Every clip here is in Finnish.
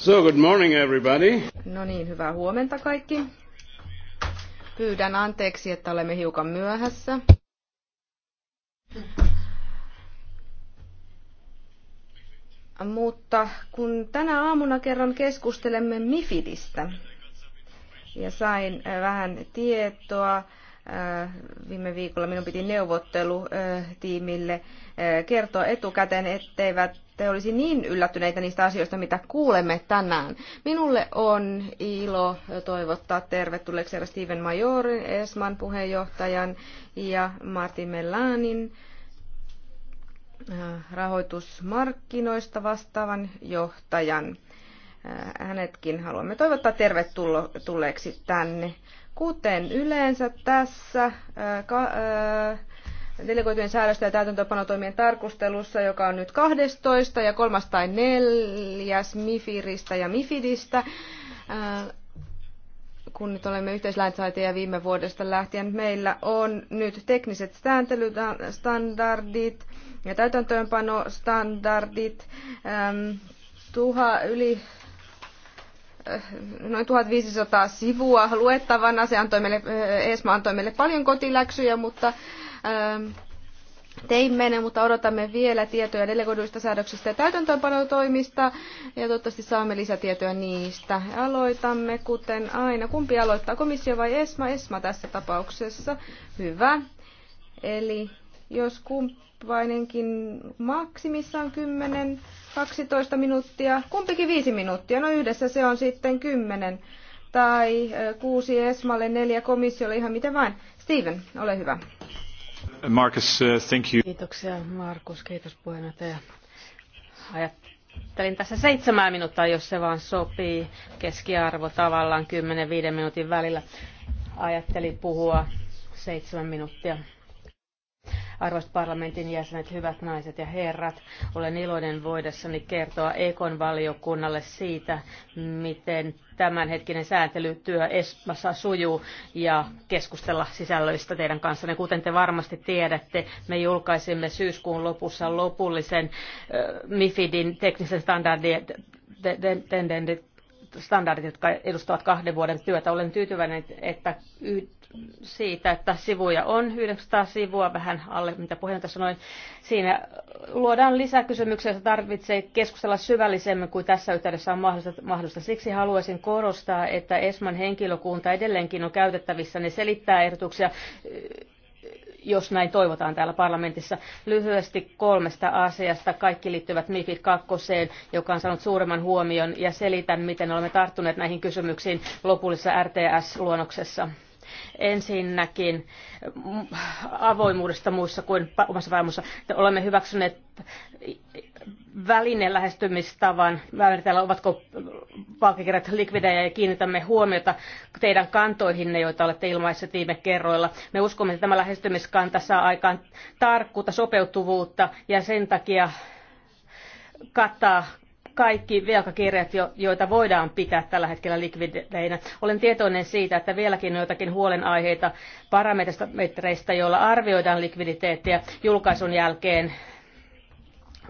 So, good morning everybody. No niin, hyvää huomenta kaikki. Pyydän anteeksi, että olemme hiukan myöhässä. Mutta kun tänä aamuna kerran keskustelemme Mifidistä ja sain vähän tietoa Äh, viime viikolla minun piti neuvottelutiimille äh, äh, kertoa etukäteen, etteivät te olisi niin yllättyneitä niistä asioista, mitä kuulemme tänään. Minulle on ilo toivottaa tervetulleeksi herra Steven Majorin, ESMAN puheenjohtajan ja Martin Mellanin rahoitusmarkkinoista vastaavan johtajan. Hänetkin haluamme toivottaa tervetulleeksi tänne. Kuten yleensä tässä äh, äh, delegoitujen säädöstä ja täytäntöpanotoimien tarkustelussa, joka on nyt 12 ja 3 tai 4 MIFIRistä ja MIFIDistä, äh, kun nyt olemme yhteislainsäätäjiä viime vuodesta lähtien, meillä on nyt tekniset sääntelystandardit ja täytäntöönpanostandardit, tuha, yli noin 1500 sivua luettavana. Se antoi meille, Esma antoi meille paljon kotiläksyjä, mutta ähm, teimme ne, mutta odotamme vielä tietoja delegoiduista säädöksistä ja täytäntöönpanotoimista ja toivottavasti saamme lisätietoja niistä. Aloitamme kuten aina. Kumpi aloittaa, komissio vai ESMA? ESMA tässä tapauksessa. Hyvä. Eli jos kumppainenkin maksimissaan 10, 12 minuuttia, kumpikin 5 minuuttia, no yhdessä se on sitten 10 tai kuusi Esmalle, neljä komissiolle, ihan miten vain. Steven, ole hyvä. Marcus, uh, thank you. Kiitoksia Markus, kiitos puheenjohtaja. Ajattelin tässä seitsemää minuuttia, jos se vaan sopii. Keskiarvo tavallaan 10-5 minuutin välillä. Ajattelin puhua seitsemän minuuttia. Arvoisat parlamentin jäsenet, hyvät naiset ja herrat, olen iloinen voidessani kertoa Ekon valiokunnalle siitä, miten tämänhetkinen sääntelytyö Espassa sujuu ja keskustella sisällöistä teidän kanssanne. Kuten te varmasti tiedätte, me julkaisimme syyskuun lopussa lopullisen äh, MIFIDin teknisen standardin, standardit, jotka edustavat kahden vuoden työtä. Olen tyytyväinen, että siitä, että sivuja on 900 sivua, vähän alle mitä puheenjohtaja sanoi. Siinä luodaan lisäkysymyksiä, että tarvitsee keskustella syvällisemmin kuin tässä yhteydessä on mahdollista, mahdollista. Siksi haluaisin korostaa, että ESMAn henkilökunta edelleenkin on käytettävissä. Ne selittää ehdotuksia jos näin toivotaan täällä parlamentissa. Lyhyesti kolmesta asiasta. Kaikki liittyvät MIFID 2, joka on saanut suuremman huomion, ja selitän, miten olemme tarttuneet näihin kysymyksiin lopullisessa RTS-luonnoksessa. Ensinnäkin avoimuudesta muissa kuin omassa vaimossa. Olemme hyväksyneet välineen lähestymistavan, määritellä ovatko valkakirjat likvidejä ja kiinnitämme huomiota teidän kantoihinne, joita olette ilmaisseet viime kerroilla. Me uskomme, että tämä lähestymiskanta saa aikaan tarkkuutta, sopeutuvuutta ja sen takia kattaa kaikki velkakirjat, joita voidaan pitää tällä hetkellä likvideinä. Olen tietoinen siitä, että vieläkin on jotakin huolenaiheita parametreistä, joilla arvioidaan likviditeettiä julkaisun jälkeen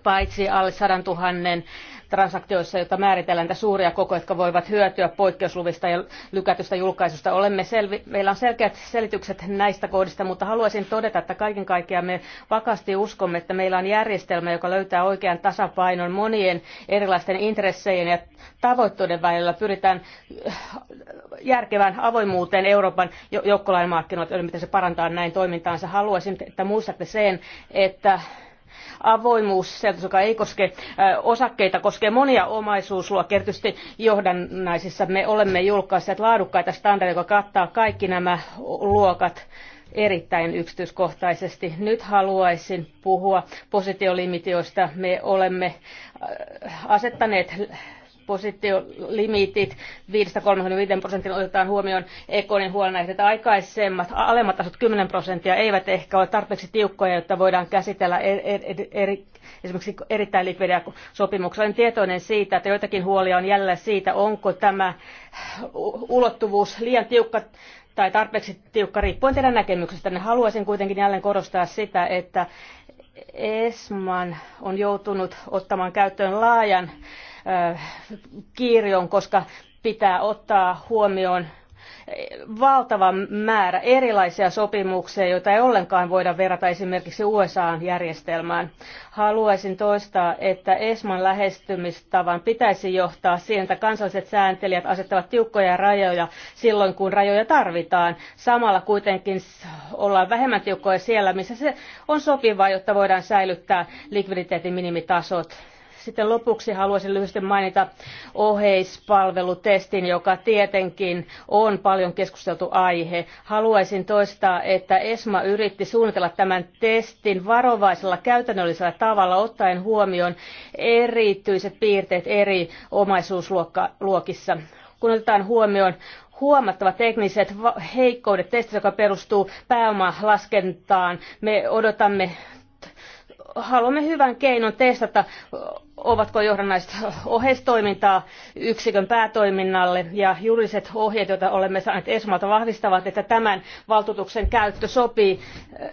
paitsi alle 100 000 transaktioissa, jotta määritellään näitä suuria kokoja, jotka voivat hyötyä poikkeusluvista ja lykätystä julkaisusta. Olemme selvi- Meillä on selkeät selitykset näistä kohdista, mutta haluaisin todeta, että kaiken kaikkiaan me vakaasti uskomme, että meillä on järjestelmä, joka löytää oikean tasapainon monien erilaisten intressejen ja tavoitteiden välillä. Pyritään äh, järkevään avoimuuteen Euroopan joukkolainmarkkinoilla, miten se parantaa näin toimintaansa. Haluaisin, että muistatte sen, että avoimuus, joka ei koske osakkeita, koskee monia omaisuusluokkia, erityisesti johdannaisissa. Me olemme julkaisseet laadukkaita standardeja, jotka kattaa kaikki nämä luokat erittäin yksityiskohtaisesti. Nyt haluaisin puhua positiolimitioista, Me olemme asettaneet positiolimiitit 5-35 prosentin otetaan huomioon Ekonin huolenaiheet, että aikaisemmat alemmat tasot 10 prosenttia eivät ehkä ole tarpeeksi tiukkoja, jotta voidaan käsitellä e- e- eri, eri, esimerkiksi erittäin likvidejä sopimuksia. Olen tietoinen siitä, että joitakin huolia on jäljellä siitä, onko tämä ulottuvuus liian tiukka tai tarpeeksi tiukka riippuen teidän näkemyksestä. Haluaisin kuitenkin jälleen korostaa sitä, että ESMAN on joutunut ottamaan käyttöön laajan kirjon, koska pitää ottaa huomioon e, valtava määrä erilaisia sopimuksia, joita ei ollenkaan voida verrata esimerkiksi USA-järjestelmään. Haluaisin toistaa, että ESMAn lähestymistavan pitäisi johtaa siihen, että kansalliset sääntelijät asettavat tiukkoja rajoja silloin, kun rajoja tarvitaan. Samalla kuitenkin ollaan vähemmän tiukkoja siellä, missä se on sopivaa, jotta voidaan säilyttää likviditeetin minimitasot sitten lopuksi haluaisin lyhyesti mainita oheispalvelutestin, joka tietenkin on paljon keskusteltu aihe. Haluaisin toistaa, että ESMA yritti suunnitella tämän testin varovaisella käytännöllisellä tavalla ottaen huomioon erityiset piirteet eri omaisuusluokissa. Kun otetaan huomioon huomattavat tekniset heikkoudet testissä, joka perustuu pääomalaskentaan, me odotamme haluamme hyvän keinon testata ovatko johdannaiset oheistoimintaa yksikön päätoiminnalle ja juridiset ohjeet joita olemme saaneet esmalta vahvistavat että tämän valtuutuksen käyttö sopii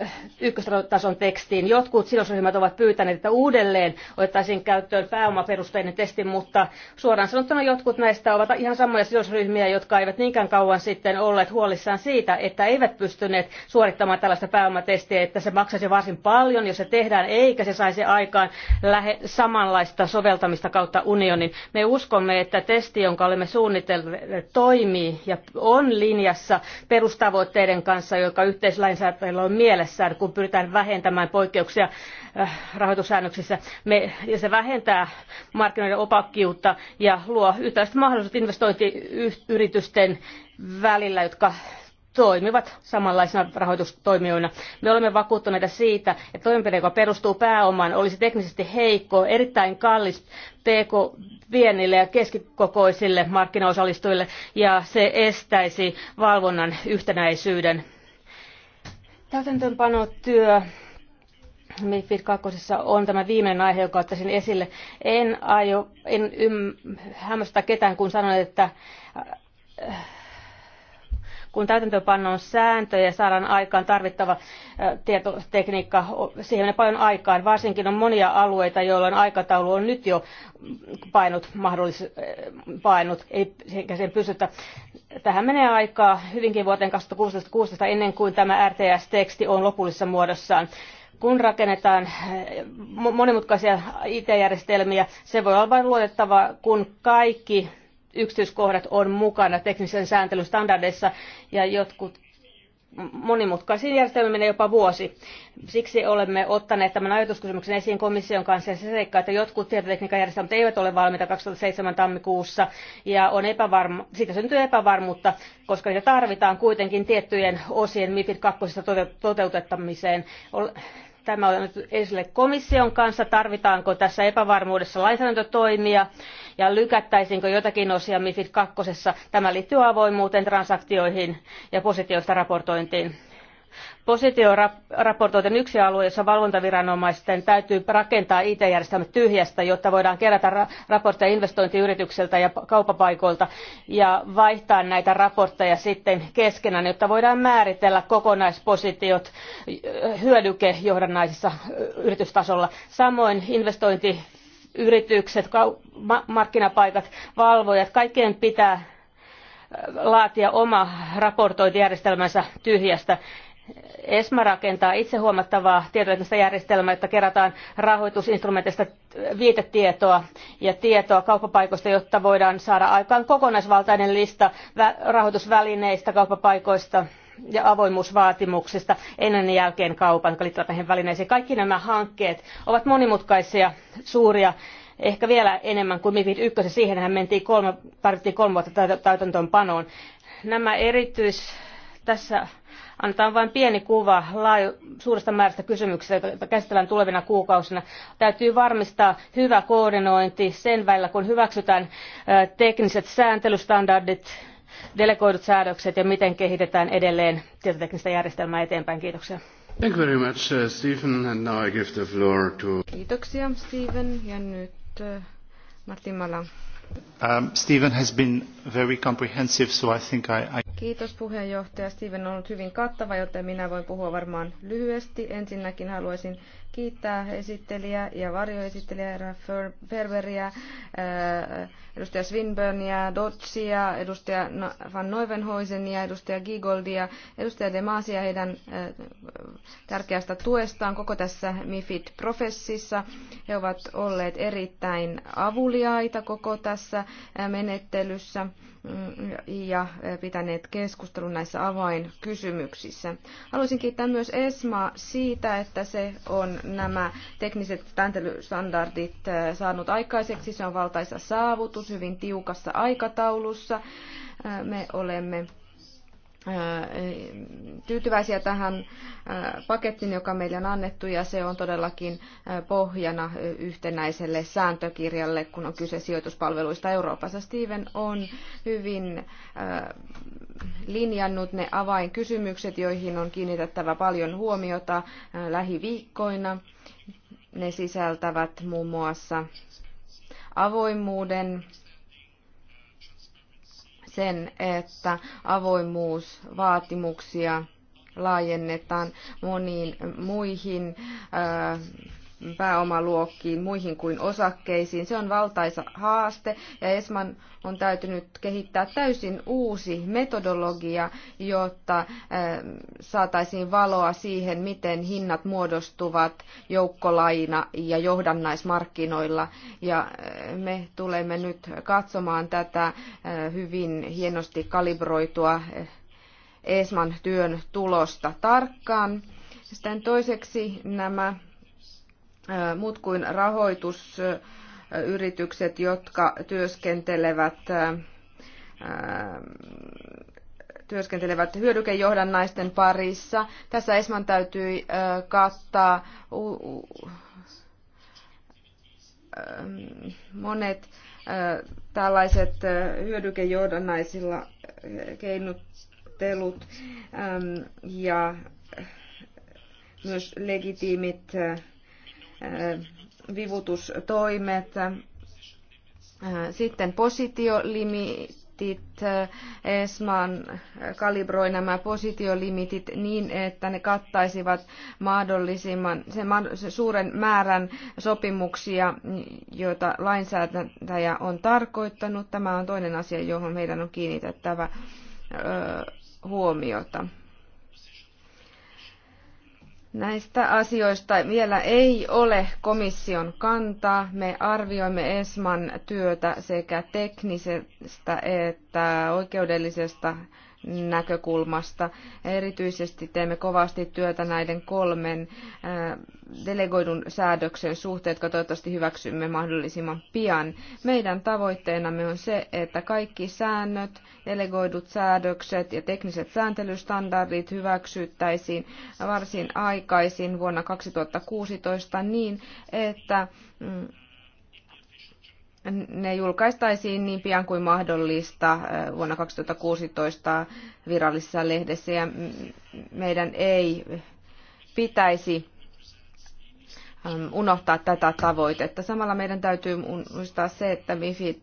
eh, ykköstason tekstiin. jotkut sidosryhmät ovat pyytäneet että uudelleen otettaisiin käyttöön pääomaperusteinen testi mutta suoraan sanottuna jotkut näistä ovat ihan samoja sidosryhmiä jotka eivät niinkään kauan sitten olleet huolissaan siitä että eivät pystyneet suorittamaan tällaista pääomatestiä että se maksaisi varsin paljon jos se tehdään eikä se saisi aikaan lähe, samanlaista tehokasta soveltamista kautta unionin. Me uskomme, että testi, jonka olemme suunnitelleet, toimii ja on linjassa perustavoitteiden kanssa, joka yhteislainsäätäjillä on mielessään, kun pyritään vähentämään poikkeuksia äh, rahoitussäännöksissä. Me, ja se vähentää markkinoiden opakkiutta ja luo yhtäläiset mahdollisuudet investointiyritysten välillä, jotka toimivat samanlaisina rahoitustoimijoina. Me olemme vakuuttuneita siitä, että toimenpide, joka perustuu pääomaan, olisi teknisesti heikko, erittäin kallis PK vienille ja keskikokoisille markkinaosallistujille ja se estäisi valvonnan yhtenäisyyden. Täytäntöönpanotyö MIFID 2 on tämä viimeinen aihe, joka ottaisin esille. En aio, en ymm, hämmästä ketään, kun sanon, että äh, kun täytäntöönpannon sääntöjä saadaan aikaan tarvittava tietotekniikka, siihen menee paljon aikaa, Varsinkin on monia alueita, joilla aikataulu on nyt jo painut, mahdollis, painut ei sen pysytä. Tähän menee aikaa hyvinkin vuoteen 2016 ennen kuin tämä RTS-teksti on lopullisessa muodossaan kun rakennetaan monimutkaisia IT-järjestelmiä, se voi olla vain luotettava, kun kaikki yksityiskohdat on mukana teknisen sääntelyn standardeissa ja jotkut monimutkaisiin järjestelmiin menee jopa vuosi. Siksi olemme ottaneet tämän ajatuskysymyksen esiin komission kanssa ja se seikka, että jotkut tietotekniikan järjestelmät eivät ole valmiita 2007 tammikuussa ja on epävarma, siitä syntyy epävarmuutta, koska niitä tarvitaan kuitenkin tiettyjen osien MIFID 2 toteutettamiseen. Tämä on nyt esille komission kanssa, tarvitaanko tässä epävarmuudessa lainsäädäntötoimia ja lykättäisiinkö jotakin osia MIFID 2. Tämä liittyy avoimuuteen, transaktioihin ja positioista raportointiin. Positioraportointi on yksi alue, jossa valvontaviranomaisten täytyy rakentaa IT-järjestelmät tyhjästä, jotta voidaan kerätä raportteja investointiyrityksiltä ja kauppapaikoilta ja vaihtaa näitä raportteja sitten keskenään, jotta voidaan määritellä kokonaispositiot hyödykejohdannaisissa yritystasolla. Samoin investointi yritykset, markkinapaikat, valvojat, kaikkien pitää äh, laatia oma raportointijärjestelmänsä tyhjästä. ESMA rakentaa itse huomattavaa tietoteknistä järjestelmää, että kerätään rahoitusinstrumenteista viitetietoa ja tietoa kauppapaikoista, jotta voidaan saada aikaan kokonaisvaltainen lista rahoitusvälineistä, kauppapaikoista, ja avoimuusvaatimuksista ennen ja jälkeen kaupan, jotka liittyvät näihin välineisiin. Kaikki nämä hankkeet ovat monimutkaisia, suuria, ehkä vielä enemmän kuin MIFID 1. Siihenhän mentiin kolme, tarvittiin kolme vuotta täytäntöönpanoon. Nämä erityis... Tässä annetaan vain pieni kuva suuresta määrästä kysymyksiä, joita käsitellään tulevina kuukausina. Täytyy varmistaa hyvä koordinointi sen välillä, kun hyväksytään tekniset sääntelystandardit, delegoidut säädökset ja miten kehitetään edelleen tietoteknistä järjestelmää eteenpäin. Kiitoksia. Thank you very much, uh, Stephen. And now I give the floor to... Kiitoksia, Stephen. Ja nyt uh, Martin Um, Stephen has been very comprehensive, so I think I, I... Kiitos puheenjohtaja. Steven on ollut hyvin kattava, joten minä voin puhua varmaan lyhyesti. Ensinnäkin haluaisin kiittää esittelijä ja varjoesittelijä Ferberiä, äh, edustaja Swinburnia, Dotsia, edustaja Van Neuvenhoisenia, edustaja Gigoldia, edustaja Demasia heidän äh, tärkeästä tuestaan koko tässä MIFID-professissa. He ovat olleet erittäin avuliaita koko tässä äh, menettelyssä ja pitäneet keskustelun näissä avainkysymyksissä. Haluaisin kiittää myös ESMA siitä, että se on nämä tekniset sääntelystandardit äh, saanut aikaiseksi. Se on valtaisa saavutus hyvin tiukassa aikataulussa. Äh, me olemme tyytyväisiä tähän pakettiin, joka meille on annettu, ja se on todellakin pohjana yhtenäiselle sääntökirjalle, kun on kyse sijoituspalveluista Euroopassa. Steven on hyvin linjannut ne avainkysymykset, joihin on kiinnitettävä paljon huomiota lähiviikkoina. Ne sisältävät muun muassa avoimuuden, sen, että avoimuusvaatimuksia laajennetaan moniin muihin äh, pääomaluokkiin muihin kuin osakkeisiin. Se on valtaisa haaste ja ESMAN on täytynyt kehittää täysin uusi metodologia, jotta eh, saataisiin valoa siihen, miten hinnat muodostuvat joukkolaina- ja johdannaismarkkinoilla. Ja eh, me tulemme nyt katsomaan tätä eh, hyvin hienosti kalibroitua ESMAN työn tulosta tarkkaan. Sitten toiseksi nämä muut kuin rahoitusyritykset, jotka työskentelevät työskentelevät hyödykejohdannaisten parissa. Tässä Esman täytyy kattaa monet tällaiset hyödykejohdannaisilla keinottelut ja myös legitiimit vivutustoimet. Äh, sitten positiolimitit. Äh, ESMAN kalibroi nämä positiolimitit niin, että ne kattaisivat mahdollisimman se, suuren määrän sopimuksia, joita lainsäätäjä on tarkoittanut. Tämä on toinen asia, johon meidän on kiinnitettävä huomiota. Näistä asioista vielä ei ole komission kantaa. Me arvioimme ESMAn työtä sekä teknisestä että oikeudellisesta näkökulmasta. Erityisesti teemme kovasti työtä näiden kolmen delegoidun säädöksen suhteen, jotka toivottavasti hyväksymme mahdollisimman pian. Meidän tavoitteenamme on se, että kaikki säännöt, delegoidut säädökset ja tekniset sääntelystandardit hyväksyttäisiin varsin aikaisin vuonna 2016 niin, että mm, ne julkaistaisiin niin pian kuin mahdollista vuonna 2016 virallisessa lehdessä ja meidän ei pitäisi unohtaa tätä tavoitetta. Samalla meidän täytyy muistaa se, että MIFID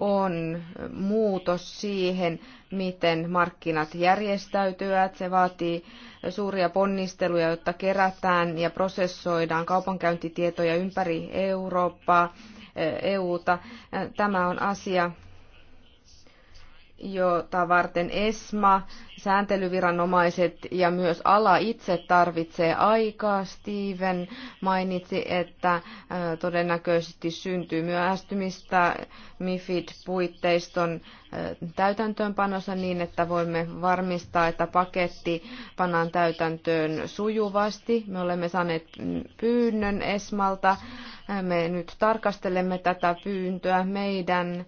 on muutos siihen, miten markkinat järjestäytyvät. Se vaatii suuria ponnisteluja, jotta kerätään ja prosessoidaan kaupankäyntitietoja ympäri Eurooppaa EUta. Tämä on asia, jota varten ESMA, sääntelyviranomaiset ja myös ala itse tarvitsee aikaa. Steven mainitsi, että äh, todennäköisesti syntyy myöhästymistä MIFID-puitteiston äh, täytäntöönpanossa niin, että voimme varmistaa, että paketti pannaan täytäntöön sujuvasti. Me olemme saaneet pyynnön ESMalta. Äh, me nyt tarkastelemme tätä pyyntöä meidän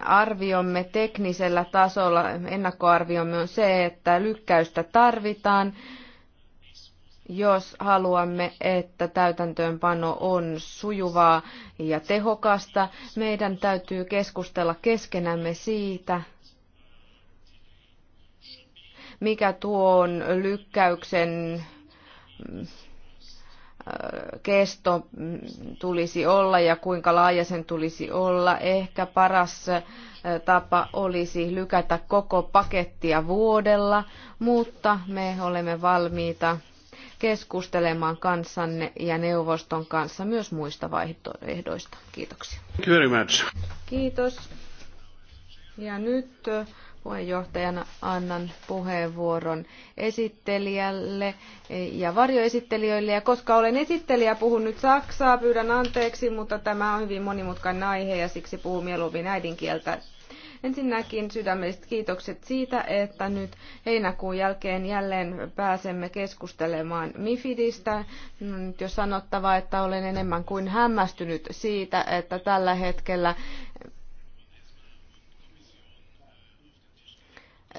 arviomme teknisellä tasolla, ennakkoarviomme on se, että lykkäystä tarvitaan, jos haluamme, että täytäntöönpano on sujuvaa ja tehokasta. Meidän täytyy keskustella keskenämme siitä, mikä tuon lykkäyksen kesto tulisi olla ja kuinka laaja sen tulisi olla. Ehkä paras tapa olisi lykätä koko pakettia vuodella, mutta me olemme valmiita keskustelemaan kanssanne ja neuvoston kanssa myös muista vaihtoehdoista. Kiitoksia. Kiitos. Ja nyt puheenjohtajana annan puheenvuoron esittelijälle ja varjoesittelijöille. Ja koska olen esittelijä, puhun nyt saksaa, pyydän anteeksi, mutta tämä on hyvin monimutkainen aihe ja siksi puhun mieluummin äidinkieltä. Ensinnäkin sydämelliset kiitokset siitä, että nyt heinäkuun jälkeen jälleen pääsemme keskustelemaan Mifidistä. Nyt jo sanottava, että olen enemmän kuin hämmästynyt siitä, että tällä hetkellä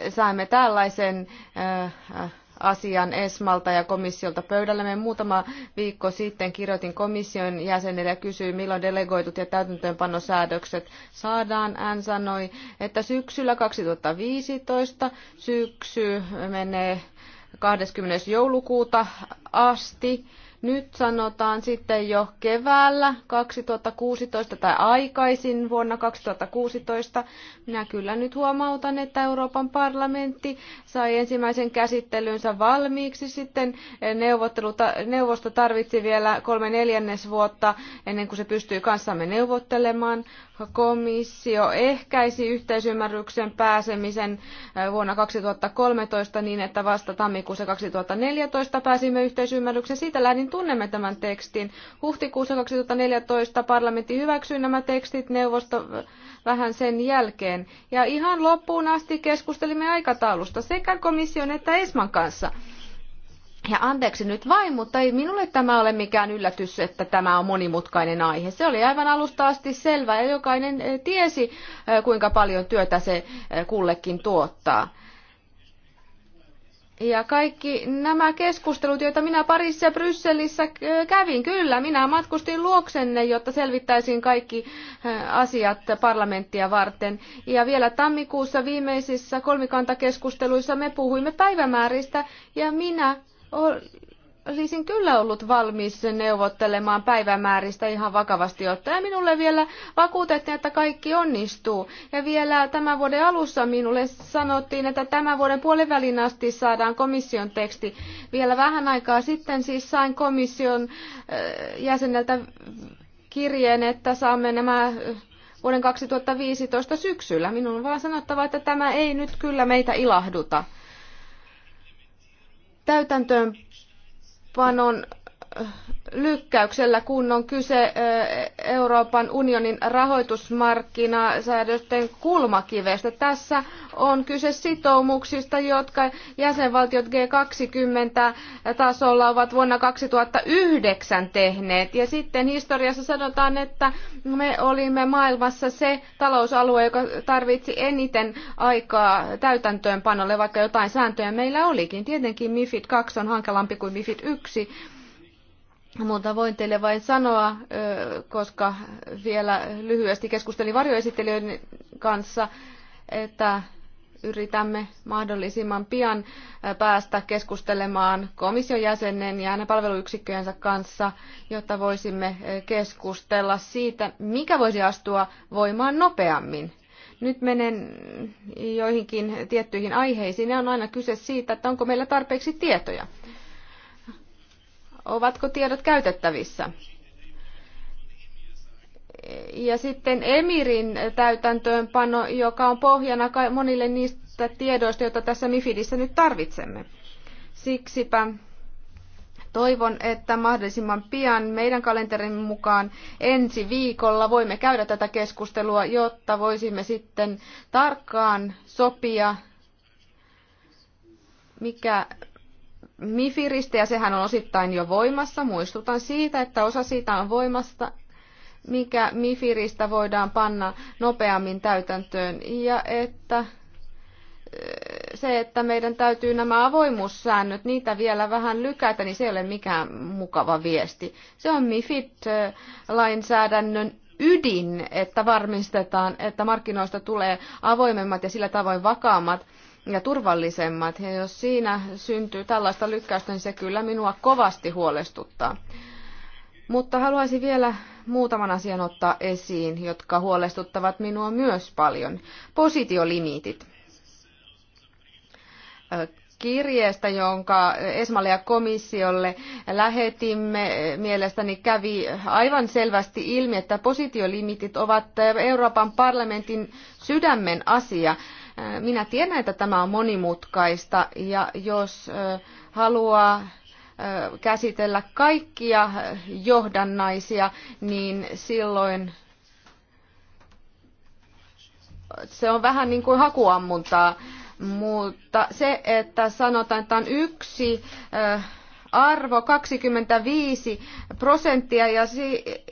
saimme tällaisen äh, äh, asian ESMalta ja komissiolta pöydällemme. muutama viikko sitten kirjoitin komission jäsenille ja kysyin, milloin delegoitut ja täytäntöönpanosäädökset saadaan. Hän sanoi, että syksyllä 2015 syksy menee 20. joulukuuta asti nyt sanotaan sitten jo keväällä 2016 tai aikaisin vuonna 2016. Minä kyllä nyt huomautan, että Euroopan parlamentti sai ensimmäisen käsittelynsä valmiiksi. Sitten neuvosto tarvitsi vielä kolme neljännes vuotta ennen kuin se pystyi kanssamme neuvottelemaan komissio ehkäisi yhteisymmärryksen pääsemisen vuonna 2013 niin, että vasta tammikuussa 2014 pääsimme yhteisymmärrykseen. Siitä lähdin tunnemme tämän tekstin. Huhtikuussa 2014 parlamentti hyväksyi nämä tekstit neuvosto vähän sen jälkeen. Ja ihan loppuun asti keskustelimme aikataulusta sekä komission että ESMAn kanssa. Ja anteeksi nyt vain, mutta ei minulle tämä ole mikään yllätys, että tämä on monimutkainen aihe. Se oli aivan alusta asti selvä ja jokainen eh, tiesi, eh, kuinka paljon työtä se eh, kullekin tuottaa. Ja kaikki nämä keskustelut, joita minä Parissa ja Brysselissä kävin, kyllä, minä matkustin luoksenne, jotta selvittäisin kaikki asiat parlamenttia varten. Ja vielä tammikuussa viimeisissä kolmikantakeskusteluissa me puhuimme päivämääristä ja minä olisin kyllä ollut valmis neuvottelemaan päivämääristä ihan vakavasti ottaen. Minulle vielä vakuutettiin, että kaikki onnistuu. Ja vielä tämän vuoden alussa minulle sanottiin, että tämän vuoden puolivälin asti saadaan komission teksti. Vielä vähän aikaa sitten siis sain komission äh, jäseneltä kirjeen, että saamme nämä äh, vuoden 2015 syksyllä. Minun on vaan sanottava, että tämä ei nyt kyllä meitä ilahduta täytäntöönpanon lykkäyksellä, kun on kyse Euroopan unionin rahoitusmarkkinasäädösten kulmakivestä. Tässä on kyse sitoumuksista, jotka jäsenvaltiot G20-tasolla ovat vuonna 2009 tehneet. Ja sitten historiassa sanotaan, että me olimme maailmassa se talousalue, joka tarvitsi eniten aikaa täytäntöönpanolle, vaikka jotain sääntöjä meillä olikin. Tietenkin MIFID 2 on hankalampi kuin MIFID 1, mutta voin teille vain sanoa, koska vielä lyhyesti keskustelin varjoesittelijöiden kanssa, että yritämme mahdollisimman pian päästä keskustelemaan komission jäsenen ja hänen palveluyksikköjensä kanssa, jotta voisimme keskustella siitä, mikä voisi astua voimaan nopeammin. Nyt menen joihinkin tiettyihin aiheisiin ja on aina kyse siitä, että onko meillä tarpeeksi tietoja. Ovatko tiedot käytettävissä? Ja sitten Emirin täytäntöönpano, joka on pohjana monille niistä tiedoista, joita tässä Mifidissä nyt tarvitsemme. Siksipä toivon, että mahdollisimman pian meidän kalenterin mukaan ensi viikolla voimme käydä tätä keskustelua, jotta voisimme sitten tarkkaan sopia, mikä Mifiristä, ja sehän on osittain jo voimassa. Muistutan siitä, että osa siitä on voimasta, mikä Mifiristä voidaan panna nopeammin täytäntöön, ja että eh, se, että meidän täytyy nämä avoimuussäännöt, niitä vielä vähän lykätä, niin se ei ole mikään mukava viesti. Se on MIFID-lainsäädännön eh, ydin, että varmistetaan, että markkinoista tulee avoimemmat ja sillä tavoin vakaammat ja turvallisemmat. Ja jos siinä syntyy tällaista lykkäystä, niin se kyllä minua kovasti huolestuttaa. Mutta haluaisin vielä muutaman asian ottaa esiin, jotka huolestuttavat minua myös paljon. Positiolimiitit. Kirjeestä, jonka Esmalia komissiolle lähetimme, mielestäni kävi aivan selvästi ilmi, että positiolimitit ovat Euroopan parlamentin sydämen asia Äh, minä tiedän, että tämä on monimutkaista ja jos äh, haluaa äh, käsitellä kaikkia johdannaisia, niin silloin se on vähän niin kuin hakuammuntaa, mutta se, että sanotaan, että on yksi arvo 25 prosenttia ja si-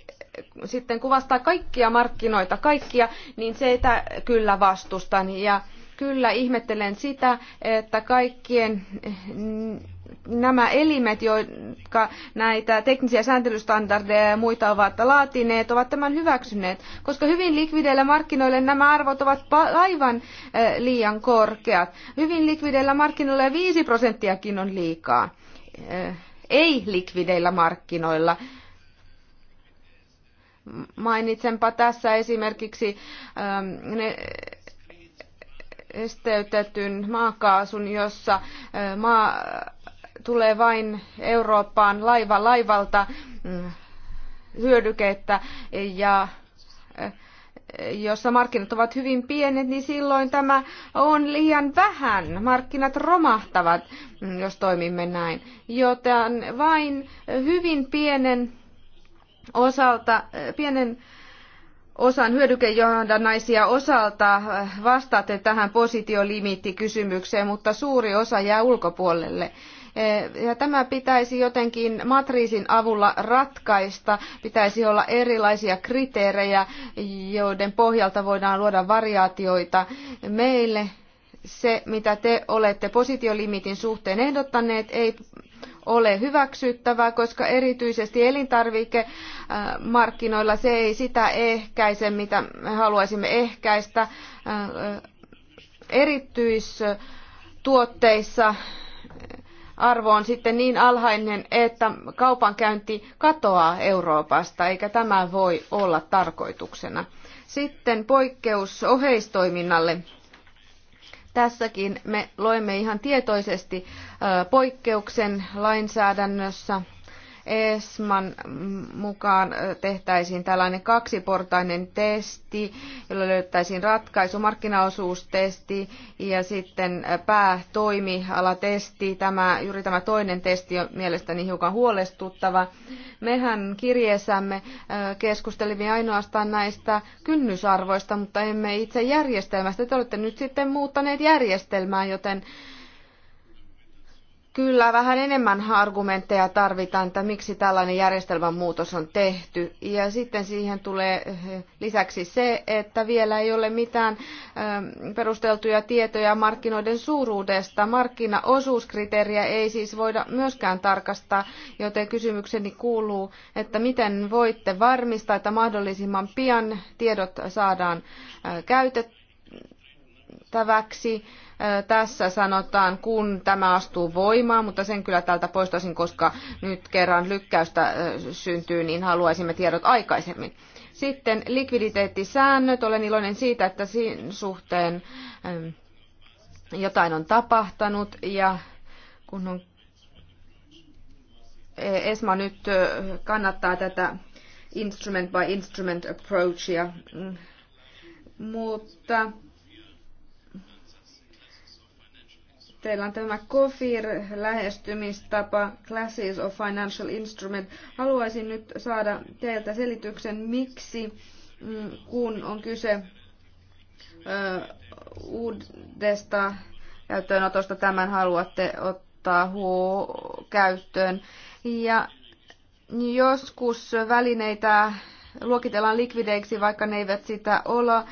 sitten kuvastaa kaikkia markkinoita, kaikkia, niin se sitä kyllä vastustan. Ja kyllä ihmettelen sitä, että kaikkien nämä elimet, jotka näitä teknisiä sääntelystandardeja ja muita ovat laatineet, ovat tämän hyväksyneet, koska hyvin likvideillä markkinoilla nämä arvot ovat aivan eh, liian korkeat. Hyvin likvideillä markkinoilla 5 prosenttiakin on liikaa. Eh, ei likvideillä markkinoilla. Mainitsenpa tässä esimerkiksi ähm, ne esteytetyn maakaasun, jossa äh, maa tulee vain Eurooppaan laiva laivalta mm, hyödykettä ja äh, jossa markkinat ovat hyvin pienet, niin silloin tämä on liian vähän. Markkinat romahtavat, mm, jos toimimme näin. Joten vain hyvin pienen osalta, eh, pienen osan hyödykejohdannaisia osalta eh, vastaatte tähän positiolimiittikysymykseen, mutta suuri osa jää ulkopuolelle. Eh, ja tämä pitäisi jotenkin matriisin avulla ratkaista. Pitäisi olla erilaisia kriteerejä, joiden pohjalta voidaan luoda variaatioita. Meille se, mitä te olette positiolimitin suhteen ehdottaneet, ei ole hyväksyttävää, koska erityisesti elintarvikemarkkinoilla se ei sitä ehkäise, mitä me haluaisimme ehkäistä. Erityistuotteissa arvo on sitten niin alhainen, että kaupankäynti katoaa Euroopasta, eikä tämä voi olla tarkoituksena. Sitten poikkeus oheistoiminnalle. Tässäkin me loimme ihan tietoisesti poikkeuksen lainsäädännössä ESMAN mukaan tehtäisiin tällainen kaksiportainen testi, jolla löydettäisiin ratkaisu, markkinaosuustesti ja sitten päätoimialatesti. Tämä, juuri tämä toinen testi on mielestäni hiukan huolestuttava. Mehän kirjeessämme keskustelimme ainoastaan näistä kynnysarvoista, mutta emme itse järjestelmästä. Te olette nyt sitten muuttaneet järjestelmää, joten kyllä vähän enemmän argumentteja tarvitaan, että miksi tällainen järjestelmän muutos on tehty. Ja sitten siihen tulee eh, lisäksi se, että vielä ei ole mitään eh, perusteltuja tietoja markkinoiden suuruudesta. Markkinaosuuskriteeriä ei siis voida myöskään tarkastaa, joten kysymykseni kuuluu, että miten voitte varmistaa, että mahdollisimman pian tiedot saadaan eh, käytettäväksi tässä sanotaan, kun tämä astuu voimaan, mutta sen kyllä täältä poistaisin, koska nyt kerran lykkäystä syntyy, niin haluaisimme tiedot aikaisemmin. Sitten likviditeettisäännöt. Olen iloinen siitä, että siinä suhteen jotain on tapahtanut ja kun on e, ESMA nyt kannattaa tätä instrument by instrument approachia, mm. mutta Teillä on tämä COFIR-lähestymistapa, Classes of Financial Instrument. Haluaisin nyt saada teiltä selityksen, miksi mm, kun on kyse uudesta käyttöönotosta, tämän haluatte ottaa huo- käyttöön. Ja joskus välineitä luokitellaan likvideiksi, vaikka ne eivät sitä ole.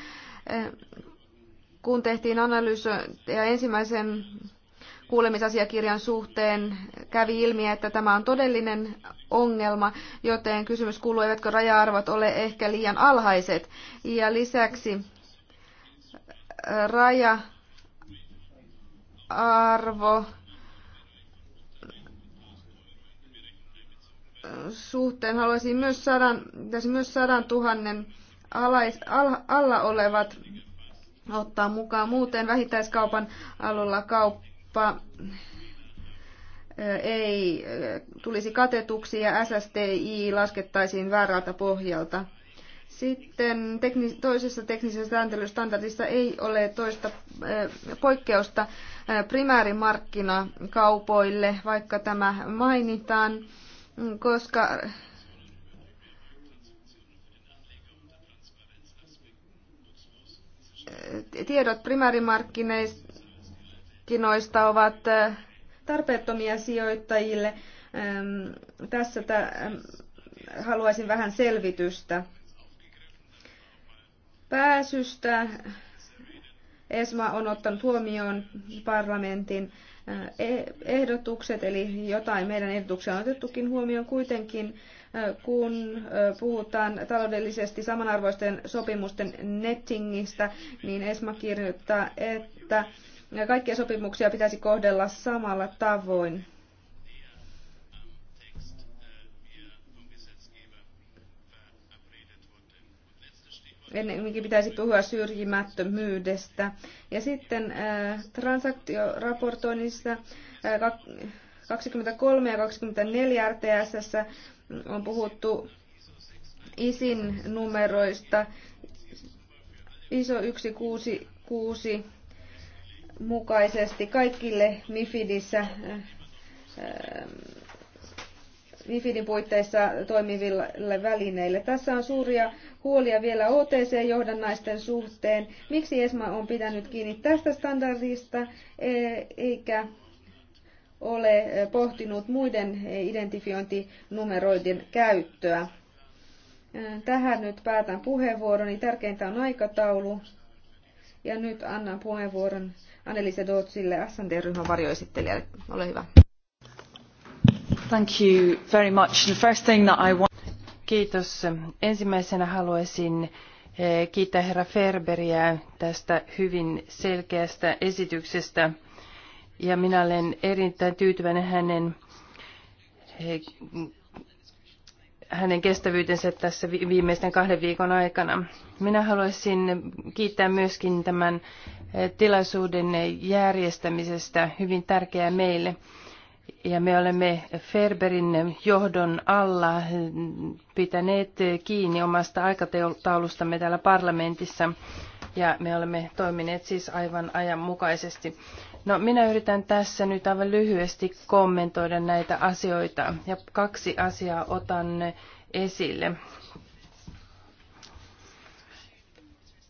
Kun tehtiin analyysi ja ensimmäisen kuulemisasiakirjan suhteen kävi ilmi, että tämä on todellinen ongelma, joten kysymys kuuluu, eivätkö raja-arvot ole ehkä liian alhaiset. Ja lisäksi äh, raja-arvo äh, suhteen haluaisin myös saada myös sadan tuhannen alais, al, alla olevat ottaa mukaan muuten vähittäiskaupan alulla kauppa kauppa ei tulisi katetuksi ja SSTI laskettaisiin väärältä pohjalta. Sitten toisessa teknisessä sääntelystandardissa ei ole toista poikkeusta primäärimarkkinakaupoille, vaikka tämä mainitaan, koska tiedot primäärimarkkineista markkinoista ovat tarpeettomia sijoittajille. Tässä haluaisin vähän selvitystä. Pääsystä ESMA on ottanut huomioon parlamentin e, ehdotukset, eli jotain meidän ehdotuksia on otettukin huomioon kuitenkin, kun puhutaan taloudellisesti samanarvoisten sopimusten nettingistä, niin ESMA kirjoittaa, että kaikkia sopimuksia pitäisi kohdella samalla tavoin. Ennenkin pitäisi puhua syrjimättömyydestä. Ja sitten äh, transaktioraportoinnissa 23 äh, ja 24 RTS on puhuttu ISIN numeroista. ISO 166 mukaisesti kaikille MIFIDissä äh, äh, MIFIDin puitteissa toimiville välineille. Tässä on suuria huolia vielä OTC-johdannaisten suhteen. Miksi ESMA on pitänyt kiinni tästä standardista e, eikä ole e, pohtinut muiden identifiointinumeroiden käyttöä? Äh, tähän nyt päätän puheenvuoroni. Tärkeintä on aikataulu. Ja nyt annan puheenvuoron Annelise Dootsille, SND-ryhmän varjoesittelijälle. Ole hyvä. Thank you very much. The first thing that I want... Kiitos. Ensimmäisenä haluaisin eh, kiittää herra Ferberiä tästä hyvin selkeästä esityksestä. Ja minä olen erittäin tyytyväinen hänen eh, hänen kestävyytensä tässä viimeisten kahden viikon aikana. Minä haluaisin kiittää myöskin tämän eh, tilaisuuden järjestämisestä, hyvin tärkeää meille. Ja me olemme Ferberin johdon alla eh, pitäneet kiinni omasta aikataulustamme täällä parlamentissa ja me olemme toimineet siis aivan ajanmukaisesti. mukaisesti. No, minä yritän tässä nyt aivan lyhyesti kommentoida näitä asioita ja kaksi asiaa otan esille.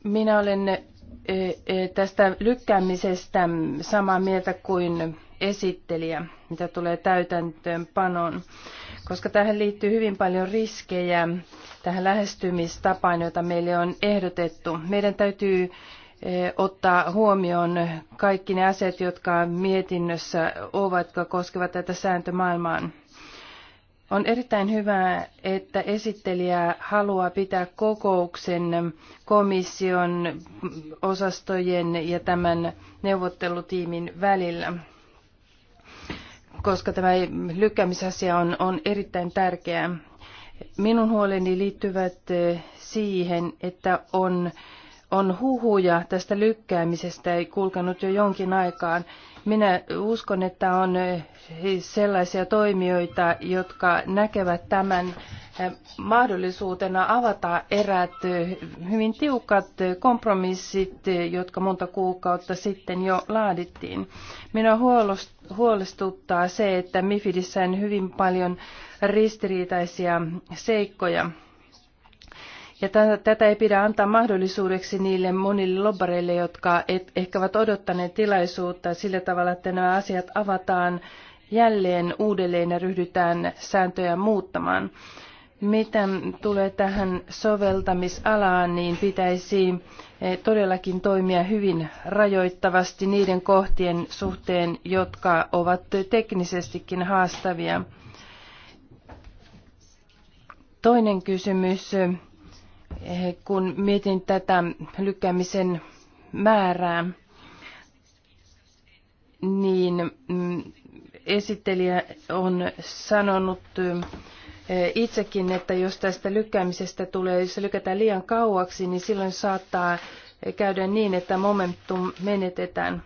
Minä olen e, e, tästä lykkäämisestä samaa mieltä kuin esittelijä, mitä tulee täytäntöönpanoon, koska tähän liittyy hyvin paljon riskejä tähän lähestymistapaan, jota meille on ehdotettu. Meidän täytyy Eh, ottaa huomioon kaikki ne asiat, jotka mietinnössä ovat, jotka koskevat tätä sääntömaailmaa. On erittäin hyvä, että esittelijä haluaa pitää kokouksen komission osastojen ja tämän neuvottelutiimin välillä, koska tämä lykkäämisasia on, on erittäin tärkeä. Minun huoleni liittyvät eh, siihen, että on on huhuja tästä lykkäämisestä, ei kulkenut jo jonkin aikaan. Minä uskon, että on eh, sellaisia toimijoita, jotka näkevät tämän eh, mahdollisuutena avata erät eh, hyvin tiukat kompromissit, jotka monta kuukautta sitten jo laadittiin. Minua huolestuttaa se, että Mifidissä on hyvin paljon ristiriitaisia seikkoja. Ja tätä ei pidä antaa mahdollisuudeksi niille monille lobbareille, jotka et, ehkä ovat odottaneet tilaisuutta sillä tavalla, että nämä asiat avataan jälleen uudelleen ja ryhdytään sääntöjä muuttamaan. Mitä tulee tähän soveltamisalaan, niin pitäisi eh, todellakin toimia hyvin rajoittavasti niiden kohtien suhteen, jotka ovat teknisestikin haastavia. Toinen kysymys kun mietin tätä lykkäämisen määrää, niin mm, esittelijä on sanonut eh, itsekin, että jos tästä lykkäämisestä tulee, jos se lykätään liian kauaksi, niin silloin saattaa käydä niin, että momentum menetetään.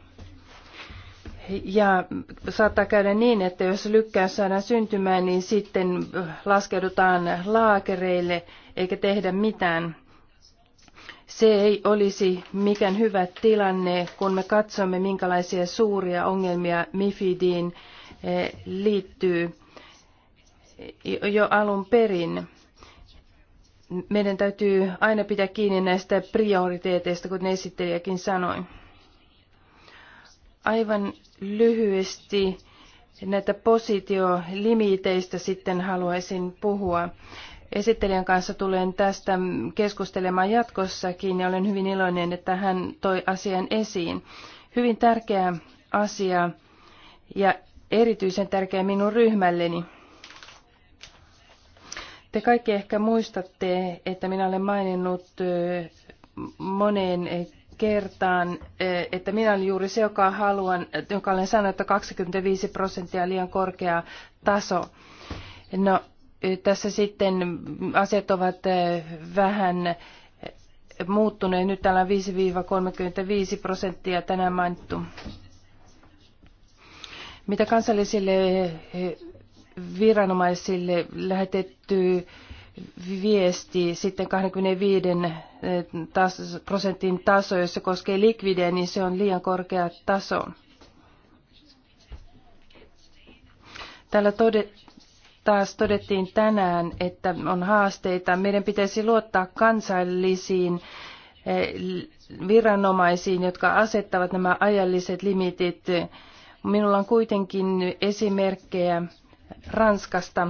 Ja saattaa käydä niin, että jos lykkäys saadaan syntymään, niin sitten laskeudutaan laakereille – eikä tehdä mitään. Se ei olisi mikään hyvä tilanne, kun me katsomme, minkälaisia suuria ongelmia MIFIDiin eh, liittyy jo alun perin. Meidän täytyy aina pitää kiinni näistä prioriteeteista, kuten esittelijäkin sanoi. Aivan lyhyesti näitä positiolimiteistä sitten haluaisin puhua. Esittelijän kanssa tulen tästä keskustelemaan jatkossakin ja olen hyvin iloinen, että hän toi asian esiin. Hyvin tärkeä asia ja erityisen tärkeä minun ryhmälleni. Te kaikki ehkä muistatte, että minä olen maininnut moneen kertaan, että minä olen juuri se, joka, haluan, joka olen sanonut, että 25 prosenttia on liian korkea taso. No, tässä sitten asiat ovat eh, vähän muuttuneet. Nyt täällä on 5-35 prosenttia tänään mainittu. Mitä kansallisille eh, viranomaisille lähetetty viesti sitten 25 eh, prosentin taso, jos se koskee likvideä, niin se on liian korkea taso. Täällä tode, taas todettiin tänään, että on haasteita. Meidän pitäisi luottaa kansallisiin eh, viranomaisiin, jotka asettavat nämä ajalliset limitit. Minulla on kuitenkin esimerkkejä Ranskasta,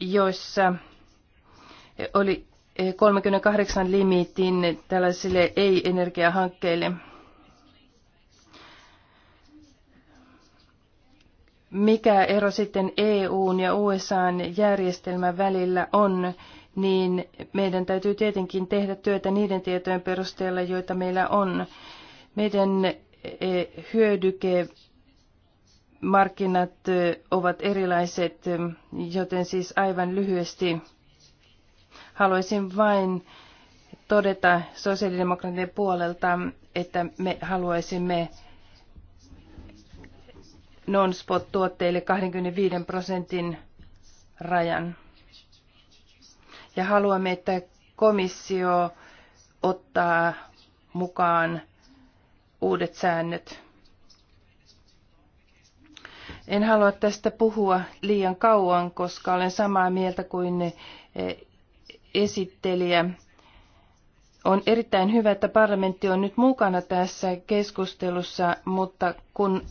joissa oli 38 eh, limitin tällaisille ei-energiahankkeille. mikä ero sitten EUn ja USAn järjestelmän välillä on, niin meidän täytyy tietenkin tehdä työtä niiden tietojen perusteella, joita meillä on. Meidän e, hyödyke markkinat e, ovat erilaiset, e, joten siis aivan lyhyesti haluaisin vain todeta sosiaalidemokraattien puolelta, että me haluaisimme non-spot-tuotteille 25 prosentin rajan. Ja haluamme, että komissio ottaa mukaan uudet säännöt. En halua tästä puhua liian kauan, koska olen samaa mieltä kuin eh, esittelijä. On erittäin hyvä, että parlamentti on nyt mukana tässä keskustelussa, mutta kun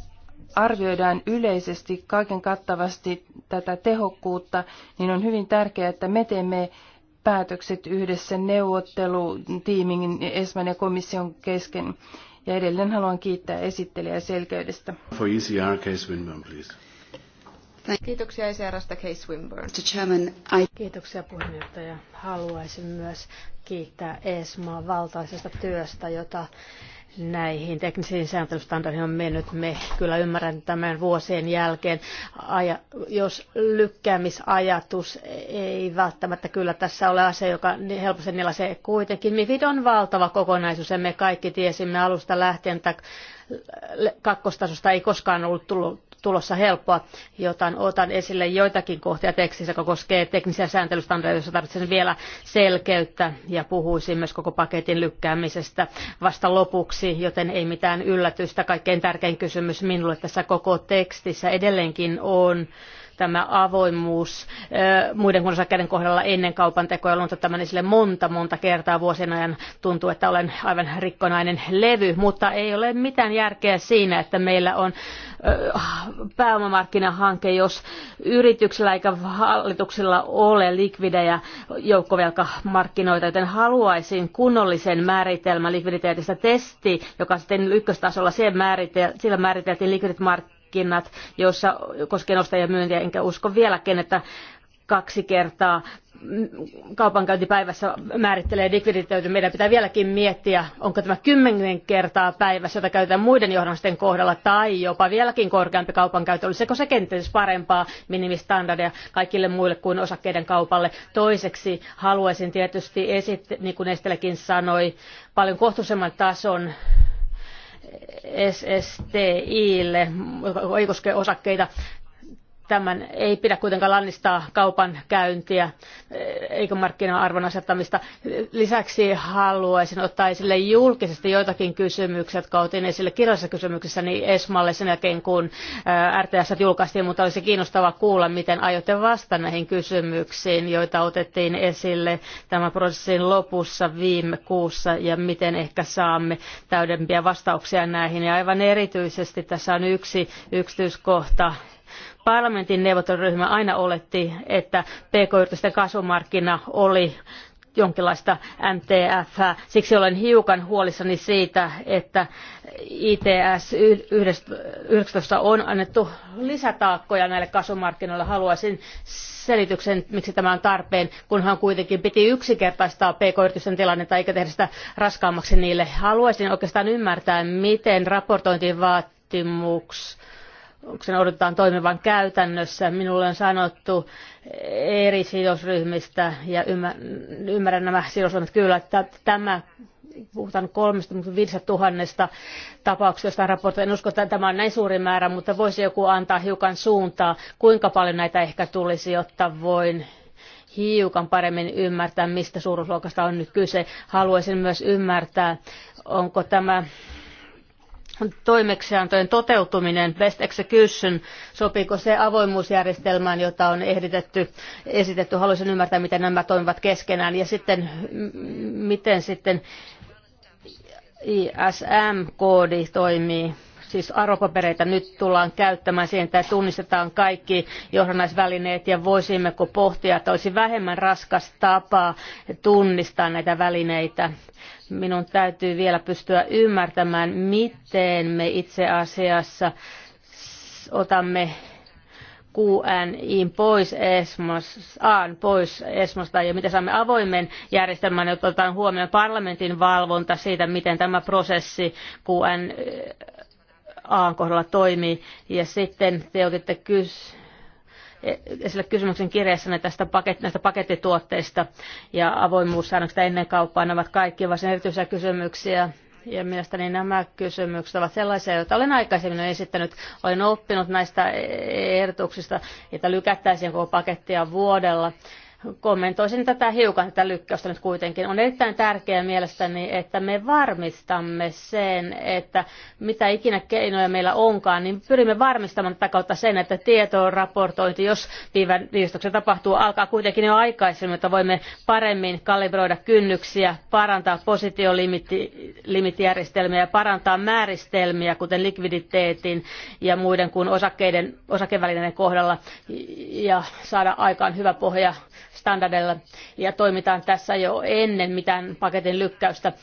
arvioidaan yleisesti kaiken kattavasti tätä tehokkuutta, niin on hyvin tärkeää, että me teemme päätökset yhdessä neuvottelutiimin ESMän ja komission kesken. Ja edelleen haluan kiittää esittelijää selkeydestä. For ECR, Case Winburn, please. Kiitoksia ECRstä Case Swinburne. Chairman, I... Kiitoksia puheenjohtaja. Haluaisin myös kiittää ESMAa valtaisesta työstä, jota näihin teknisiin sääntelystandardiin on mennyt. Me kyllä ymmärrän tämän vuosien jälkeen, aja, jos lykkäämisajatus ei välttämättä kyllä tässä ole asia, joka helposti se kuitenkin. MIFID on valtava kokonaisuus ja me kaikki tiesimme alusta lähtien, että kakkostasosta ei koskaan ollut tullut tulossa helppoa, joten otan esille joitakin kohtia tekstissä, joka koskee teknisiä sääntelystandardeja, joissa tarvitsen vielä selkeyttä ja puhuisin myös koko paketin lykkäämisestä vasta lopuksi, joten ei mitään yllätystä. Kaikkein tärkein kysymys minulle tässä koko tekstissä edelleenkin on tämä avoimuus muiden kuin osakkeiden kohdalla ennen kaupan tekoja. on ottanut tämän esille monta, monta kertaa vuosien ajan. Tuntuu, että olen aivan rikkonainen levy, mutta ei ole mitään järkeä siinä, että meillä on pääomamarkkinahanke, jos yrityksillä eikä hallituksilla ole likvidejä joukkovelkamarkkinoita, joten haluaisin kunnollisen määritelmän likviditeetistä testi, joka sitten ykköstasolla sillä määriteltiin likvidit mark markkinat, joissa koskien ostajia myyntiä, enkä usko vieläkin, että kaksi kertaa kaupankäyntipäivässä määrittelee likviditeetin. Meidän pitää vieläkin miettiä, onko tämä kymmenen kertaa päivässä, jota käytetään muiden johdannasten kohdalla, tai jopa vieläkin korkeampi kaupankäyttö, Olisiko se kenties parempaa minimistandardia kaikille muille kuin osakkeiden kaupalle? Toiseksi haluaisin tietysti esittää, niin kuin Estelekin sanoi, paljon kohtuullisemman tason SSTIlle, joka ei koske osakkeita. Tämän ei pidä kuitenkaan lannistaa kaupan käyntiä eikä markkina-arvon asettamista. Lisäksi haluaisin ottaa esille julkisesti joitakin kysymyksiä, jotka otin esille kirjallisessa kysymyksessä niin Esmalle sen jälkeen, kun RTS julkaistiin, mutta olisi kiinnostavaa kuulla, miten aiotte vastata näihin kysymyksiin, joita otettiin esille tämän prosessin lopussa viime kuussa ja miten ehkä saamme täydempiä vastauksia näihin. Ja aivan erityisesti tässä on yksi yksityiskohta, Parlamentin neuvotteluryhmä aina oletti, että pk-yritysten kasvumarkkina oli jonkinlaista MTF. -ää. Siksi olen hiukan huolissani siitä, että ITS 19 on annettu lisätaakkoja näille kasvumarkkinoille. Haluaisin selityksen, miksi tämä on tarpeen, kunhan kuitenkin piti yksinkertaistaa pk-yritysten tilannetta eikä tehdä sitä raskaammaksi niille. Haluaisin oikeastaan ymmärtää, miten raportointivaatimukset sen odotetaan toimivan käytännössä. Minulle on sanottu eri sidosryhmistä ja ymmärrän nämä sidosryhmät kyllä, että tämä puhutaan 35 000 tapauksesta on raportoitu. En usko, että tämä on näin suuri määrä, mutta voisi joku antaa hiukan suuntaa, kuinka paljon näitä ehkä tulisi, jotta voin hiukan paremmin ymmärtää, mistä suuruusluokasta on nyt kyse. Haluaisin myös ymmärtää, onko tämä toimeksiantojen toteutuminen, best execution, sopiiko se avoimuusjärjestelmään, jota on ehditetty, esitetty. Haluaisin ymmärtää, miten nämä toimivat keskenään ja sitten miten sitten ISM-koodi toimii siis arvopapereita nyt tullaan käyttämään siihen, että tunnistetaan kaikki johdannaisvälineet ja voisimmeko pohtia, että olisi vähemmän raskas tapa tunnistaa näitä välineitä. Minun täytyy vielä pystyä ymmärtämään, miten me itse asiassa otamme QNIin pois ESMOS, AN pois ESMOsta ja miten saamme avoimen järjestelmän, jotta otetaan huomioon parlamentin valvonta siitä, miten tämä prosessi QN A kohdalla toimii. Ja sitten te otitte kys, e, esille kysymyksen kirjassanne tästä paket, näistä pakettituotteista ja avoimuussäännöksistä ennen kauppaa. Nämä ovat kaikki varsin erityisiä kysymyksiä. Ja mielestäni nämä kysymykset ovat sellaisia, joita olen aikaisemmin esittänyt. Olen oppinut näistä e-, e-, ehdotuksista, että lykättäisiin koko pakettia vuodella kommentoisin tätä hiukan, tätä lykkäystä nyt kuitenkin. On erittäin tärkeää mielestäni, että me varmistamme sen, että mitä ikinä keinoja meillä onkaan, niin pyrimme varmistamaan tätä kautta sen, että tietoon raportointi, jos viistoksen tapahtuu, alkaa kuitenkin jo aikaisemmin, että voimme paremmin kalibroida kynnyksiä, parantaa positiolimitjärjestelmiä ja parantaa määristelmiä, kuten likviditeetin ja muiden kuin osakkeiden, osakevälineiden kohdalla, ja saada aikaan hyvä pohja standardeilla ja toimitaan tässä jo ennen mitään paketin lykkäystä.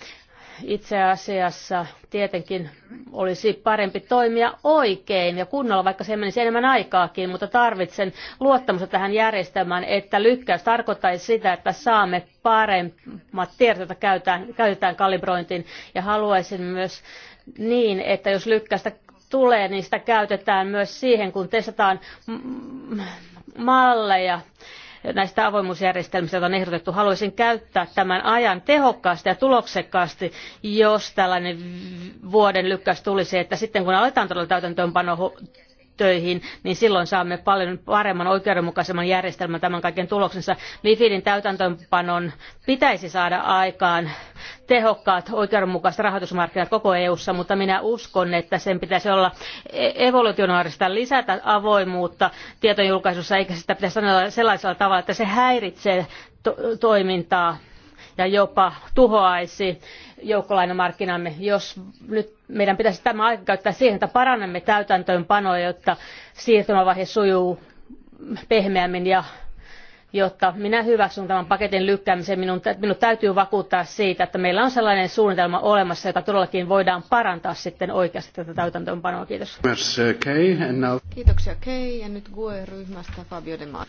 Itse asiassa tietenkin olisi parempi toimia oikein ja kunnolla, vaikka se menisi enemmän aikaakin, mutta tarvitsen luottamusta tähän järjestelmään, että lykkäys tarkoittaisi sitä, että saamme paremmat tiedot, joita käytetään, käytetään kalibrointiin. Ja haluaisin myös niin, että jos lykkäystä tulee, niin sitä käytetään myös siihen, kun testataan malleja näistä avoimuusjärjestelmistä, joita on ehdotettu. Haluaisin käyttää tämän ajan tehokkaasti ja tuloksekkaasti, jos tällainen vuoden lykkäys tulisi, että sitten kun aletaan todella täytäntöönpanoa töihin, niin silloin saamme paljon paremman oikeudenmukaisemman järjestelmän tämän kaiken tuloksensa. MIFIDin täytäntöönpanon pitäisi saada aikaan tehokkaat oikeudenmukaiset rahoitusmarkkinat koko EU:ssa, mutta minä uskon, että sen pitäisi olla e- evolutionaarista lisätä avoimuutta tietojen julkaisussa, eikä sitä pitäisi sanoa sellaisella tavalla, että se häiritsee to toimintaa ja jopa tuhoaisi joukkolainamarkkinamme, jos nyt meidän pitäisi tämä aika käyttää siihen, että parannamme täytäntöönpanoa, jotta siirtymävaihe sujuu pehmeämmin ja jotta minä hyväksyn tämän paketin lykkäämisen, minun, minun täytyy vakuuttaa siitä, että meillä on sellainen suunnitelma olemassa, jota todellakin voidaan parantaa sitten oikeasti tätä täytäntöönpanoa. Kiitos. Kiitoksia Kei ja nyt GUE-ryhmästä Fabio De Masi.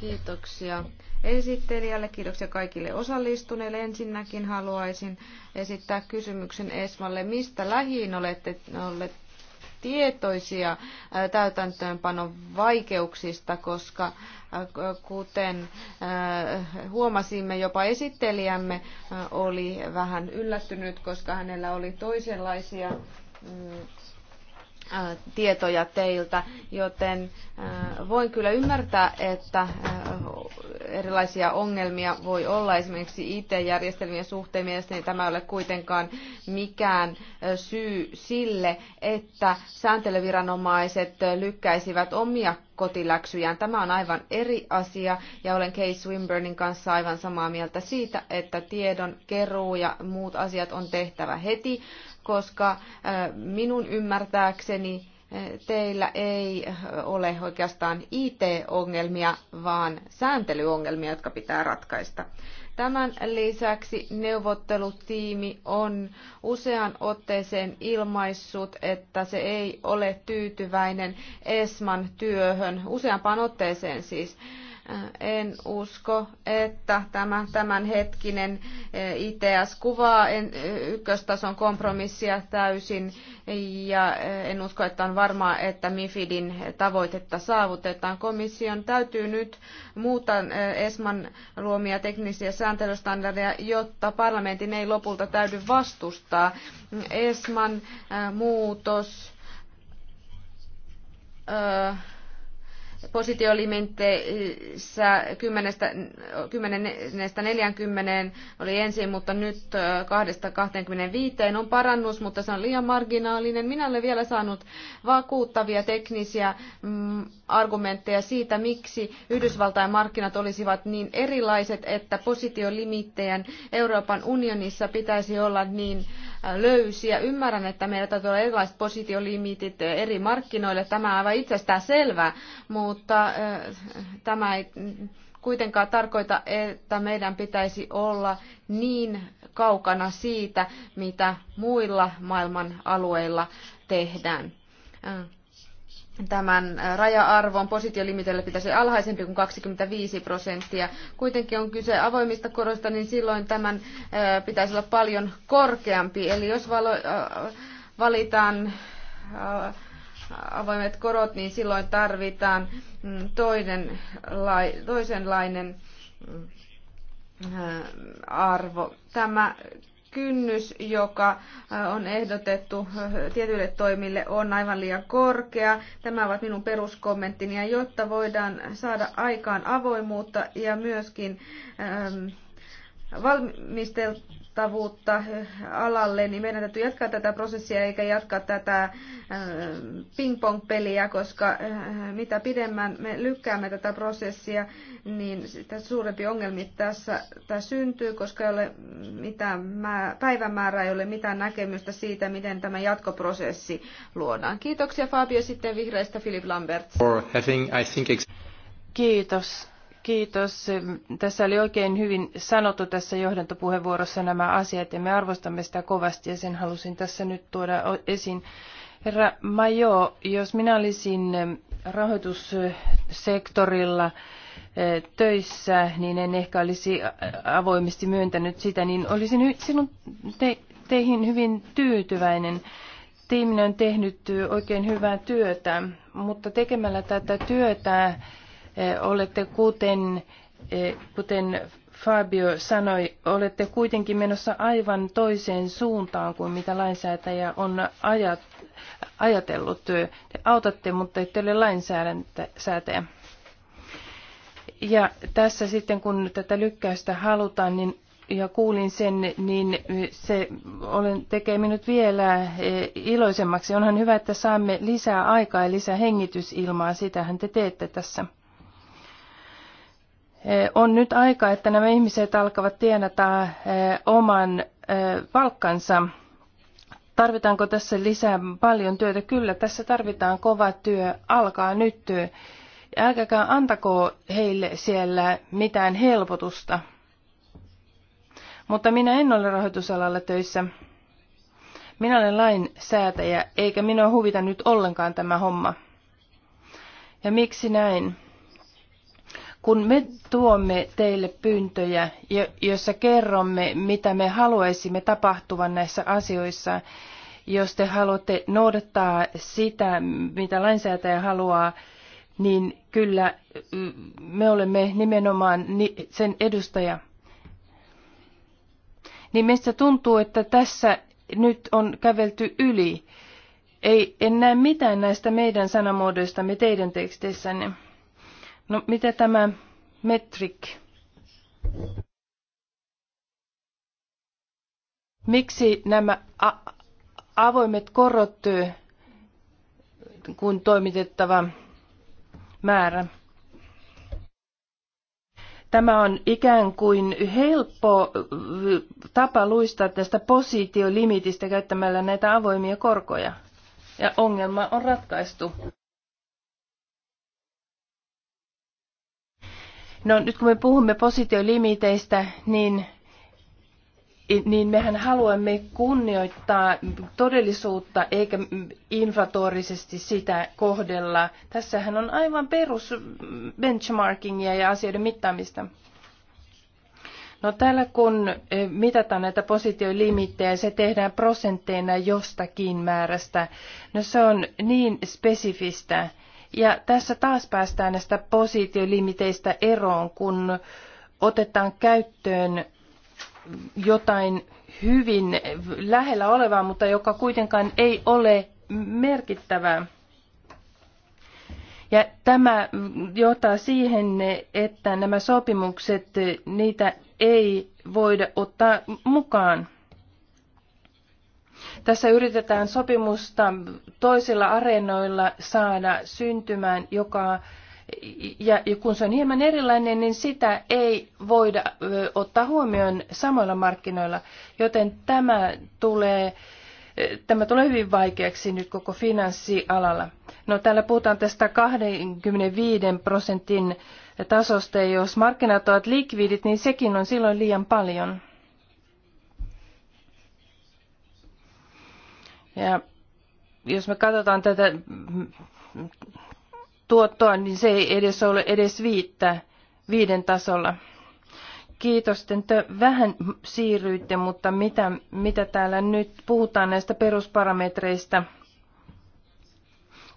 Kiitoksia esittelijälle. Kiitoksia kaikille osallistuneille. Ensinnäkin haluaisin esittää kysymyksen Esmalle, mistä lähiin olette, olette tietoisia äh, täytäntöönpanon vaikeuksista, koska äh, kuten äh, huomasimme, jopa esittelijämme oli vähän yllättynyt, koska hänellä oli toisenlaisia mm, Äh, tietoja teiltä, joten äh, voin kyllä ymmärtää, että äh, erilaisia ongelmia voi olla esimerkiksi IT-järjestelmien suhteen. Mielestäni tämä ei ole kuitenkaan mikään syy sille, että sääntelyviranomaiset lykkäisivät omia kotiläksyjään. Tämä on aivan eri asia ja olen Kay Swinburnin kanssa aivan samaa mieltä siitä, että tiedon keruu ja muut asiat on tehtävä heti koska äh, minun ymmärtääkseni äh, teillä ei äh, ole oikeastaan IT-ongelmia, vaan sääntelyongelmia, jotka pitää ratkaista. Tämän lisäksi neuvottelutiimi on usean otteeseen ilmaissut, että se ei ole tyytyväinen ESMAn työhön, useampaan otteeseen siis. En usko, että tämä tämänhetkinen e, ITS kuvaa e, ykköstason kompromissia täysin ja e, en usko, että on varmaa, että MIFIDin tavoitetta saavutetaan. Komission täytyy nyt muuttaa ESMAn luomia teknisiä sääntelystandardeja, jotta parlamentin ei lopulta täydy vastustaa. ESMAn muutos... Öö, positiolimitteissä 10-40 oli ensin, mutta nyt 2-25 on parannus, mutta se on liian marginaalinen. Minä olen vielä saanut vakuuttavia teknisiä mm, argumentteja siitä, miksi Yhdysvaltain markkinat olisivat niin erilaiset, että positiolimittejä Euroopan unionissa pitäisi olla niin äh, löysiä. Ymmärrän, että meillä täytyy olla erilaiset positiolimitit äh, eri markkinoille. Tämä on aivan itsestään selvää, mutta äh, tämä ei kuitenkaan tarkoita, että meidän pitäisi olla niin kaukana siitä, mitä muilla maailman alueilla tehdään tämän raja-arvon positiolimiteille pitäisi alhaisempi kuin 25 prosenttia. Kuitenkin on kyse avoimista koroista, niin silloin tämän pitäisi olla paljon korkeampi. Eli jos valitaan avoimet korot, niin silloin tarvitaan mm, toinen, toisenlainen mm, arvo. Tämä kynnys, joka on ehdotettu tietyille toimille, on aivan liian korkea. Tämä ovat minun peruskommenttini. Ja jotta voidaan saada aikaan avoimuutta ja myöskin valmisteltua, uskottavuutta eh, alalle, niin meidän täytyy jatkaa tätä prosessia eikä jatkaa tätä eh, ping-pong-peliä, koska eh, mitä pidemmän me lykkäämme tätä prosessia, niin sitä suurempi ongelmi tässä, tämä syntyy, koska ei ole mitään päivämäärää, ei ole mitään näkemystä siitä, miten tämä jatkoprosessi luodaan. Kiitoksia Fabio, sitten vihreistä Philip Lambert. Having, think... Kiitos Kiitos. Tässä oli oikein hyvin sanottu tässä johdantopuheenvuorossa nämä asiat ja me arvostamme sitä kovasti ja sen halusin tässä nyt tuoda esiin. Herra Majo, jos minä olisin eh, rahoitussektorilla eh, töissä, niin en ehkä olisi eh, avoimesti myöntänyt sitä, niin olisin sinun te, teihin hyvin tyytyväinen. Tiiminen on tehnyt oikein hyvää työtä, mutta tekemällä tätä työtä olette kuten, kuten Fabio sanoi, olette kuitenkin menossa aivan toiseen suuntaan kuin mitä lainsäätäjä on ajat, ajatellut. Te autatte, mutta ette ole lainsäätäjä. Ja tässä sitten kun tätä lykkäystä halutaan, niin ja kuulin sen, niin se olen, tekee minut vielä iloisemmaksi. Onhan hyvä, että saamme lisää aikaa ja lisää hengitysilmaa. Sitähän te teette tässä. Eh, on nyt aika, että nämä ihmiset alkavat tienata eh, oman eh, palkkansa. Tarvitaanko tässä lisää paljon työtä? Kyllä, tässä tarvitaan kova työ. Alkaa nyt työ. Älkääkä antako heille siellä mitään helpotusta. Mutta minä en ole rahoitusalalla töissä. Minä olen lainsäätäjä, eikä minua huvita nyt ollenkaan tämä homma. Ja miksi näin? Kun me tuomme teille pyyntöjä, jossa kerromme, mitä me haluaisimme tapahtuvan näissä asioissa, jos te haluatte noudattaa sitä, mitä lainsäätäjä haluaa, niin kyllä mm, me olemme nimenomaan sen edustaja. Niin meistä tuntuu, että tässä nyt on kävelty yli. Ei, en näe mitään näistä meidän sanamuodoistamme teidän teksteissänne. No mitä tämä metric? Miksi nämä avoimet korot, kun toimitettava määrä? Tämä on ikään kuin helppo tapa luistaa tästä positiolimitistä käyttämällä näitä avoimia korkoja. Ja ongelma on ratkaistu. No nyt kun me puhumme positiolimiteistä, niin, niin mehän haluamme kunnioittaa todellisuutta eikä inflatorisesti sitä kohdella. Tässähän on aivan perus benchmarkingia ja asioiden mittaamista. No täällä kun e, mitataan näitä positiolimittejä, se tehdään prosentteina jostakin määrästä. No se on niin spesifistä, ja tässä taas päästään näistä positiolimiteistä eroon, kun otetaan käyttöön jotain hyvin lähellä olevaa, mutta joka kuitenkaan ei ole merkittävää. Ja tämä johtaa siihen, että nämä sopimukset, niitä ei voida ottaa mukaan. Tässä yritetään sopimusta toisilla areenoilla saada syntymään, joka ja kun se on hieman erilainen, niin sitä ei voida ottaa huomioon samoilla markkinoilla, joten tämä tulee, tämä tulee hyvin vaikeaksi nyt koko finanssialalla. No täällä puhutaan tästä 25 prosentin tasosta, ja jos markkinat ovat likvidit, niin sekin on silloin liian paljon. Ja jos me katsotaan tätä tuottoa, niin se ei edes ole edes viittä, viiden tasolla. Kiitos, että vähän siirryitte, mutta mitä, mitä täällä nyt puhutaan näistä perusparametreista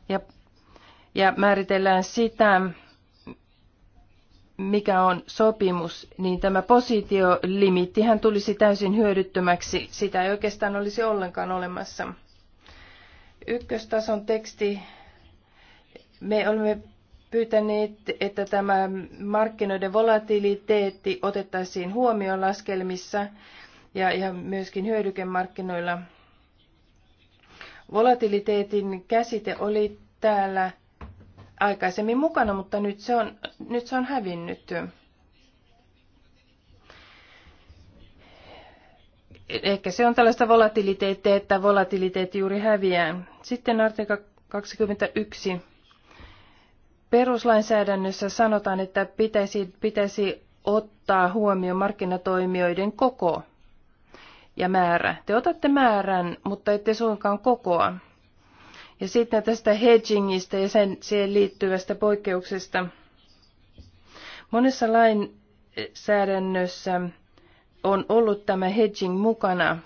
ja, ja määritellään sitä, mikä on sopimus, niin tämä positiolimittihän tulisi täysin hyödyttömäksi. Sitä ei oikeastaan olisi ollenkaan olemassa ykköstason teksti. Me olemme pyytäneet, että tämä markkinoiden volatiliteetti otettaisiin huomioon laskelmissa ja, ja myöskin hyödykemarkkinoilla. Volatiliteetin käsite oli täällä aikaisemmin mukana, mutta nyt se on, nyt se on hävinnyt. ehkä se on tällaista volatiliteettia, että volatiliteetti juuri häviää. Sitten artikla 21. Peruslainsäädännössä sanotaan, että pitäisi, pitäisi ottaa huomioon markkinatoimijoiden koko ja määrä. Te otatte määrän, mutta ette suinkaan kokoa. Ja sitten tästä hedgingistä ja sen, siihen liittyvästä poikkeuksesta. Monessa lainsäädännössä on ollut tämä hedging mukana.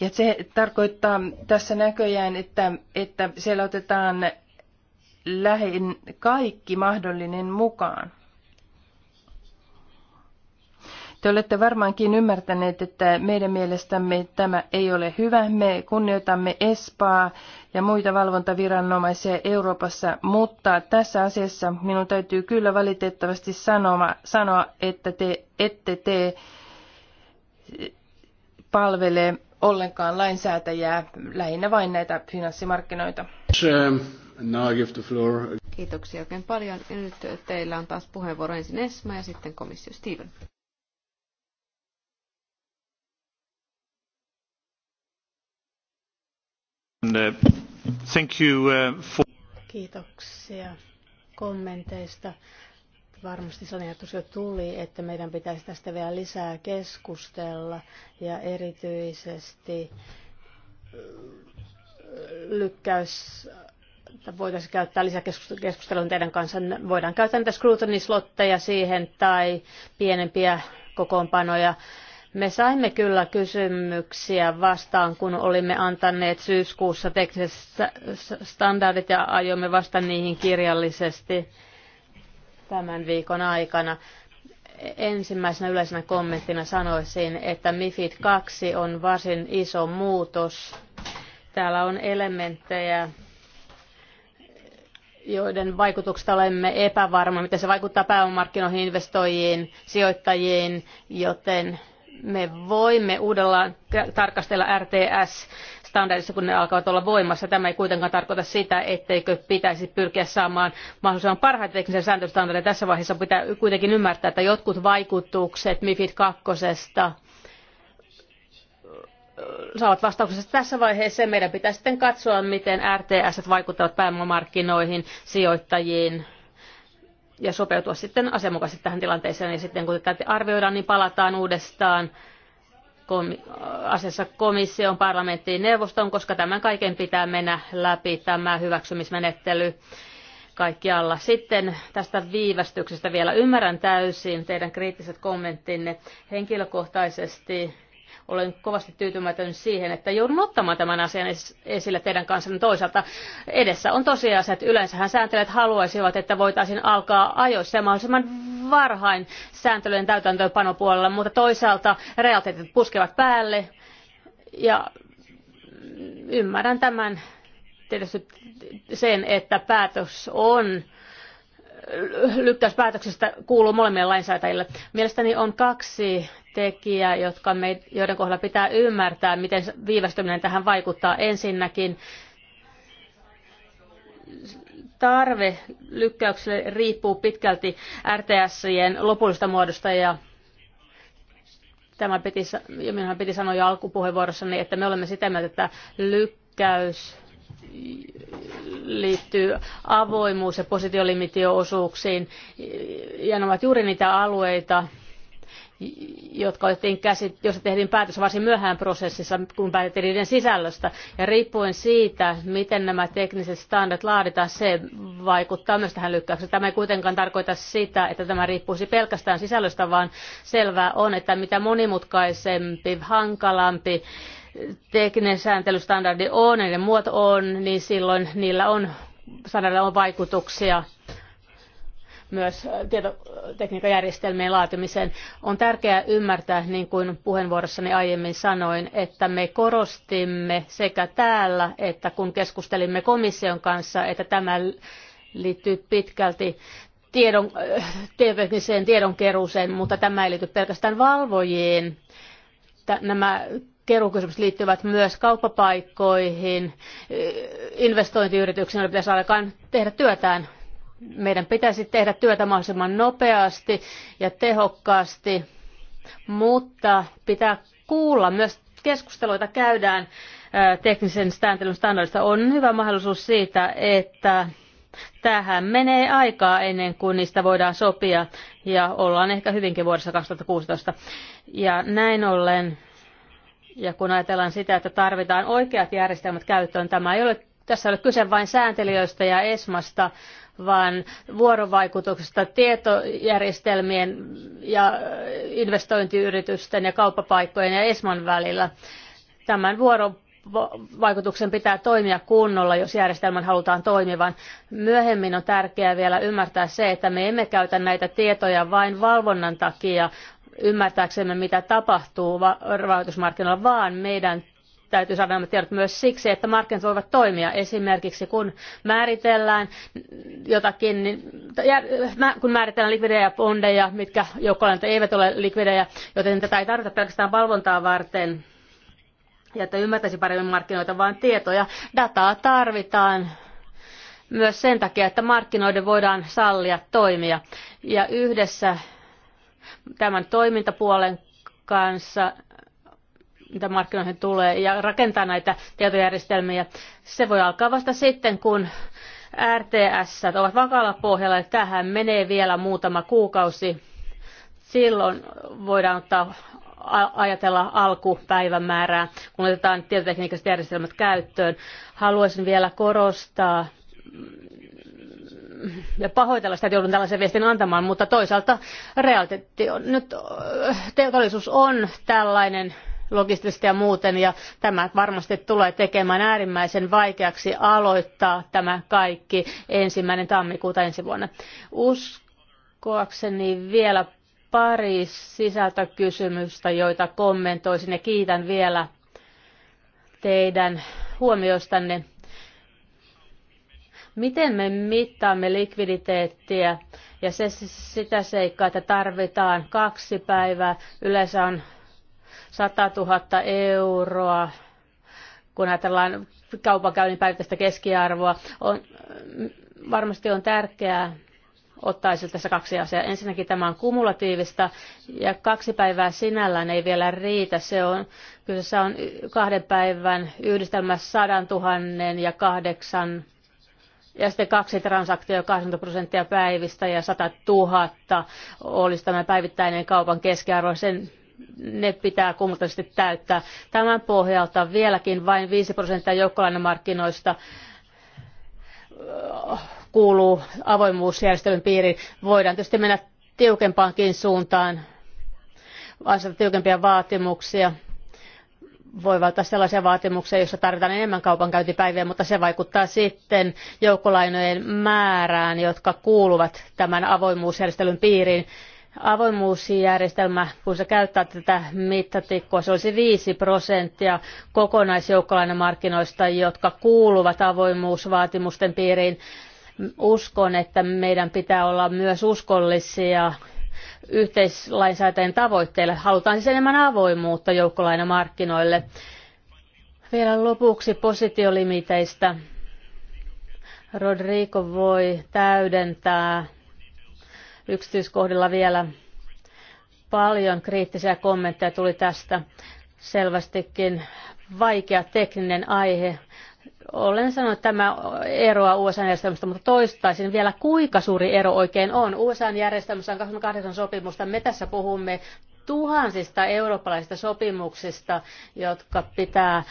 Ja se tarkoittaa tässä näköjään, että, että siellä otetaan lähin kaikki mahdollinen mukaan. Te olette varmaankin ymmärtäneet, että meidän mielestämme tämä ei ole hyvä. Me kunnioitamme ESPAa ja muita valvontaviranomaisia Euroopassa, mutta tässä asiassa minun täytyy kyllä valitettavasti sanoa, sanoa, että te ette tee palvele ollenkaan lainsäätäjää, lähinnä vain näitä finanssimarkkinoita. Kiitoksia oikein paljon. Ja nyt teillä on taas puheenvuoro ensin Esma ja sitten komissio Steven. Uh, uh, Kiitoksia kommenteista. Varmasti se ajatus jo tuli, että meidän pitäisi tästä vielä lisää keskustella ja erityisesti äh, lykkäys voitaisiin käyttää lisäkeskustelun teidän kanssa. Voidaan käyttää niitä scrutiny-slotteja siihen tai pienempiä kokoonpanoja me saimme kyllä kysymyksiä vastaan, kun olimme antaneet syyskuussa tekniset standardit ja aiomme vasta niihin kirjallisesti tämän viikon aikana. Ensimmäisenä yleisenä kommenttina sanoisin, että MIFID 2 on varsin iso muutos. Täällä on elementtejä, joiden vaikutuksesta olemme epävarma, miten se vaikuttaa pääomamarkkinoihin, investoijiin, sijoittajiin, joten me voimme uudellaan tarkastella RTS standardissa, kun ne alkavat olla voimassa. Tämä ei kuitenkaan tarkoita sitä, etteikö pitäisi pyrkiä saamaan mahdollisimman parhaita teknisiä sääntöstandardeja. Tässä vaiheessa pitää kuitenkin ymmärtää, että jotkut vaikutukset MIFID kakkosesta saavat vastauksensa tässä vaiheessa ja meidän pitää sitten katsoa, miten RTS vaikuttavat pääomamarkkinoihin, sijoittajiin, ja sopeutua sitten asianmukaisesti tähän tilanteeseen. Ja sitten kun tätä arvioidaan, niin palataan uudestaan komi- asiassa komission, parlamenttiin, neuvoston, koska tämän kaiken pitää mennä läpi tämä hyväksymismenettely kaikkialla. Sitten tästä viivästyksestä vielä ymmärrän täysin teidän kriittiset kommenttinne. Henkilökohtaisesti olen kovasti tyytymätön siihen, että joudun ottamaan tämän asian esille teidän kanssanne toisaalta. Edessä on se, että yleensähän sääntelijät haluaisivat, että voitaisiin alkaa ajoissa ja mahdollisimman varhain sääntelyjen täytäntöönpanopuolella, mutta toisaalta realiteetit puskevat päälle ja ymmärrän tämän tietysti sen, että päätös on lykkäyspäätöksestä kuuluu molemmille lainsäätäjille. Mielestäni on kaksi tekijää, jotka me, joiden kohdalla pitää ymmärtää, miten viivästyminen tähän vaikuttaa. Ensinnäkin tarve lykkäykselle riippuu pitkälti RTSien lopullisesta muodosta ja tämä piti, ja minähän piti sanoa jo alkupuheenvuorossani, että me olemme sitä mieltä, että lykkäys liittyy avoimuus- ja positiolimitioosuuksiin, ja ne ovat juuri niitä alueita, jotka otettiin käsit, jossa tehtiin päätös varsin myöhään prosessissa, kun päätettiin niiden sisällöstä. Ja riippuen siitä, miten nämä tekniset standardit laaditaan, se vaikuttaa myös tähän lykkäykseen. Tämä ei kuitenkaan tarkoita sitä, että tämä riippuisi pelkästään sisällöstä, vaan selvää on, että mitä monimutkaisempi, hankalampi, tekninen sääntelystandardi on, niiden muoto on, niin silloin niillä on, sanalla on vaikutuksia myös järjestelmien laatimiseen. On tärkeää ymmärtää, niin kuin puheenvuorossani aiemmin sanoin, että me korostimme sekä täällä että kun keskustelimme komission kanssa, että tämä liittyy pitkälti tiedon, äh, tietotekniseen tiedonkeruuseen, mutta tämä ei liity pelkästään valvojiin. Nämä keruukysymykset liittyvät myös kauppapaikkoihin, investointiyrityksiin, joilla pitäisi alkaa tehdä työtään. Meidän pitäisi tehdä työtä mahdollisimman nopeasti ja tehokkaasti, mutta pitää kuulla myös keskusteluita käydään teknisen sääntelyn standardista. On hyvä mahdollisuus siitä, että tähän menee aikaa ennen kuin niistä voidaan sopia ja ollaan ehkä hyvinkin vuodessa 2016. Ja näin ollen ja kun ajatellaan sitä, että tarvitaan oikeat järjestelmät käyttöön, tämä ei ole, tässä ei ole kyse vain sääntelijöistä ja ESMasta, vaan vuorovaikutuksesta tietojärjestelmien ja investointiyritysten ja kauppapaikkojen ja ESMAn välillä. Tämän vuorovaikutuksen pitää toimia kunnolla, jos järjestelmän halutaan toimivan. Myöhemmin on tärkeää vielä ymmärtää se, että me emme käytä näitä tietoja vain valvonnan takia, ymmärtääksemme, mitä tapahtuu rahoitusmarkkinoilla, vaan meidän täytyy saada nämä tiedot myös siksi, että markkinat voivat toimia. Esimerkiksi kun määritellään jotakin, niin, kun määritellään likvidejä bondeja, mitkä joukkolentä eivät ole likvidejä, joten tätä ei tarvita pelkästään valvontaa varten ja että ymmärtäisi paremmin markkinoita, vaan tietoja. Dataa tarvitaan myös sen takia, että markkinoiden voidaan sallia toimia. Ja yhdessä tämän toimintapuolen kanssa, mitä markkinoihin tulee, ja rakentaa näitä tietojärjestelmiä. Se voi alkaa vasta sitten, kun RTS ovat vakaalla pohjalla, ja tähän menee vielä muutama kuukausi. Silloin voidaan ottaa ajatella alkupäivämäärää, kun otetaan tietotekniikat järjestelmät käyttöön. Haluaisin vielä korostaa ja pahoitella sitä, että joudun tällaisen viestin antamaan, mutta toisaalta todellisuus on, nyt äh, on tällainen logistisesti ja muuten, ja tämä varmasti tulee tekemään äärimmäisen vaikeaksi aloittaa tämä kaikki ensimmäinen tammikuuta ensi vuonna. Uskoakseni vielä pari sisältökysymystä, joita kommentoisin ja kiitän vielä teidän huomioistanne Miten me mittaamme likviditeettiä ja se, sitä seikkaa, että tarvitaan kaksi päivää, yleensä on 100 000 euroa, kun ajatellaan kaupankäynnin päivittäistä keskiarvoa, on, varmasti on tärkeää ottaa esille tässä kaksi asiaa. Ensinnäkin tämä on kumulatiivista ja kaksi päivää sinällään ei vielä riitä. Se on, kyseessä on kahden päivän yhdistelmä sadan tuhannen ja kahdeksan ja sitten kaksi transaktiota 80 prosenttia päivistä ja 100 000 olisi tämä päivittäinen kaupan keskiarvo. Sen ne pitää kummallisesti täyttää. Tämän pohjalta vieläkin vain 5 prosenttia joukkolainamarkkinoista äh, kuuluu avoimuusjärjestelyn piiriin. Voidaan tietysti mennä tiukempaankin suuntaan, asettaa tiukempia vaatimuksia voi välttää sellaisia vaatimuksia, joissa tarvitaan enemmän kaupankäyntipäiviä, mutta se vaikuttaa sitten joukkolainojen määrään, jotka kuuluvat tämän avoimuusjärjestelyn piiriin. Avoimuusjärjestelmä, kun se käyttää tätä mittatikkoa, se olisi 5 prosenttia kokonaisjoukkolainamarkkinoista, jotka kuuluvat avoimuusvaatimusten piiriin. Uskon, että meidän pitää olla myös uskollisia yhteislainsäätäjien tavoitteille. Halutaan siis enemmän avoimuutta joukkolainamarkkinoille. Vielä lopuksi positiolimiteistä. Rodrigo voi täydentää yksityiskohdilla vielä paljon kriittisiä kommentteja tuli tästä. Selvästikin vaikea tekninen aihe. Olen sanonut, että tämä eroa USA-järjestelmästä, mutta toistaisin vielä, kuinka suuri ero oikein on. USA-järjestelmässä on 28 sopimusta. Me tässä puhumme tuhansista eurooppalaisista sopimuksista, jotka pitää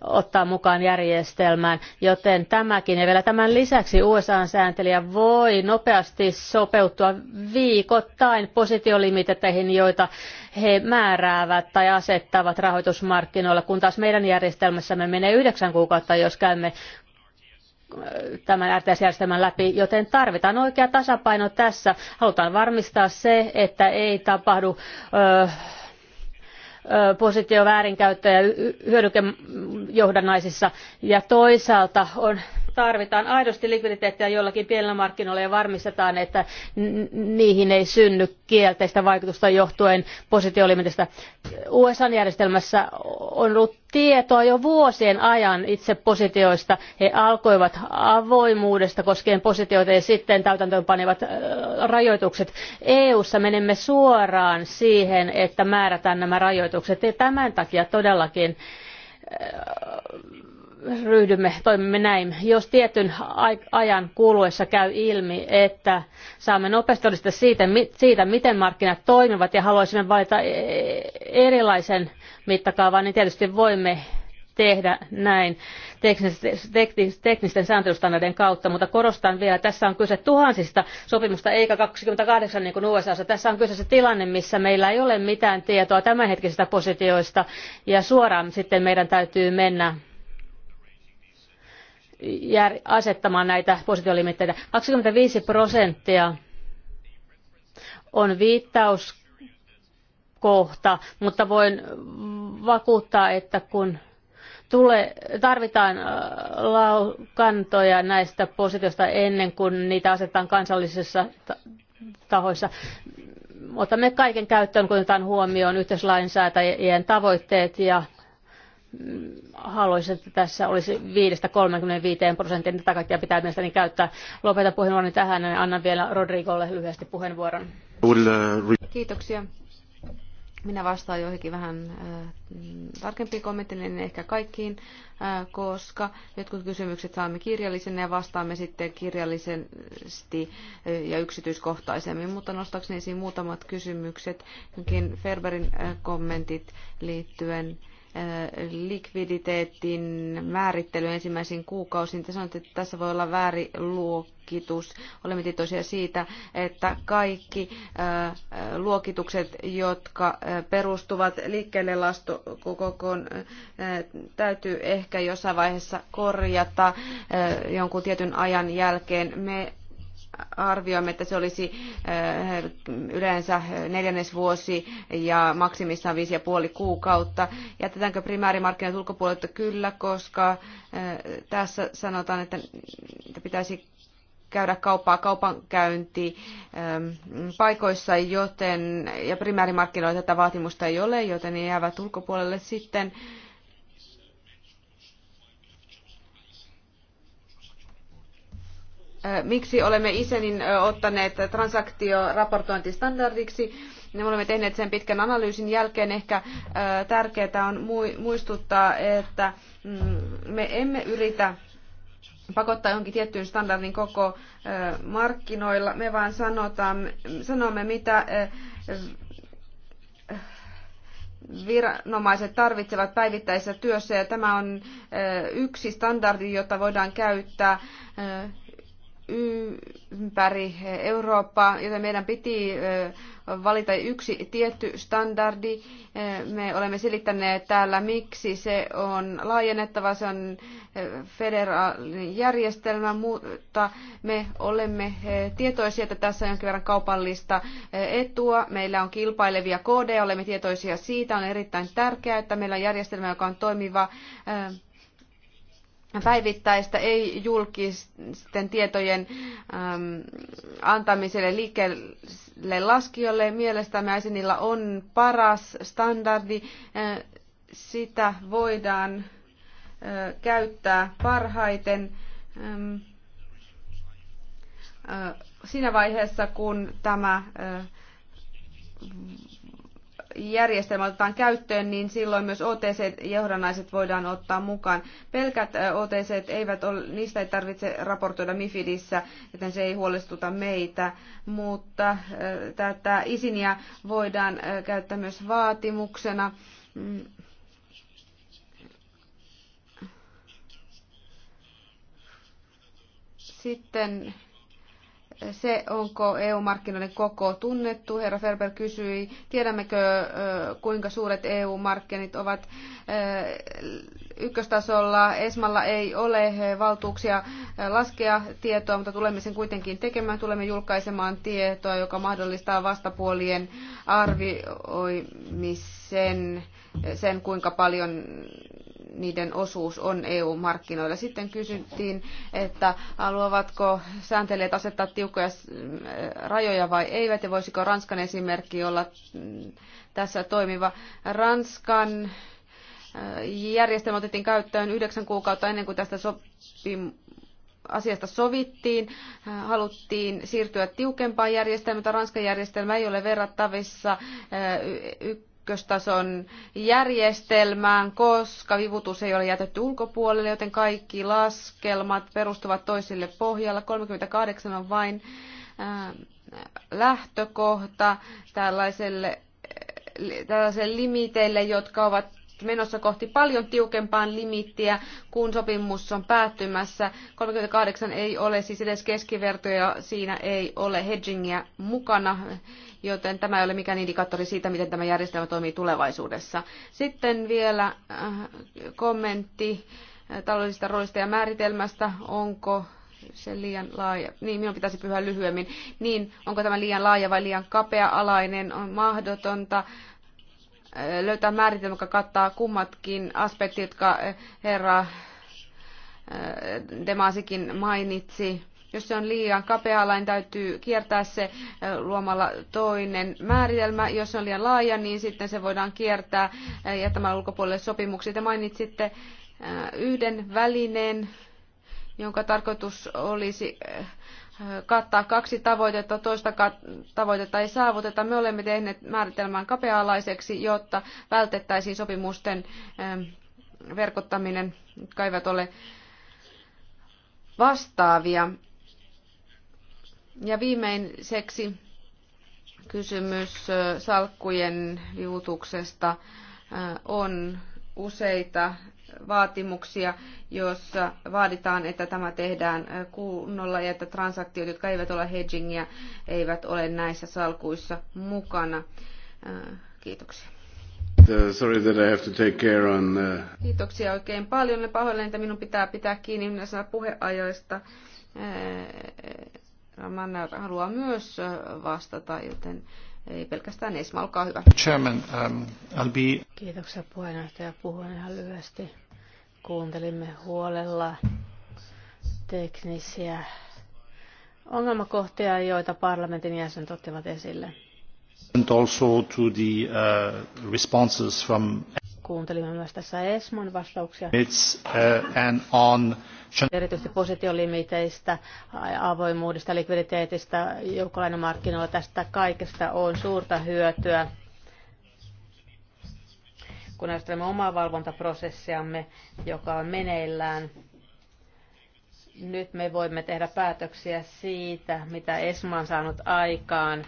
ottaa mukaan järjestelmään, joten tämäkin ja vielä tämän lisäksi USA-sääntelijä voi nopeasti sopeutua viikoittain positiolimiteteihin, joita he määräävät tai asettavat rahoitusmarkkinoilla, kun taas meidän järjestelmässämme menee yhdeksän kuukautta, jos käymme äh, tämän RTS-järjestelmän läpi, joten tarvitaan oikea tasapaino tässä. Halutaan varmistaa se, että ei tapahdu ö, äh, äh, positio väärinkäyttöä hyödykejohdannaisissa ja toisaalta on tarvitaan aidosti likviditeettiä jollakin pienillä markkinoilla ja varmistetaan, että niihin ei synny kielteistä vaikutusta johtuen positiolimitistä. USA-järjestelmässä on ollut tietoa jo vuosien ajan itse positioista. He alkoivat avoimuudesta koskien positioita ja sitten täytäntöönpanivat rajoitukset. EU-ssa menemme suoraan siihen, että määrätään nämä rajoitukset. Ja tämän takia todellakin ryhdymme, toimimme näin. Jos tietyn ajan kuluessa käy ilmi, että saamme nopeasti siitä, siitä, miten markkinat toimivat ja haluaisimme valita e- e- erilaisen mittakaavan, niin tietysti voimme tehdä näin teknisten sääntelystandardien kautta, mutta korostan vielä, tässä on kyse tuhansista sopimusta eikä 28 niin kuin USAssa. Tässä on kyse se tilanne, missä meillä ei ole mitään tietoa tämänhetkisistä positioista ja suoraan sitten meidän täytyy mennä asettamaan näitä positiolimittejä. 25 prosenttia on viittauskohta, mutta voin vakuuttaa, että kun tule, tarvitaan äh, laukantoja kantoja näistä positiosta ennen kuin niitä asetetaan kansallisissa tahoissa. Otamme kaiken käyttöön, kun otetaan huomioon yhteislainsäätäjien tavoitteet ja haluaisin, että tässä olisi 5-35 prosenttia. Tätä kaikkea pitää mielestäni käyttää. Lopeta puheenvuoroni tähän ja annan vielä Rodrigolle lyhyesti puheenvuoron. Kiitoksia. Minä vastaan joihinkin vähän äh, tarkempiin kommentteihin, niin ehkä kaikkiin, äh, koska jotkut kysymykset saamme kirjallisena ja vastaamme sitten kirjallisesti äh, ja yksityiskohtaisemmin. Mutta nostaakseni esiin muutamat kysymykset, jonkin Ferberin äh, kommentit liittyen äh, likviditeetin määrittely ensimmäisiin kuukausiin. Te sanoitte, että tässä voi olla vääriluokitus. Olemme tietoisia siitä, että kaikki luokitukset, jotka perustuvat liikkeelle lastokokoon, täytyy ehkä jossain vaiheessa korjata jonkun tietyn ajan jälkeen. Me arvioimme, että se olisi eh, yleensä eh, neljännesvuosi ja maksimissaan viisi ja puoli kuukautta. Jätetäänkö primäärimarkkinat ulkopuolelta? Kyllä, koska eh, tässä sanotaan, että pitäisi käydä kauppaa kaupankäynti paikoissa, joten, ja primäärimarkkinoilla tätä vaatimusta ei ole, joten ne jäävät ulkopuolelle sitten. miksi olemme ISENin ottaneet transaktioraportointistandardiksi. Me olemme tehneet sen pitkän analyysin jälkeen. Ehkä tärkeää on muistuttaa, että mm, me emme yritä pakottaa johonkin tiettyyn standardin koko markkinoilla. Me vain sanotaan, sanomme, mitä viranomaiset tarvitsevat päivittäisessä työssä ja tämä on yksi standardi, jota voidaan käyttää ympäri Eurooppaa, joten meidän piti valita yksi tietty standardi. Me olemme selittäneet täällä, miksi se on laajennettava, se on federaalinen järjestelmä, mutta me olemme tietoisia, että tässä on jonkin verran kaupallista etua. Meillä on kilpailevia koodeja, olemme tietoisia siitä. On erittäin tärkeää, että meillä on järjestelmä, joka on toimiva päivittäistä ei julkisten tietojen äm, antamiselle liikkeelle laskijoille. Mielestämme Aisenilla on paras standardi. sitä voidaan käyttää parhaiten ähm, siinä vaiheessa, kun tämä järjestelmä otetaan käyttöön, niin silloin myös OTC-johdannaiset voidaan ottaa mukaan. Pelkät OTC, eivät ole, niistä ei tarvitse raportoida MIFIDissä, joten se ei huolestuta meitä, mutta tätä isiniä voidaan käyttää myös vaatimuksena. Mm. Sitten se, onko EU-markkinoiden koko tunnettu. Herra Ferber kysyi, tiedämmekö kuinka suuret EU-markkinat ovat. Ykköstasolla ESMalla ei ole valtuuksia laskea tietoa, mutta tulemme sen kuitenkin tekemään. Tulemme julkaisemaan tietoa, joka mahdollistaa vastapuolien arvioimisen sen, kuinka paljon niiden osuus on EU-markkinoilla. Sitten kysyttiin, että haluavatko sääntelijät asettaa tiukkoja mm, rajoja vai eivät, ja voisiko Ranskan esimerkki olla mm, tässä toimiva. Ranskan äh, järjestelmä otettiin käyttöön yhdeksän kuukautta ennen kuin tästä sopimuksesta asiasta sovittiin, äh, haluttiin siirtyä tiukempaan järjestelmään, mutta Ranskan järjestelmä ei ole verrattavissa äh, ykköstason järjestelmään, koska vivutus ei ole jätetty ulkopuolelle, joten kaikki laskelmat perustuvat toisille pohjalla. 38 on vain äh, lähtökohta tällaiselle äh, tällaisille limiteille, jotka ovat menossa kohti paljon tiukempaan limittiä, kun sopimus on päättymässä. 38 ei ole siis edes keskivertoja, siinä ei ole hedgingiä mukana, joten tämä ei ole mikään indikaattori siitä, miten tämä järjestelmä toimii tulevaisuudessa. Sitten vielä äh, kommentti äh, taloudellisesta roolista ja määritelmästä, onko se liian laaja, niin minun pitäisi pyhä lyhyemmin, niin onko tämä liian laaja vai liian kapea-alainen, on mahdotonta Äh, löytää määritelmä, joka kattaa kummatkin aspektit, jotka äh, herra äh, Demasikin mainitsi. Jos se on liian kapea, niin täytyy kiertää se luomalla toinen määritelmä. Jos se on liian laaja, niin sitten se voidaan kiertää jättämällä ulkopuolelle sopimuksia. Te mainitsitte yhden välineen, jonka tarkoitus olisi kattaa kaksi tavoitetta, toista tavoitetta ei saavuteta. Me olemme tehneet määritelmän kapea-alaiseksi, jotta vältettäisiin sopimusten ähm, verkottaminen, jotka eivät ole vastaavia. Ja viimeiseksi kysymys äh, salkkujen vivutuksesta äh, on useita vaatimuksia, jossa vaaditaan, että tämä tehdään kunnolla ja että transaktiot, jotka eivät ole hedgingiä, eivät ole näissä salkuissa mukana. Äh, kiitoksia. Sorry that I have to take care on... Uh, kiitoksia oikein paljon. Ne pahoillani, että minun pitää pitää kiinni näistä puheajoista. Äh, Ramanna haluaa myös äh, vastata, joten ei pelkästään ESMA. Olkaa hyvä. Chairman, um, I'll be... Kiitoksia puheenjohtaja. Puhun ihan lyhyesti. Kuuntelimme huolella teknisiä ongelmakohtia, joita parlamentin jäsenet ottivat esille. And also to the, uh, responses from... Kuuntelimme myös tässä ESMAn vastauksia. It's, uh, and on Erityisesti positiolimiteistä, avoimuudesta, likviditeetistä, joukkolainamarkkinoilla tästä kaikesta on suurta hyötyä. Kun ajattelemme omaa valvontaprosessiamme, joka on meneillään, nyt me voimme tehdä päätöksiä siitä, mitä ESMA on saanut aikaan.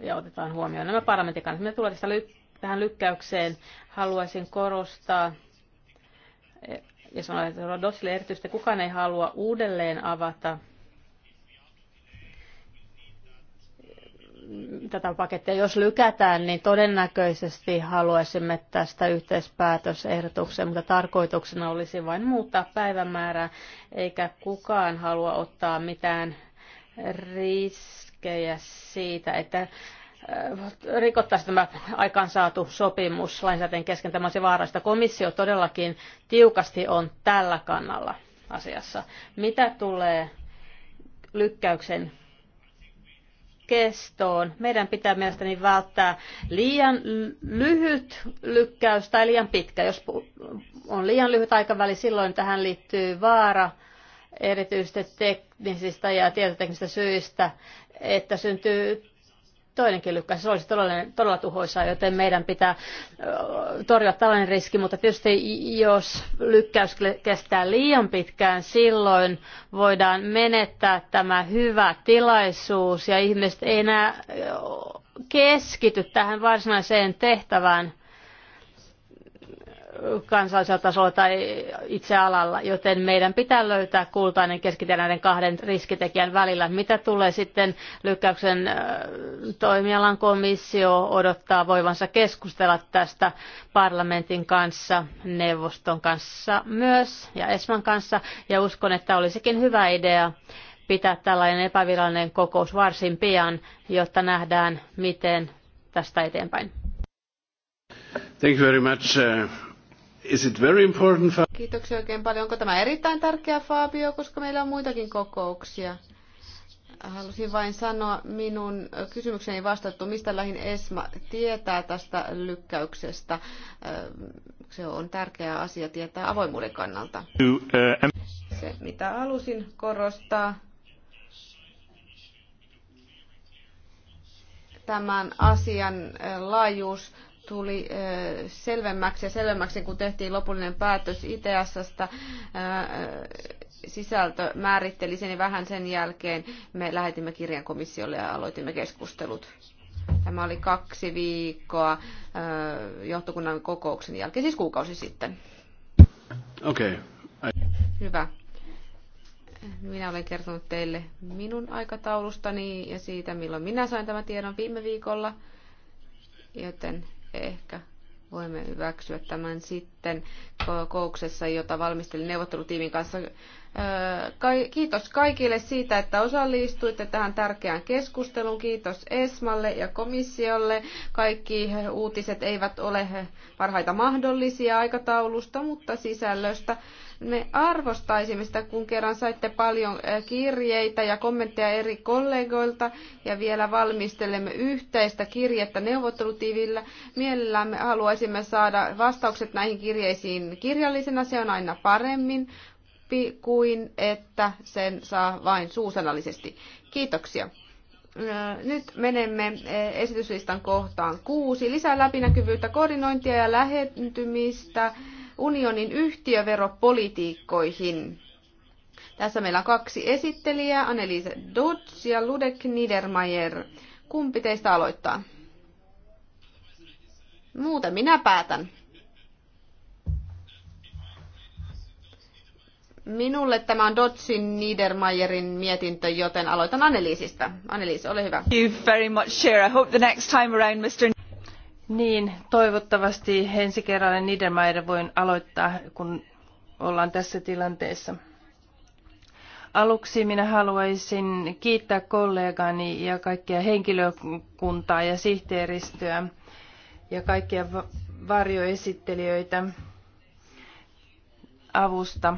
Ja otetaan huomioon nämä parlamentin kannat. Me tulee tästä tähän lykkäykseen haluaisin korostaa, ja sanoin, että Rodosille erityisesti kukaan ei halua uudelleen avata tätä pakettia. Jos lykätään, niin todennäköisesti haluaisimme tästä yhteispäätösehdotuksen, mutta tarkoituksena olisi vain muuttaa päivämäärää, eikä kukaan halua ottaa mitään riskejä siitä, että Äh, rikottaisi tämä aikaansaatu sopimus lainsäätäjien kesken. Tämä olisi vaarallista. Komissio todellakin tiukasti on tällä kannalla asiassa. Mitä tulee lykkäyksen kestoon. Meidän pitää mielestäni välttää liian lyhyt lykkäys tai liian pitkä. Jos on liian lyhyt aikaväli, silloin tähän liittyy vaara erityisesti teknisistä ja tietoteknisistä syistä, että syntyy toinenkin lykkäys. Se olisi todella, todella tuhoisaa, joten meidän pitää torjua tällainen riski, mutta tietysti jos lykkäys kestää liian pitkään, silloin voidaan menettää tämä hyvä tilaisuus ja ihmiset ei enää keskity tähän varsinaiseen tehtävään kansallisella tasolla tai itse alalla, joten meidän pitää löytää kultainen keskitie näiden kahden riskitekijän välillä. Mitä tulee sitten lykkäyksen toimialan komissio odottaa voivansa keskustella tästä parlamentin kanssa, neuvoston kanssa myös ja Esman kanssa ja uskon, että olisikin hyvä idea pitää tällainen epävirallinen kokous varsin pian, jotta nähdään, miten tästä eteenpäin. Thank you very much. Uh, Is it very important, Kiitoksia oikein paljon. Onko tämä erittäin tärkeä, Fabio, koska meillä on muitakin kokouksia? Halusin vain sanoa, minun kysymykseni vastattu, mistä lähin ESMA tietää tästä lykkäyksestä. Se on tärkeä asia tietää avoimuuden kannalta. Uh, se, mitä halusin korostaa, tämän asian laajuus tuli eh, selvemmäksi ja selvemmäksi, kun tehtiin lopullinen päätös ITS-stä eh, Sisältö määritteli sen ja vähän sen jälkeen me lähetimme kirjan komissiolle ja aloitimme keskustelut. Tämä oli kaksi viikkoa eh, johtokunnan kokouksen jälkeen, siis kuukausi sitten. Okei. Okay. Hyvä. Minä olen kertonut teille minun aikataulustani ja siitä, milloin minä sain tämän tiedon viime viikolla, joten ehkä voimme hyväksyä tämän sitten sitten kouksessa, jota valmistelin neuvottelutiimin kanssa. Kiitos kaikille siitä, että osallistuitte tähän tärkeään keskusteluun. Kiitos Esmalle ja komissiolle. Kaikki uutiset eivät ole parhaita mahdollisia aikataulusta, mutta sisällöstä. Me arvostaisimme sitä, kun kerran saitte paljon kirjeitä ja kommentteja eri kollegoilta ja vielä valmistelemme yhteistä kirjettä neuvottelutiivillä. Mielellämme haluaisimme saada vastaukset näihin kirjeisiin kirjeisiin kirjallisena, se on aina paremmin kuin että sen saa vain suusanallisesti. Kiitoksia. Äh, nyt menemme äh, esityslistan kohtaan kuusi. Lisää läpinäkyvyyttä, koordinointia ja lähentymistä unionin yhtiöveropolitiikkoihin. Tässä meillä on kaksi esittelijää, Anneliese Dutz ja Ludek Niedermayer. Kumpi teistä aloittaa? Muuten minä päätän. Minulle tämä on Dotsin Niedermayerin mietintö, joten aloitan Anneliisista. Anneliis, ole hyvä. Thank you very much, Chair. I hope the next time around, Mr. Niin, toivottavasti ensi kerralla Niedermayer voin aloittaa, kun ollaan tässä tilanteessa. Aluksi minä haluaisin kiittää kollegani ja kaikkia henkilökuntaa ja sihteeristöä ja kaikkia varjoesittelijöitä avusta.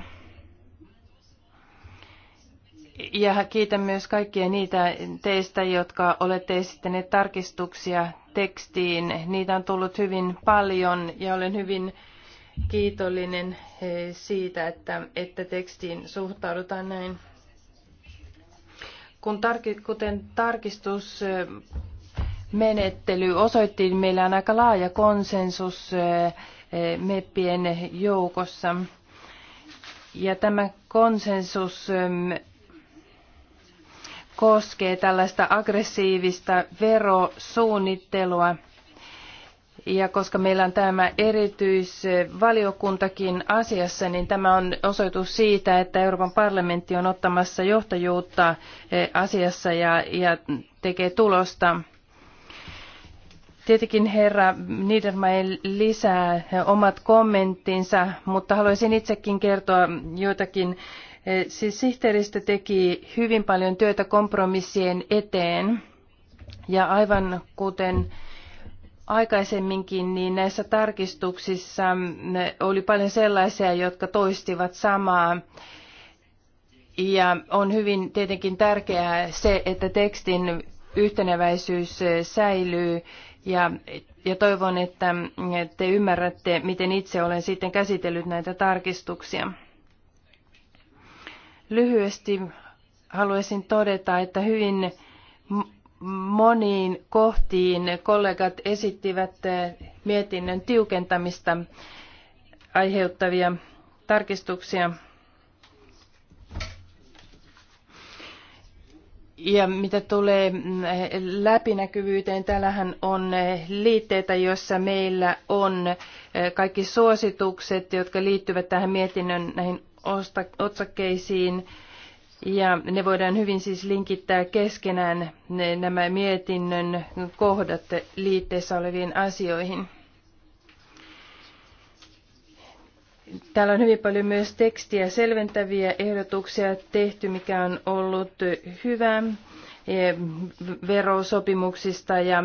Ja kiitän myös kaikkia niitä teistä, jotka olette esittäneet tarkistuksia tekstiin. Niitä on tullut hyvin paljon ja olen hyvin kiitollinen eh, siitä, että, että tekstiin suhtaudutaan näin. Kun tarki, kuten tarkistus eh, menettely osoitti, meillä on aika laaja konsensus eh, meppien joukossa. Ja tämä konsensus koskee tällaista aggressiivista verosuunnittelua. Ja koska meillä on tämä erityisvaliokuntakin asiassa, niin tämä on osoitus siitä, että Euroopan parlamentti on ottamassa johtajuutta eh, asiassa ja, ja tekee tulosta. Tietenkin herra Niedermayer lisää omat kommenttinsa, mutta haluaisin itsekin kertoa joitakin Siis sihteeristö teki hyvin paljon työtä kompromissien eteen ja aivan kuten aikaisemminkin, niin näissä tarkistuksissa mm, oli paljon sellaisia, jotka toistivat samaa. Ja on hyvin tietenkin tärkeää se, että tekstin yhteneväisyys säilyy ja, ja toivon, että te ymmärrätte, miten itse olen sitten käsitellyt näitä tarkistuksia. Lyhyesti haluaisin todeta, että hyvin moniin kohtiin kollegat esittivät eh, mietinnön tiukentamista aiheuttavia tarkistuksia. Ja mitä tulee mm, läpinäkyvyyteen, täällähän on eh, liitteitä, joissa meillä on eh, kaikki suositukset, jotka liittyvät tähän mietinnön näihin otsakkeisiin ja ne voidaan hyvin siis linkittää keskenään ne, nämä mietinnön kohdat liitteessä oleviin asioihin. Täällä on hyvin paljon myös tekstiä selventäviä ehdotuksia tehty, mikä on ollut hyvä e, verosopimuksista ja,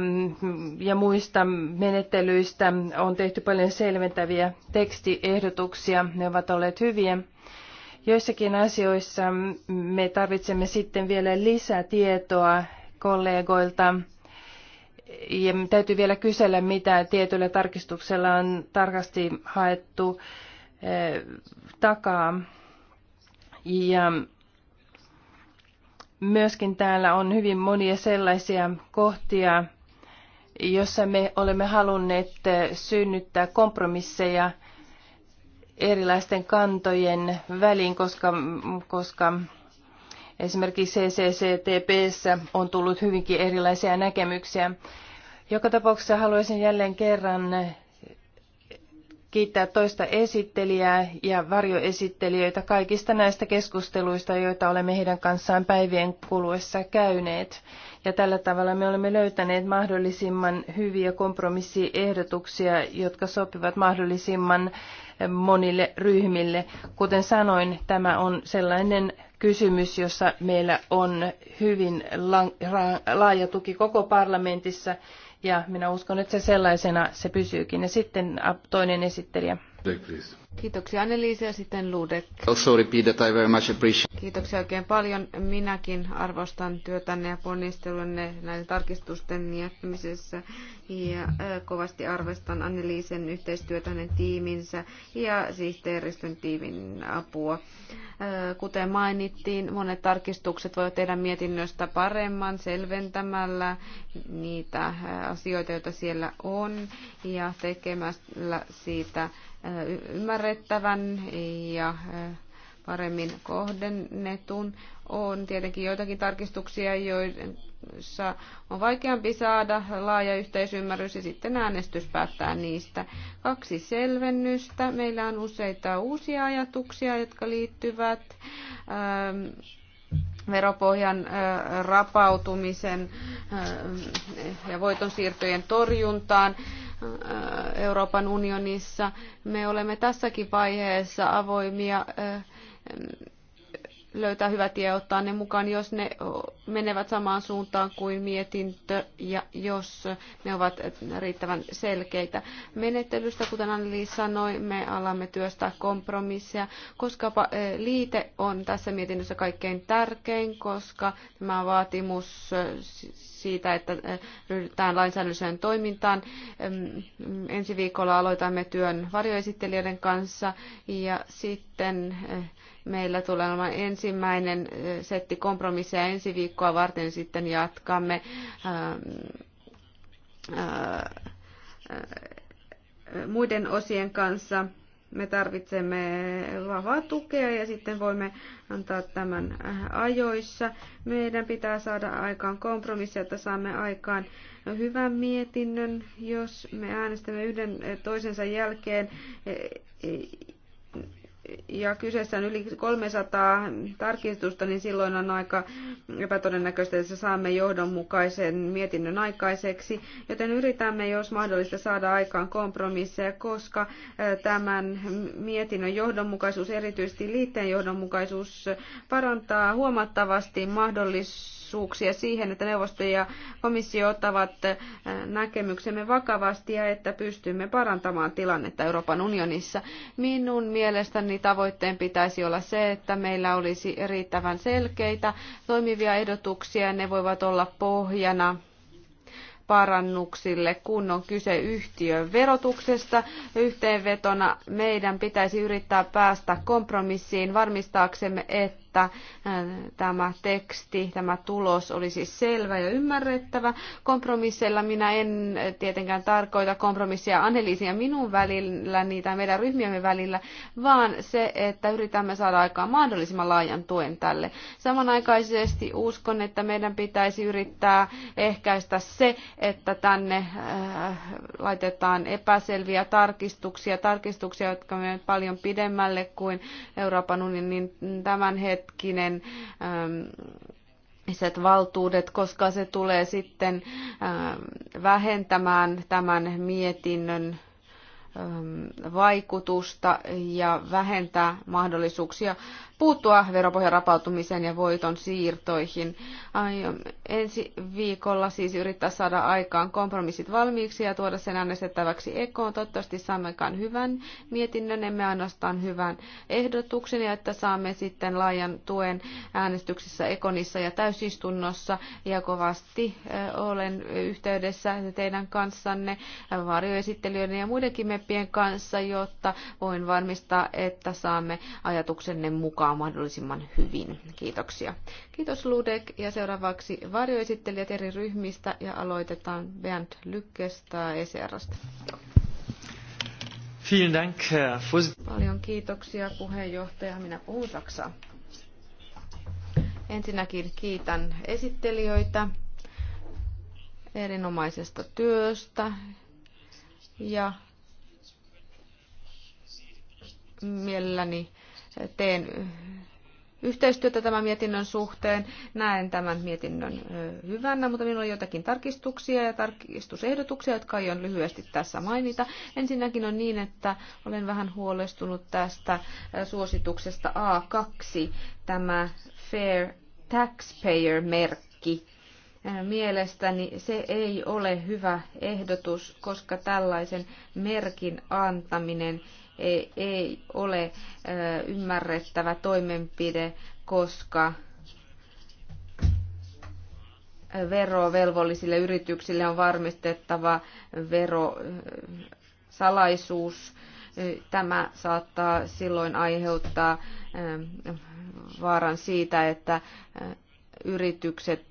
ja muista menettelyistä on tehty paljon selventäviä tekstiehdotuksia. Ne ovat olleet hyviä. Joissakin asioissa me tarvitsemme sitten vielä lisätietoa kollegoilta. Ja täytyy vielä kysellä, mitä tietyllä tarkistuksella on tarkasti haettu eh, takaa. Ja myöskin täällä on hyvin monia sellaisia kohtia, jossa me olemme halunneet eh, synnyttää kompromisseja – erilaisten kantojen väliin, koska, koska esimerkiksi CCCTPssä on tullut hyvinkin erilaisia näkemyksiä. Joka tapauksessa haluaisin jälleen kerran kiittää toista esittelijää ja varjoesittelijöitä kaikista näistä keskusteluista, joita olemme heidän kanssaan päivien kuluessa käyneet. Ja tällä tavalla me olemme löytäneet mahdollisimman hyviä kompromissiehdotuksia, jotka sopivat mahdollisimman eh, monille ryhmille. Kuten sanoin, tämä on sellainen kysymys, jossa meillä on hyvin laaja tuki koko parlamentissa ja minä uskon, että se sellaisena se pysyykin. Ja sitten toinen esittelijä. Kiitoksia Anneliise ja sitten Ludek. Also repeat that I very much appreciate. Kiitoksia oikein paljon. Minäkin arvostan työtänne ja ponnistelunne näiden tarkistusten jättämisessä ja kovasti arvostan Anneliisen yhteistyötä hänen tiiminsä ja sihteeristön tiimin apua. Kuten mainittiin, monet tarkistukset voivat tehdä mietinnöstä paremman selventämällä niitä asioita, joita siellä on ja tekemällä siitä ymmärrettävän ja paremmin kohdennetun. On tietenkin joitakin tarkistuksia, joissa on vaikeampi saada laaja yhteisymmärrys ja sitten äänestys päättää niistä. Kaksi selvennystä. Meillä on useita uusia ajatuksia, jotka liittyvät ähm, veropohjan rapautumisen ja voitonsiirtojen torjuntaan Euroopan unionissa. Me olemme tässäkin vaiheessa avoimia löytää hyvä tie ottaa ne mukaan, jos ne menevät samaan suuntaan kuin mietintö ja jos ne ovat riittävän selkeitä. Menettelystä, kuten Anneli sanoi, me alamme työstää kompromisseja, koska liite on tässä mietinnössä kaikkein tärkein, koska tämä vaatimus siitä, että ryhdytään lainsäädännölliseen toimintaan. Ensi viikolla aloitamme työn varjoesittelijöiden kanssa ja sitten Meillä tulee olemaan ensimmäinen setti kompromisseja ensi viikkoa varten, sitten jatkamme muiden osien kanssa. Me tarvitsemme vahvaa tukea ja sitten voimme antaa tämän ajoissa. Meidän pitää saada aikaan kompromissi, että saamme aikaan hyvän mietinnön, jos me äänestämme yhden toisensa jälkeen ja kyseessä on yli 300 tarkistusta, niin silloin on aika epätodennäköistä, että saamme johdonmukaisen mietinnön aikaiseksi. Joten yritämme, jos mahdollista, saada aikaan kompromisseja, koska tämän mietinnön johdonmukaisuus, erityisesti liitteen johdonmukaisuus, parantaa huomattavasti mahdollisuus mahdollisuuksia siihen, että neuvosto ja komissio ottavat äh, näkemyksemme vakavasti ja että pystymme parantamaan tilannetta Euroopan unionissa. Minun mielestäni tavoitteen pitäisi olla se, että meillä olisi riittävän selkeitä toimivia ehdotuksia ja ne voivat olla pohjana parannuksille, kun on kyse yhtiön verotuksesta. Yhteenvetona meidän pitäisi yrittää päästä kompromissiin varmistaaksemme, että että tämä teksti, tämä tulos olisi siis selvä ja ymmärrettävä. Kompromisseilla minä en tietenkään tarkoita kompromissia Anneliisin ja minun välillä, niitä meidän ryhmiemme välillä, vaan se, että yritämme saada aikaan mahdollisimman laajan tuen tälle. Samanaikaisesti uskon, että meidän pitäisi yrittää ehkäistä se, että tänne laitetaan epäselviä tarkistuksia, tarkistuksia, jotka menevät paljon pidemmälle kuin Euroopan unionin niin tämän hetken ähm, valtuudet, koska se tulee sitten ähm, vähentämään tämän mietinnön ähm, vaikutusta ja vähentää mahdollisuuksia puuttua veropohjan rapautumiseen ja voiton siirtoihin. Aion ensi viikolla siis yrittää saada aikaan kompromissit valmiiksi ja tuoda sen äänestettäväksi ekoon. Toivottavasti saammekaan hyvän mietinnön, emme ainoastaan hyvän ehdotuksen ja että saamme sitten laajan tuen äänestyksissä ekonissa ja täysistunnossa. Ja kovasti olen yhteydessä teidän kanssanne, varjoesittelijöiden ja muidenkin meppien kanssa, jotta voin varmistaa, että saamme ajatuksenne mukaan mukaan mahdollisimman hyvin. Kiitoksia. Kiitos Ludek ja seuraavaksi varjoesittelijät eri ryhmistä ja aloitetaan Bernd Lykkestä ECRstä. Vielen Paljon kiitoksia puheenjohtaja. Minä puhun Saksaa. Ensinnäkin kiitän esittelijöitä erinomaisesta työstä ja mielelläni teen yhteistyötä tämän mietinnön suhteen. Näen tämän mietinnön hyvänä, mutta minulla on jotakin tarkistuksia ja tarkistusehdotuksia, jotka aion lyhyesti tässä mainita. Ensinnäkin on niin, että olen vähän huolestunut tästä suosituksesta A2, tämä Fair Taxpayer-merkki. Mielestäni se ei ole hyvä ehdotus, koska tällaisen merkin antaminen ei ole ymmärrettävä toimenpide, koska verovelvollisille yrityksille on varmistettava verosalaisuus. Tämä saattaa silloin aiheuttaa vaaran siitä, että yritykset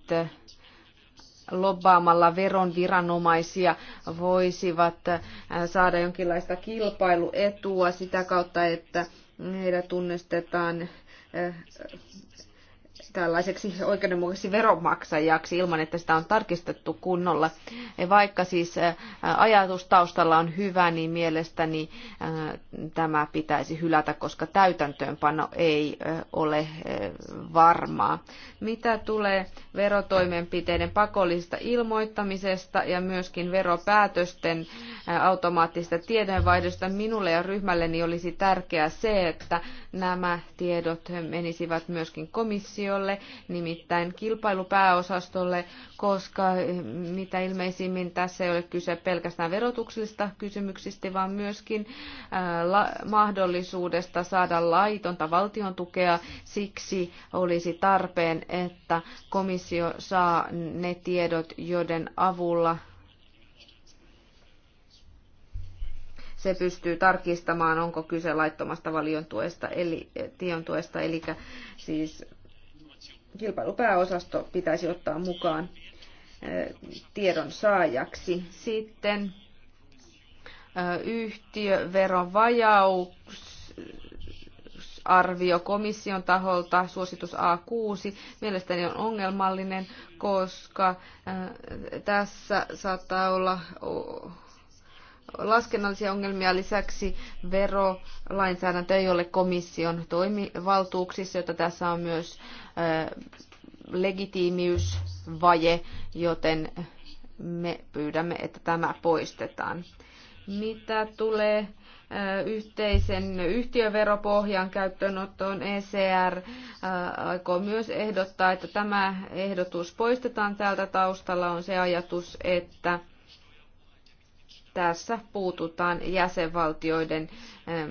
lobbaamalla veronviranomaisia voisivat äh, saada jonkinlaista kilpailuetua sitä kautta, että heidät tunnistetaan äh, tällaiseksi oikeudenmukaisesti veronmaksajaksi ilman, että sitä on tarkistettu kunnolla. Ja vaikka siis ajatus taustalla on hyvä, niin mielestäni tämä pitäisi hylätä, koska täytäntöönpano ei ole varmaa. Mitä tulee verotoimenpiteiden pakollista ilmoittamisesta ja myöskin veropäätösten automaattista tiedonvaihdosta, minulle ja ryhmälleni olisi tärkeää se, että nämä tiedot menisivät myöskin komissioon komissiolle, nimittäin kilpailupääosastolle, koska mitä ilmeisimmin tässä ei ole kyse pelkästään verotuksellista kysymyksistä, vaan myöskin mahdollisuudesta saada laitonta valtion tukea. Siksi olisi tarpeen, että komissio saa ne tiedot, joiden avulla se pystyy tarkistamaan, onko kyse laittomasta valion tuesta, eli eh, tion tuesta, eli siis kilpailupääosasto pitäisi ottaa mukaan eh, tiedon saajaksi. Sitten eh, yhtiöveron vajaus arvio komission taholta, suositus A6, mielestäni on ongelmallinen, koska eh, tässä saattaa olla laskennallisia ongelmia. Lisäksi verolainsäädäntö ei ole komission toimivaltuuksissa, jotta tässä on myös legitiimiysvaje, joten me pyydämme, että tämä poistetaan. Mitä tulee yhteisen yhtiöveropohjan käyttöönottoon ECR aikoo myös ehdottaa, että tämä ehdotus poistetaan. Täältä taustalla on se ajatus, että tässä puututaan jäsenvaltioiden ähm,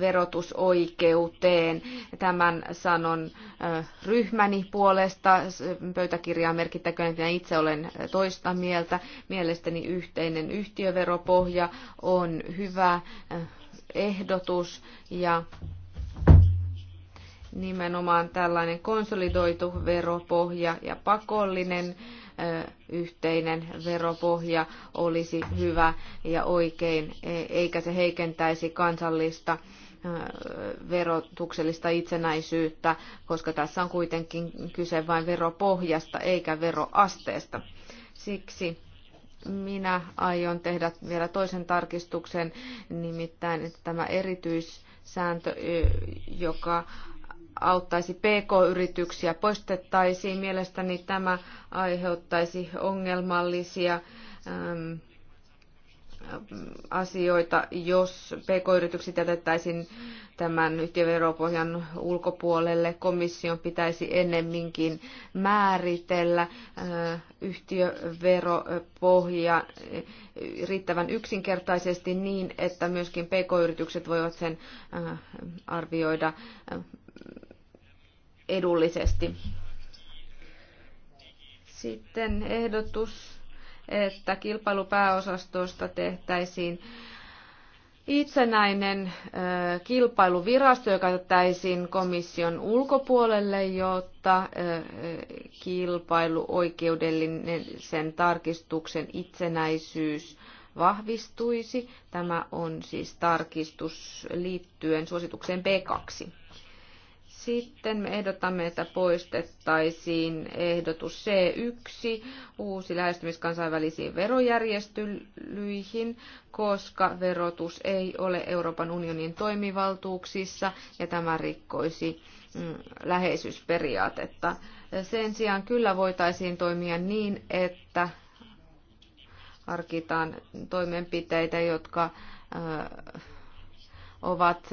verotusoikeuteen. Tämän sanon äh, ryhmäni puolesta. Pöytäkirjaa merkittäköön, että itse olen toista mieltä. Mielestäni yhteinen yhtiöveropohja on hyvä äh, ehdotus ja nimenomaan tällainen konsolidoitu veropohja ja pakollinen yhteinen veropohja olisi hyvä ja oikein, e, eikä se heikentäisi kansallista verotuksellista itsenäisyyttä, koska tässä on kuitenkin kyse vain veropohjasta eikä veroasteesta. Siksi minä aion tehdä vielä toisen tarkistuksen, nimittäin että tämä erityissääntö, joka auttaisi PK-yrityksiä, poistettaisiin. Mielestäni tämä aiheuttaisi ongelmallisia asioita, jos PK-yritykset jätettäisiin tämän yhtiöveropohjan ulkopuolelle. Komission pitäisi ennemminkin määritellä yhtiöveropohja riittävän yksinkertaisesti niin, että myöskin PK-yritykset voivat sen arvioida edullisesti. Sitten ehdotus, että kilpailupääosastosta tehtäisiin itsenäinen kilpailuvirasto, joka tehtäisiin komission ulkopuolelle, jotta kilpailuoikeudellisen tarkistuksen itsenäisyys vahvistuisi. Tämä on siis tarkistus liittyen suositukseen B2. Sitten me ehdotamme, että poistettaisiin ehdotus C1, uusi lähestymis kansainvälisiin verojärjestelyihin, koska verotus ei ole Euroopan unionin toimivaltuuksissa ja tämä rikkoisi mm, läheisyysperiaatetta. Sen sijaan kyllä voitaisiin toimia niin, että harkitaan toimenpiteitä, jotka ovat,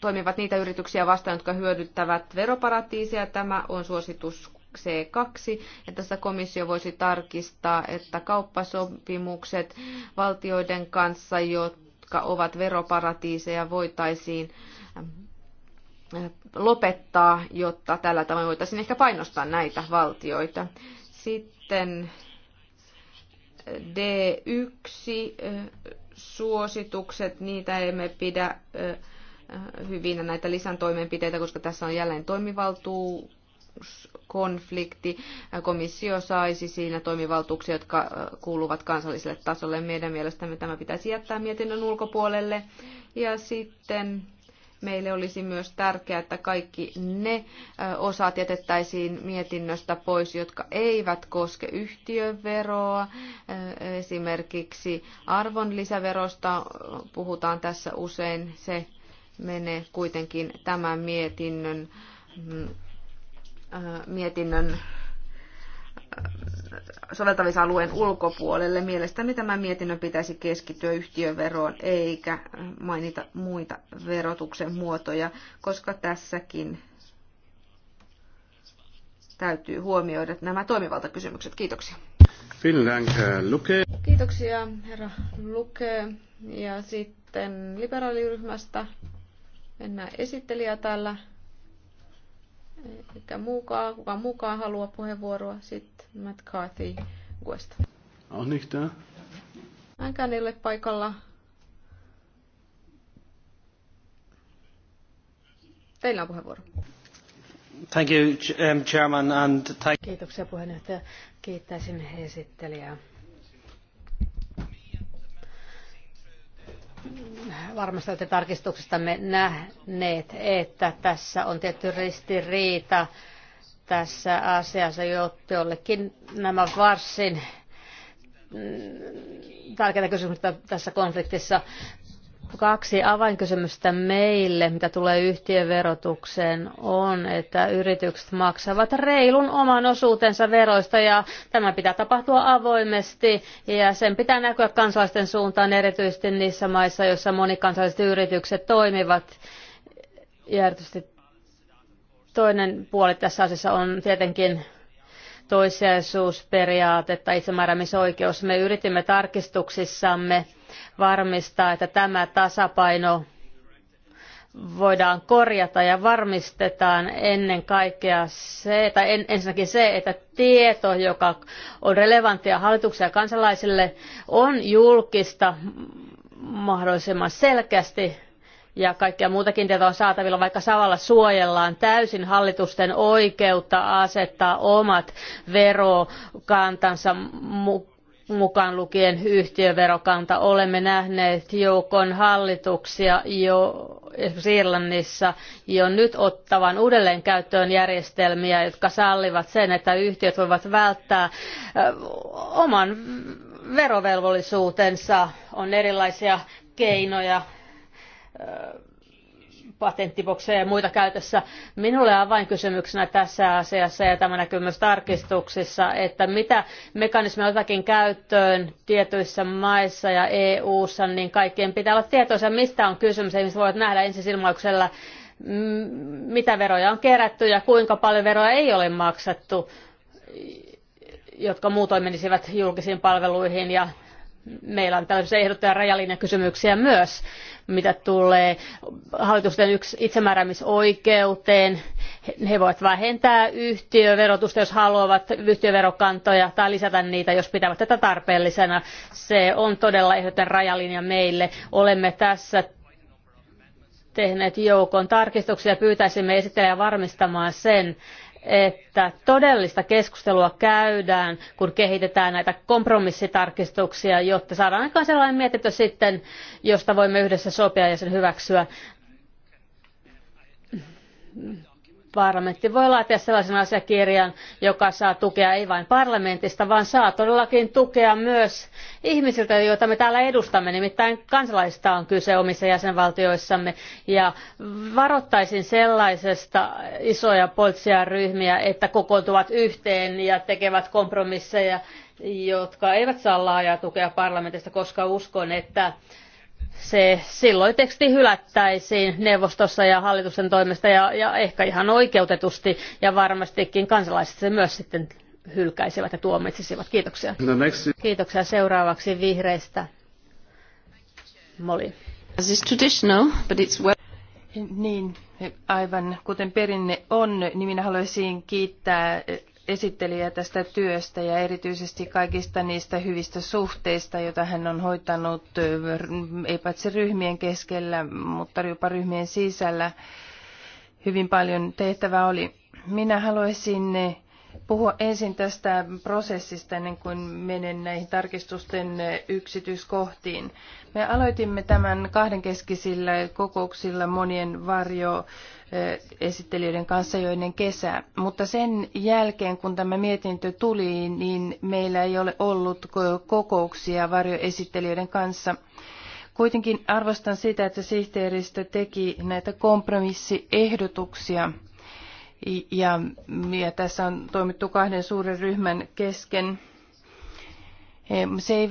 toimivat niitä yrityksiä vastaan, jotka hyödyttävät veroparatiisia. Tämä on suositus C2, ja tässä komissio voisi tarkistaa, että kauppasopimukset valtioiden kanssa, jotka ovat veroparatiiseja, voitaisiin lopettaa, jotta tällä tavoin voitaisiin ehkä painostaa näitä valtioita. Sitten D1 suositukset, niitä emme pidä hyvinä näitä toimenpiteitä, koska tässä on jälleen toimivaltuuskonflikti. Komissio saisi siinä toimivaltuuksia, jotka kuuluvat kansalliselle tasolle. Meidän mielestämme tämä pitäisi jättää mietinnön ulkopuolelle. Ja sitten Meille olisi myös tärkeää, että kaikki ne osat jätettäisiin mietinnöstä pois, jotka eivät koske yhtiöveroa. Esimerkiksi arvonlisäverosta puhutaan tässä usein. Se menee kuitenkin tämän mietinnön, mm, mietinnön soveltamisalueen ulkopuolelle. Mielestäni tämä mietinnön pitäisi keskittyä yhtiöveroon eikä mainita muita verotuksen muotoja, koska tässäkin täytyy huomioida nämä toimivaltakysymykset. Kiitoksia. Kiitoksia, herra Luke. Ja sitten liberaaliryhmästä mennään esittelijä täällä. Eikä mukaan, kuka mukaan haluaa puheenvuoroa. Sitten McCarthy West. On niitä? Hänkään ei paikalla. Teillä on puheenvuoro. Thank you, um, chairman, and thank... Kiitoksia puheenjohtaja. Kiittäisin esittelijää. varmasti olette tarkistuksestamme nähneet, että tässä on tietty ristiriita tässä asiassa jollekin nämä varsin mm, tärkeitä kysymyksiä tässä konfliktissa. Kaksi avainkysymystä meille, mitä tulee yhtiöverotukseen, on, että yritykset maksavat reilun oman osuutensa veroista ja tämä pitää tapahtua avoimesti ja sen pitää näkyä kansalaisten suuntaan erityisesti niissä maissa, joissa monikansalliset yritykset toimivat ja erityisesti Toinen puoli tässä asiassa on tietenkin toissijaisuusperiaate tai itsemääräämisoikeus. Me yritimme tarkistuksissamme varmistaa, että tämä tasapaino voidaan korjata ja varmistetaan ennen kaikkea se, tai en, ensinnäkin se, että tieto, joka on relevanttia hallitukselle ja kansalaisille, on julkista mahdollisimman selkeästi ja kaikkea muutakin tietoa on saatavilla, vaikka samalla suojellaan täysin hallitusten oikeutta asettaa omat verokantansa mukaan lukien yhtiöverokanta. Olemme nähneet joukon hallituksia jo esimerkiksi Irlannissa jo nyt ottavan uudelleen käyttöön järjestelmiä, jotka sallivat sen, että yhtiöt voivat välttää oman verovelvollisuutensa. On erilaisia keinoja patenttibokseja ja muita käytössä. Minulle avainkysymyksenä tässä asiassa, ja tämä näkyy myös tarkistuksissa, että mitä mekanismeja otakin käyttöön tietyissä maissa ja EU-ssa, niin kaikkien pitää olla tietoisia, mistä on kysymys. Ihmiset voivat nähdä ensisilmauksella, mitä veroja on kerätty ja kuinka paljon veroja ei ole maksettu, jotka muutoin menisivät julkisiin palveluihin ja meillä on tällaisia ehdottuja kysymyksiä myös, mitä tulee hallitusten yksi itsemääräämisoikeuteen. He voivat vähentää yhtiöverotusta, jos haluavat yhtiöverokantoja, tai lisätä niitä, jos pitävät tätä tarpeellisena. Se on todella ehdoton rajalinja meille. Olemme tässä tehneet joukon tarkistuksia ja pyytäisimme esittelijää varmistamaan sen, että todellista keskustelua käydään, kun kehitetään näitä kompromissitarkistuksia, jotta saadaan aikaan sellainen mietintö sitten, josta voimme yhdessä sopia ja sen hyväksyä Parlamentti voi laatia sellaisen asiakirjan, joka saa tukea ei vain parlamentista, vaan saa todellakin tukea myös ihmisiltä, joita me täällä edustamme. Nimittäin kansalaisista on kyse omissa jäsenvaltioissamme. Ja varoittaisin sellaisesta isoja poliittisia ryhmiä, että kokoontuvat yhteen ja tekevät kompromisseja, jotka eivät saa laajaa tukea parlamentista, koska uskon, että se silloin teksti hylättäisiin neuvostossa ja hallitusten toimesta ja, ja ehkä ihan oikeutetusti ja varmastikin kansalaiset se myös sitten hylkäisivät ja tuomitsisivat. Kiitoksia. No next... Kiitoksia seuraavaksi vihreistä. Molly. As is traditional, but it's well... Niin, aivan kuten perinne on, niin minä haluaisin kiittää esittelijä tästä työstä ja erityisesti kaikista niistä hyvistä suhteista, joita hän on hoitanut, ei paitsi ryhmien keskellä, mutta jopa ryhmien sisällä. Hyvin paljon tehtävää oli. Minä haluaisin puhua ensin tästä prosessista ennen kuin menen näihin tarkistusten yksityiskohtiin. Me aloitimme tämän kahdenkeskisillä kokouksilla monien varjo esittelijöiden kanssa jo ennen kesää. Mutta sen jälkeen, kun tämä mietintö tuli, niin meillä ei ole ollut kokouksia varjoesittelijöiden kanssa. Kuitenkin arvostan sitä, että sihteeristö teki näitä kompromissiehdotuksia ja, ja tässä on toimittu kahden suuren ryhmän kesken. Se ei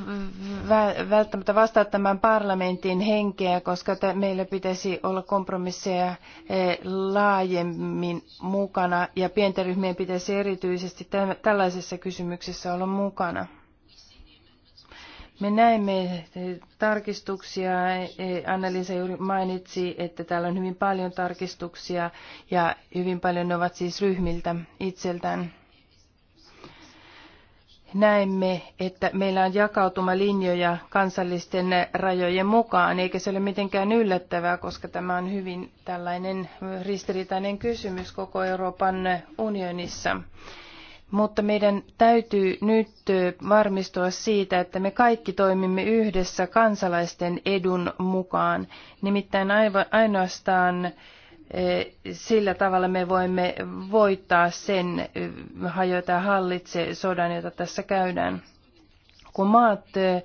välttämättä vastaa tämän parlamentin henkeä, koska meillä pitäisi olla kompromisseja e, laajemmin mukana ja pienten ryhmien pitäisi erityisesti tällaisessa kysymyksessä olla mukana. Me näemme tarkistuksia. Annelisa juuri mainitsi, että täällä on hyvin paljon tarkistuksia ja hyvin paljon ne ovat siis ryhmiltä itseltään. Näemme, että meillä on jakautuma linjoja kansallisten rajojen mukaan, eikä se ole mitenkään yllättävää, koska tämä on hyvin tällainen ristiriitainen kysymys koko Euroopan unionissa mutta meidän täytyy nyt varmistua siitä, että me kaikki toimimme yhdessä kansalaisten edun mukaan. Nimittäin ainoastaan eh, sillä tavalla me voimme voittaa sen eh, hajota hallitse sodan, jota tässä käydään. Kun maat eh,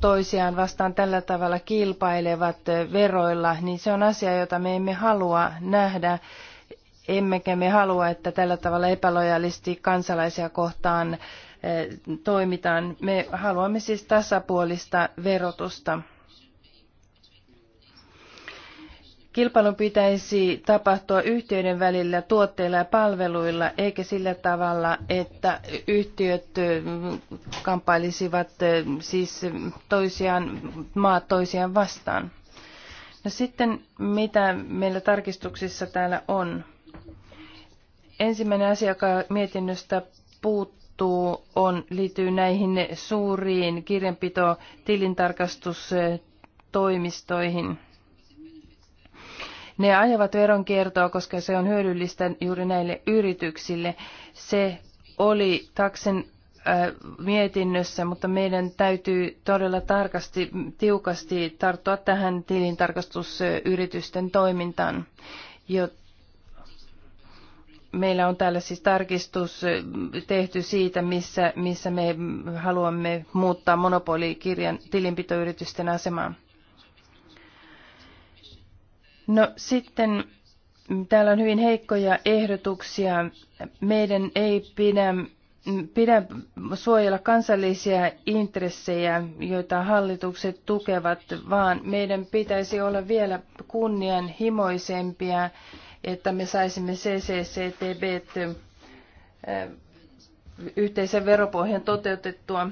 toisiaan vastaan tällä tavalla kilpailevat veroilla, niin se on asia, jota me emme halua nähdä emmekä me halua, että tällä tavalla epälojaalisti kansalaisia kohtaan eh, toimitaan. Me haluamme siis tasapuolista verotusta. Kilpailun pitäisi tapahtua yhtiöiden välillä tuotteilla ja palveluilla, eikä sillä tavalla, että yhtiöt eh, kamppailisivat eh, siis toisiaan, maat toisiaan vastaan. No sitten mitä meillä tarkistuksissa täällä on? Ensimmäinen asia, joka mietinnöstä puuttuu, on, liittyy näihin suuriin kirjanpito-tilintarkastustoimistoihin. Ne ajavat veronkiertoa, koska se on hyödyllistä juuri näille yrityksille. Se oli taksen mietinnössä, mutta meidän täytyy todella tarkasti, tiukasti tarttua tähän tilintarkastusyritysten toimintaan, meillä on täällä siis tarkistus tehty siitä, missä, missä me haluamme muuttaa monopolikirjan tilinpitoyritysten asemaa. No sitten täällä on hyvin heikkoja ehdotuksia. Meidän ei pidä, pidä suojella kansallisia intressejä, joita hallitukset tukevat, vaan meidän pitäisi olla vielä kunnianhimoisempia että me saisimme CCCTB yhteisen veropohjan toteutettua.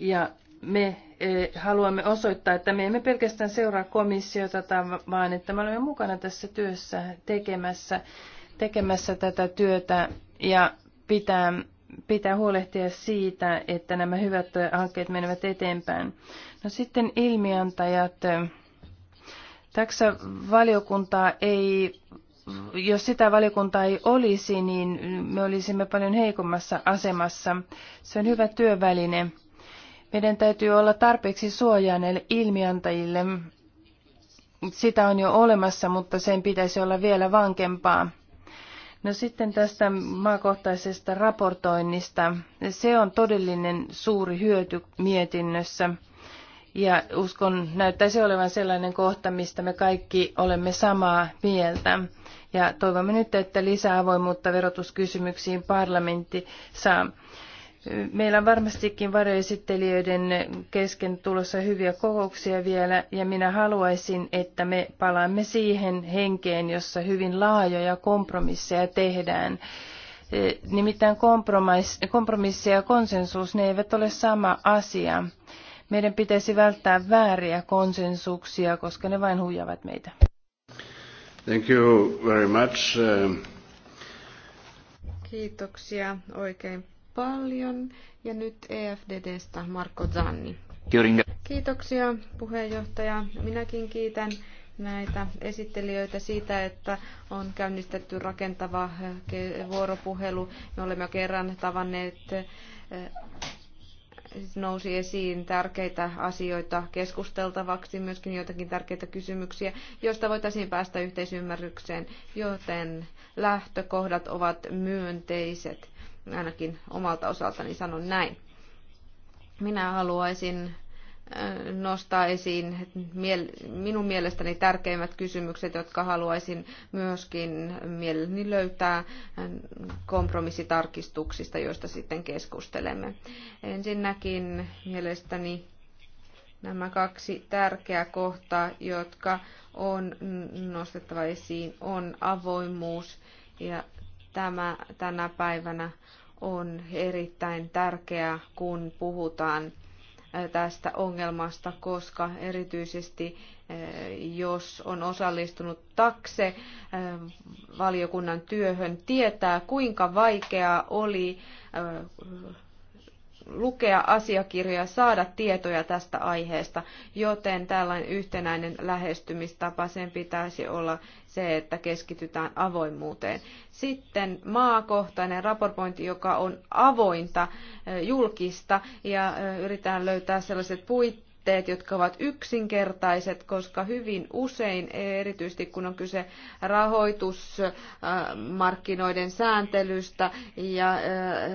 Ja me haluamme osoittaa, että me emme pelkästään seuraa komissiota, vaan että me olemme mukana tässä työssä tekemässä, tekemässä tätä työtä ja pitää, pitää huolehtia siitä, että nämä hyvät hankkeet menevät eteenpäin. No sitten ilmiantajat. Tässä valiokuntaa ei, jos sitä valiokuntaa ei olisi, niin me olisimme paljon heikommassa asemassa. Se on hyvä työväline. Meidän täytyy olla tarpeeksi suojaa näille ilmiantajille. Sitä on jo olemassa, mutta sen pitäisi olla vielä vankempaa. No sitten tästä maakohtaisesta raportoinnista. Se on todellinen suuri hyöty mietinnössä. Ja uskon, näyttäisi olevan sellainen kohta, mistä me kaikki olemme samaa mieltä. Ja toivomme nyt, että lisää avoimuutta verotuskysymyksiin parlamentti saa. Meillä on varmastikin varjoesittelijöiden kesken tulossa hyviä kokouksia vielä, ja minä haluaisin, että me palaamme siihen henkeen, jossa hyvin laajoja kompromisseja tehdään. Nimittäin kompromissi ja konsensus, ne eivät ole sama asia. Meidän pitäisi välttää vääriä konsensuksia, koska ne vain huijavat meitä. Thank you very much. Um, Kiitoksia oikein paljon. Ja nyt EFDDstä Marko Zanni. Kiitoksia puheenjohtaja. Minäkin kiitän näitä esittelijöitä siitä, että on käynnistetty rakentava vuoropuhelu. Me olemme jo kerran tavanneet eh, nousi esiin tärkeitä asioita keskusteltavaksi, myöskin joitakin tärkeitä kysymyksiä, joista voitaisiin päästä yhteisymmärrykseen, joten lähtökohdat ovat myönteiset. Ainakin omalta osaltani sanon näin. Minä haluaisin nostaa esiin minun mielestäni tärkeimmät kysymykset, jotka haluaisin myöskin mielelläni löytää kompromissitarkistuksista, joista sitten keskustelemme. Ensinnäkin mielestäni nämä kaksi tärkeää kohtaa, jotka on nostettava esiin, on avoimuus ja tämä tänä päivänä on erittäin tärkeää, kun puhutaan tästä ongelmasta, koska erityisesti eh, jos on osallistunut takse eh, valiokunnan työhön, tietää kuinka vaikeaa oli eh, lukea asiakirjoja, saada tietoja tästä aiheesta, joten tällainen yhtenäinen lähestymistapa, sen pitäisi olla se, että keskitytään avoimuuteen. Sitten maakohtainen raportointi, joka on avointa, eh, julkista, ja eh, yritetään löytää sellaiset puitteet, esteet, jotka ovat yksinkertaiset, koska hyvin usein, erityisesti kun on kyse rahoitusmarkkinoiden äh, sääntelystä ja äh,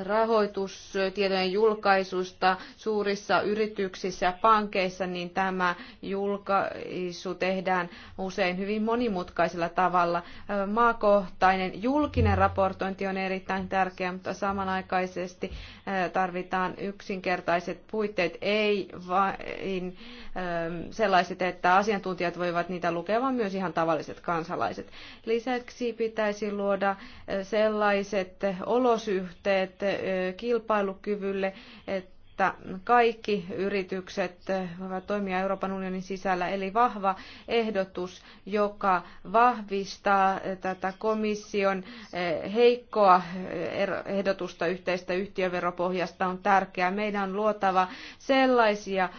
rahoitustietojen julkaisusta suurissa yrityksissä ja pankeissa, niin tämä julkaisu tehdään usein hyvin monimutkaisella tavalla. Äh, maakohtainen julkinen raportointi on erittäin tärkeä, mutta samanaikaisesti tarvitaan yksinkertaiset puitteet, ei vain myöskin ehm, sellaiset, että asiantuntijat voivat niitä lukea, vaan myös ihan tavalliset kansalaiset. Lisäksi pitäisi luoda eh, sellaiset olosuhteet eh, kilpailukyvylle, että että kaikki yritykset voivat toimia Euroopan unionin sisällä, eli vahva ehdotus, joka vahvistaa tätä komission eh, heikkoa eh, er-, ehdotusta yhteistä yhtiöveropohjasta on tärkeää. Meidän on luotava sellaisia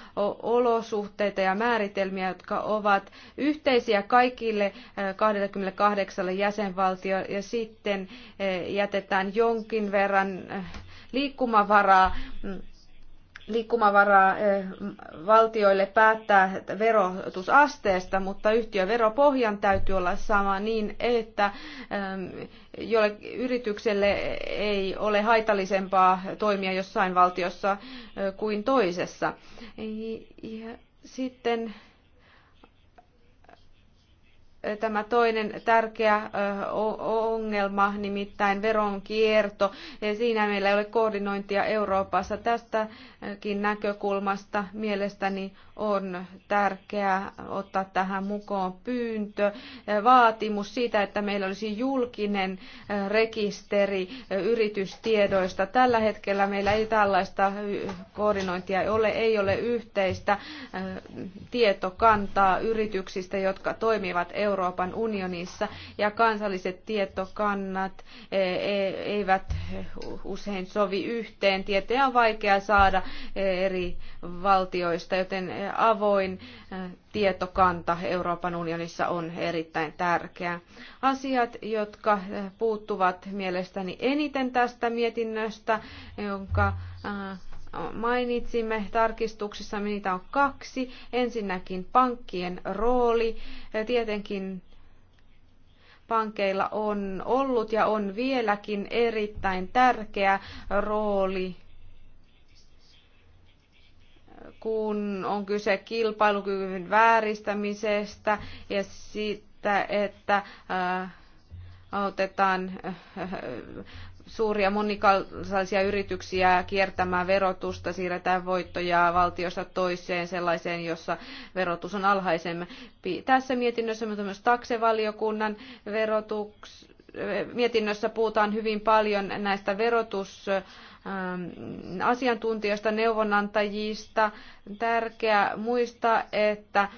olosuhteita ja määritelmiä, jotka ovat yhteisiä kaikille 28 eh, jäsenvaltiolle ja sitten jätetään jonkin verran liikkumavaraa mm, liikkumavaraa eh, valtioille päättää verotusasteesta, mutta yhtiöveropohjan täytyy olla sama niin, että ehm, jolle yritykselle ei ole haitallisempaa toimia jossain valtiossa eh, kuin toisessa. Ja sitten tämä toinen tärkeä ongelma, nimittäin veronkierto. Siinä meillä ei ole koordinointia Euroopassa. Tästäkin näkökulmasta mielestäni on tärkeää ottaa tähän mukaan pyyntö, eh, vaatimus siitä, että meillä olisi julkinen eh, rekisteri eh, yritystiedoista. Tällä hetkellä meillä ei tällaista koordinointia ole, ei ole yhteistä tietokantaa yrityksistä, jotka toimivat Euroopan unionissa, ja kansalliset tietokannat e- eivät usein sovi yhteen. Tietoja on vaikea saada eri valtioista, joten avoin tietokanta Euroopan unionissa on erittäin tärkeä. Asiat, jotka puuttuvat mielestäni eniten tästä mietinnöstä, jonka mainitsimme tarkistuksissa, niin niitä on kaksi. Ensinnäkin pankkien rooli. Tietenkin pankeilla on ollut ja on vieläkin erittäin tärkeä rooli kun on kyse kilpailukyvyn vääristämisestä ja siitä, että otetaan äh, äh, suuria monikansallisia yrityksiä kiertämään verotusta, siirretään voittoja valtiosta toiseen sellaiseen, jossa verotus on alhaisempi. Tässä mietinnössä on myös taksevaliokunnan verotuks, mietinnössä puhutaan hyvin paljon näistä verotus Ähm, asiantuntijoista, neuvonantajista. Tärkeää muistaa, että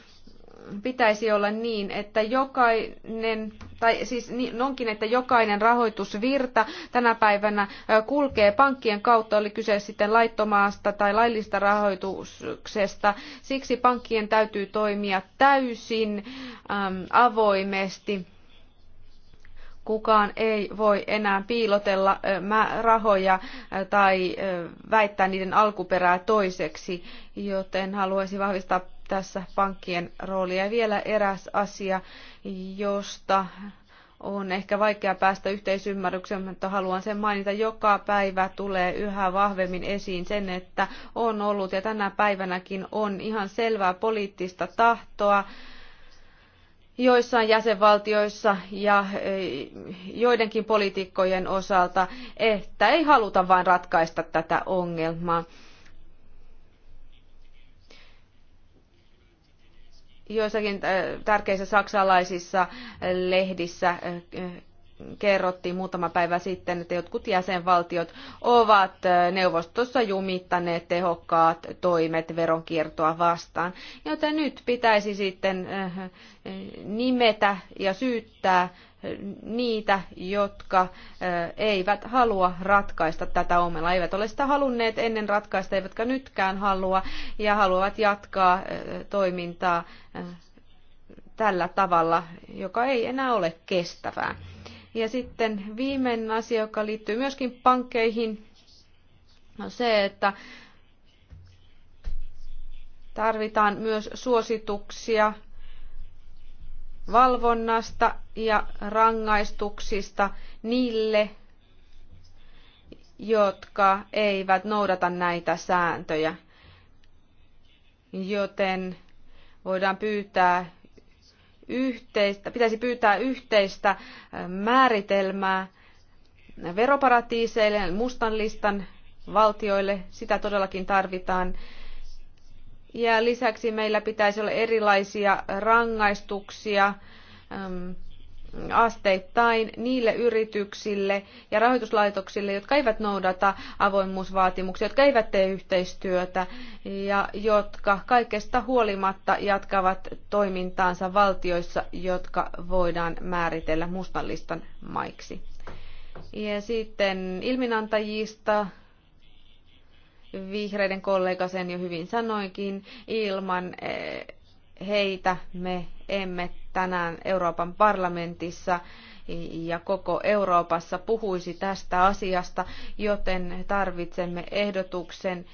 pitäisi olla niin, että jokainen, tai siis niin, onkin, että jokainen rahoitusvirta tänä päivänä kulkee pankkien kautta, oli kyse sitten laittomaasta tai laillista rahoituksesta. Siksi pankkien täytyy toimia täysin avoimesti Kukaan ei voi enää piilotella rahoja tai väittää niiden alkuperää toiseksi, joten haluaisin vahvistaa tässä pankkien roolia. vielä eräs asia, josta on ehkä vaikea päästä yhteisymmärrykseen, mutta haluan sen mainita. Joka päivä tulee yhä vahvemmin esiin sen, että on ollut ja tänä päivänäkin on ihan selvää poliittista tahtoa joissain jäsenvaltioissa ja eh, joidenkin poliitikkojen osalta, että ei haluta vain ratkaista tätä ongelmaa. joissakin eh, tärkeissä saksalaisissa lehdissä eh, kerrottiin muutama päivä sitten, että jotkut jäsenvaltiot ovat neuvostossa jumittaneet tehokkaat toimet veronkiertoa vastaan. Joten nyt pitäisi sitten nimetä ja syyttää niitä, jotka eivät halua ratkaista tätä ongelmaa. eivät ole sitä halunneet ennen ratkaista, eivätkä nytkään halua, ja haluavat jatkaa toimintaa tällä tavalla, joka ei enää ole kestävää. Ja sitten viimeinen asia, joka liittyy myöskin pankkeihin, on se, että tarvitaan myös suosituksia valvonnasta ja rangaistuksista niille, jotka eivät noudata näitä sääntöjä. Joten voidaan pyytää yhteistä, pitäisi pyytää yhteistä määritelmää veroparatiiseille, mustan listan valtioille. Sitä todellakin tarvitaan. Ja lisäksi meillä pitäisi olla erilaisia rangaistuksia asteittain niille yrityksille ja rahoituslaitoksille, jotka eivät noudata avoimuusvaatimuksia, jotka eivät tee yhteistyötä ja jotka kaikesta huolimatta jatkavat toimintaansa valtioissa, jotka voidaan määritellä mustan listan maiksi. Ja sitten ilminantajista vihreiden kollega sen jo hyvin sanoikin, ilman eh, heitä me emme tänään Euroopan parlamentissa ja koko Euroopassa puhuisi tästä asiasta, joten tarvitsemme ehdotuksen,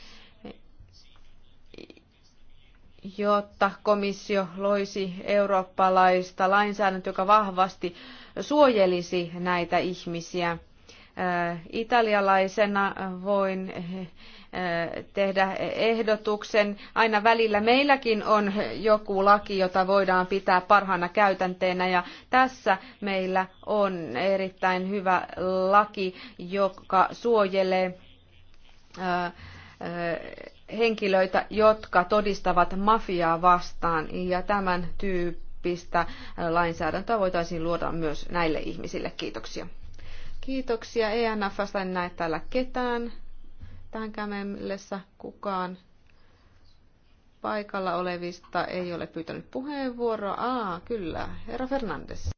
jotta komissio loisi eurooppalaista lainsäädäntöä, joka vahvasti suojelisi näitä ihmisiä. Äh, italialaisena voin tehdä ehdotuksen. Aina välillä meilläkin on joku laki, jota voidaan pitää parhaana käytänteenä ja tässä meillä on erittäin hyvä laki, joka suojelee henkilöitä, jotka todistavat mafiaa vastaan ja tämän tyyppistä lainsäädäntöä voitaisiin luoda myös näille ihmisille. Kiitoksia. Kiitoksia. ENFstä en näe täällä ketään. Tähän mennessä kukaan paikalla olevista ei ole pyytänyt puheenvuoroa. Aa, kyllä, herra Fernandes.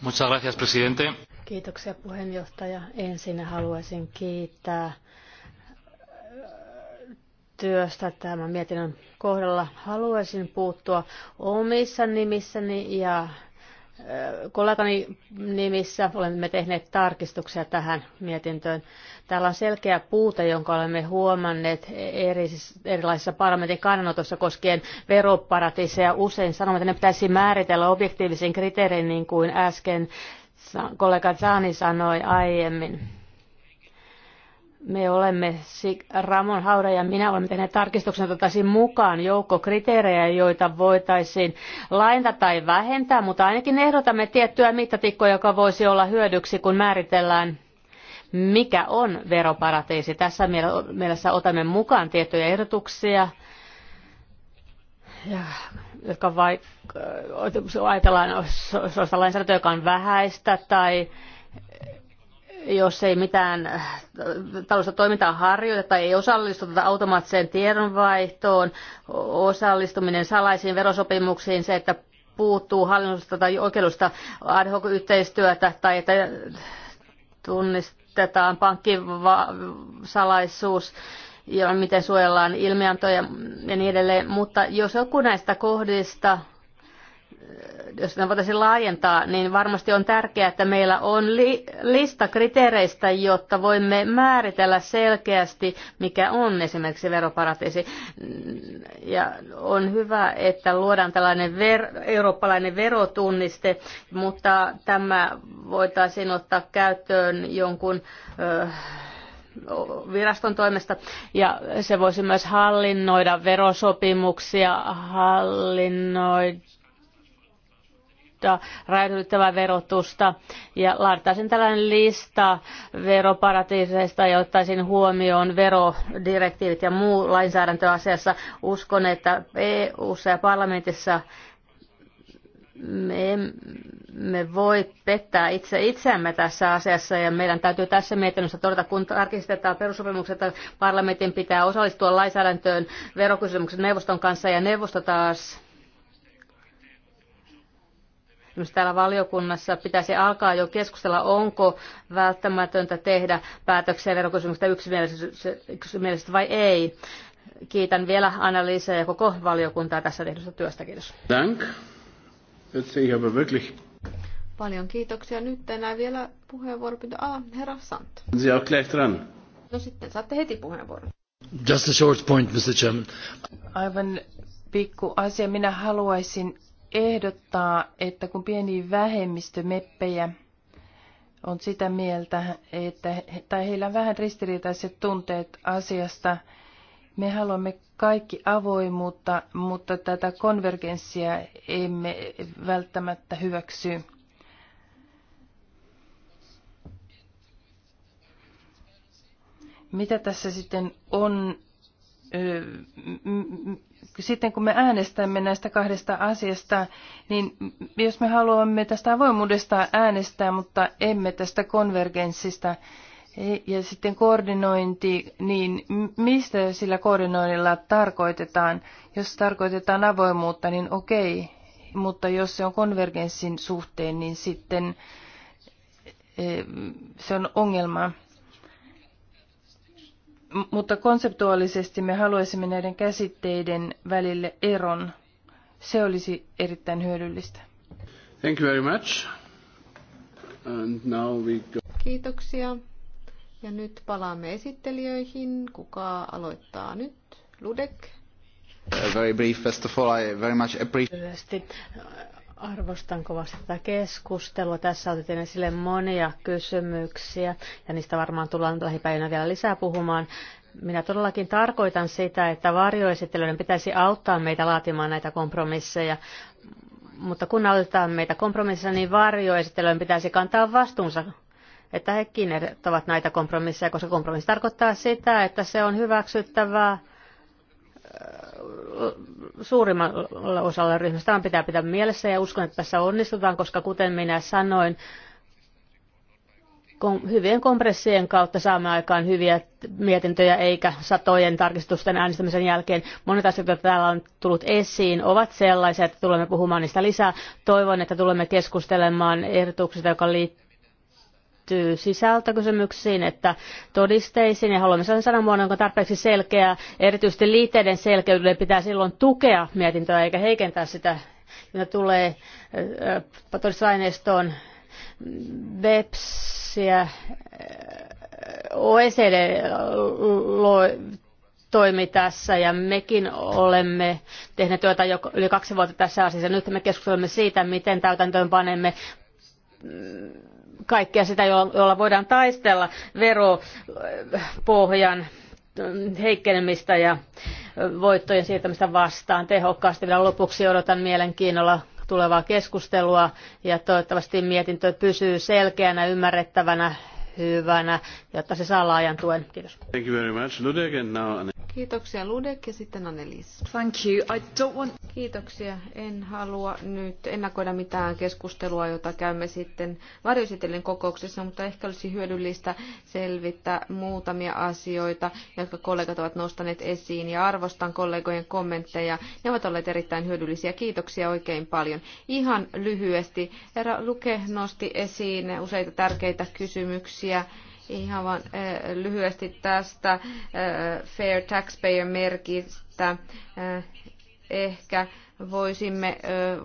Muchas gracias, presidente. Kiitoksia puheenjohtaja. Ensin haluaisin kiittää äh, työstä tämän mietinnön kohdalla. Haluaisin puuttua omissa nimissäni ja kollegani nimissä olemme tehneet tarkistuksia tähän mietintöön. Täällä on selkeä puute, jonka olemme huomanneet eri, erilaisissa parlamentin kannanotossa koskien veroparatiiseja. Usein sanomme, että ne pitäisi määritellä objektiivisin kriteerin, niin kuin äsken kollega Zani sanoi aiemmin me olemme, Ramon Haura ja minä olemme tehneet tarkistuksen, että ottaisiin mukaan joukko kriteerejä, joita voitaisiin lainata tai vähentää, mutta ainakin ehdotamme tiettyä mittatikkoa, joka voisi olla hyödyksi, kun määritellään mikä on veroparatiisi. Tässä mielessä otamme mukaan tiettyjä ehdotuksia, ja, jotka vaikka, ajatellaan, se on lainsäädäntö, joka on vähäistä tai jos ei mitään äh, taloudellista toimintaa harjoiteta tai ei osallistuta automaattiseen tiedonvaihtoon, osallistuminen salaisiin verosopimuksiin, se, että puuttuu hallinnollista tai oikeudellista ad hoc yhteistyötä tai että tunnistetaan pankkisalaisuus ja miten suojellaan ilmiantoja ja niin edelleen. Mutta jos joku näistä kohdista jos sitä voitaisiin laajentaa, niin varmasti on tärkeää, että meillä on li- lista kriteereistä, jotta voimme määritellä selkeästi, mikä on esimerkiksi veroparatiisi. Ja on hyvä, että luodaan tällainen ver- eurooppalainen verotunniste, mutta tämä voitaisiin ottaa käyttöön jonkun... ö, viraston toimesta ja se voisi myös hallinnoida verosopimuksia, hallinnoida poistaa rajoitettavaa verotusta ja laadittaisiin tällainen lista veroparatiiseista ja ottaisin huomioon verodirektiivit ja muu lainsäädäntö asiassa. Uskon, että EU-ssa ja parlamentissa me emme voi pettää itse itseämme tässä asiassa ja meidän täytyy tässä mietinnössä todeta, kun tarkistetaan perussopimukset, että parlamentin pitää osallistua lainsäädäntöön verokysymyksen neuvoston kanssa ja neuvosto taas myös täällä valiokunnassa pitäisi alkaa jo keskustella, onko välttämätöntä tehdä päätöksiä verokysymystä yksimielisesti vai ei. Kiitän vielä Anna-Liisa ja koko valiokuntaa tässä tehdystä työstä. Kiitos. Dank. Paljon kiitoksia. Nyt enää vielä puheenvuoropyyntö. Ah, herra Sant. No sitten saatte heti puheenvuoron. Just a short point, Mr. Chairman. Aivan pikku asia. Minä haluaisin ehdottaa, että kun pieni vähemmistö meppejä on sitä mieltä, että, tai heillä on vähän ristiriitaiset tunteet asiasta, me haluamme kaikki avoimuutta, mutta tätä konvergenssia emme välttämättä hyväksy. Mitä tässä sitten on sitten kun me äänestämme näistä kahdesta asiasta, niin jos me haluamme tästä avoimuudesta äänestää, mutta emme tästä konvergenssista e, ja sitten koordinointi, niin mistä sillä koordinoinnilla tarkoitetaan? Jos tarkoitetaan avoimuutta, niin okei, mutta jos se on konvergenssin suhteen, niin sitten e, se on ongelma mutta konseptuaalisesti me haluaisimme näiden käsitteiden välille eron. Se olisi erittäin hyödyllistä. Thank you very much. And now we go. Kiitoksia. Ja nyt palaamme esittelijöihin. Kuka aloittaa nyt? Ludek. Uh, very brief, first of all, I very much appreciate... Arvostan kovasti tätä keskustelua. Tässä otettiin esille monia kysymyksiä ja niistä varmaan tullaan lähipäivinä vielä lisää puhumaan. Minä todellakin tarkoitan sitä, että varjoesittelyiden pitäisi auttaa meitä laatimaan näitä kompromisseja, mutta kun autetaan meitä kompromisseja, niin varjoesittelyiden pitäisi kantaa vastuunsa että hekin ovat näitä kompromisseja, koska kompromissi tarkoittaa sitä, että se on hyväksyttävää suurimmalla osalla ryhmästä. Tämä pitää pitää mielessä ja uskon, että tässä onnistutaan, koska kuten minä sanoin, hyvien kompressien kautta saamme aikaan hyviä mietintöjä eikä satojen tarkistusten äänestämisen jälkeen. Monet asiat, joita täällä on tullut esiin, ovat sellaisia, että tulemme puhumaan niistä lisää. Toivon, että tulemme keskustelemaan ehdotuksista, joka liittyy liittyy sisältökysymyksiin että todisteisiin ja haluamme sellaisen sanamuodon jonka tarpeeksi selkeä. erityisesti liitteiden selkeydelle pitää silloin tukea mietintöä eikä heikentää sitä mitä tulee äh, todistusaineistoon BEPSiä äh, OECD toimi tässä ja mekin olemme tehneet työtä jo yli kaksi vuotta tässä asiassa. Nyt me keskustelemme siitä, miten täytäntöön panemme kaikkea sitä, jolla voidaan taistella veropohjan heikkenemistä ja voittojen siirtämistä vastaan tehokkaasti. Vielä lopuksi odotan mielenkiinnolla tulevaa keskustelua ja toivottavasti mietintö pysyy selkeänä, ymmärrettävänä hyvänä, jotta se saa laajan tuen. Kiitos. Thank you very much. Ludek and now... Kiitoksia Ludek ja sitten Annelies. Thank you. I don't want... Kiitoksia. En halua nyt ennakoida mitään keskustelua, jota käymme sitten varjoesitellen kokouksessa, mutta ehkä olisi hyödyllistä selvittää muutamia asioita, jotka kollegat ovat nostaneet esiin ja arvostan kollegojen kommentteja. Ne ovat olleet erittäin hyödyllisiä. Kiitoksia oikein paljon. Ihan lyhyesti. Herra Luke nosti esiin useita tärkeitä kysymyksiä kysymyksiä ihan vain lyhyesti tästä Fair Taxpayer-merkistä. Ehkä voisimme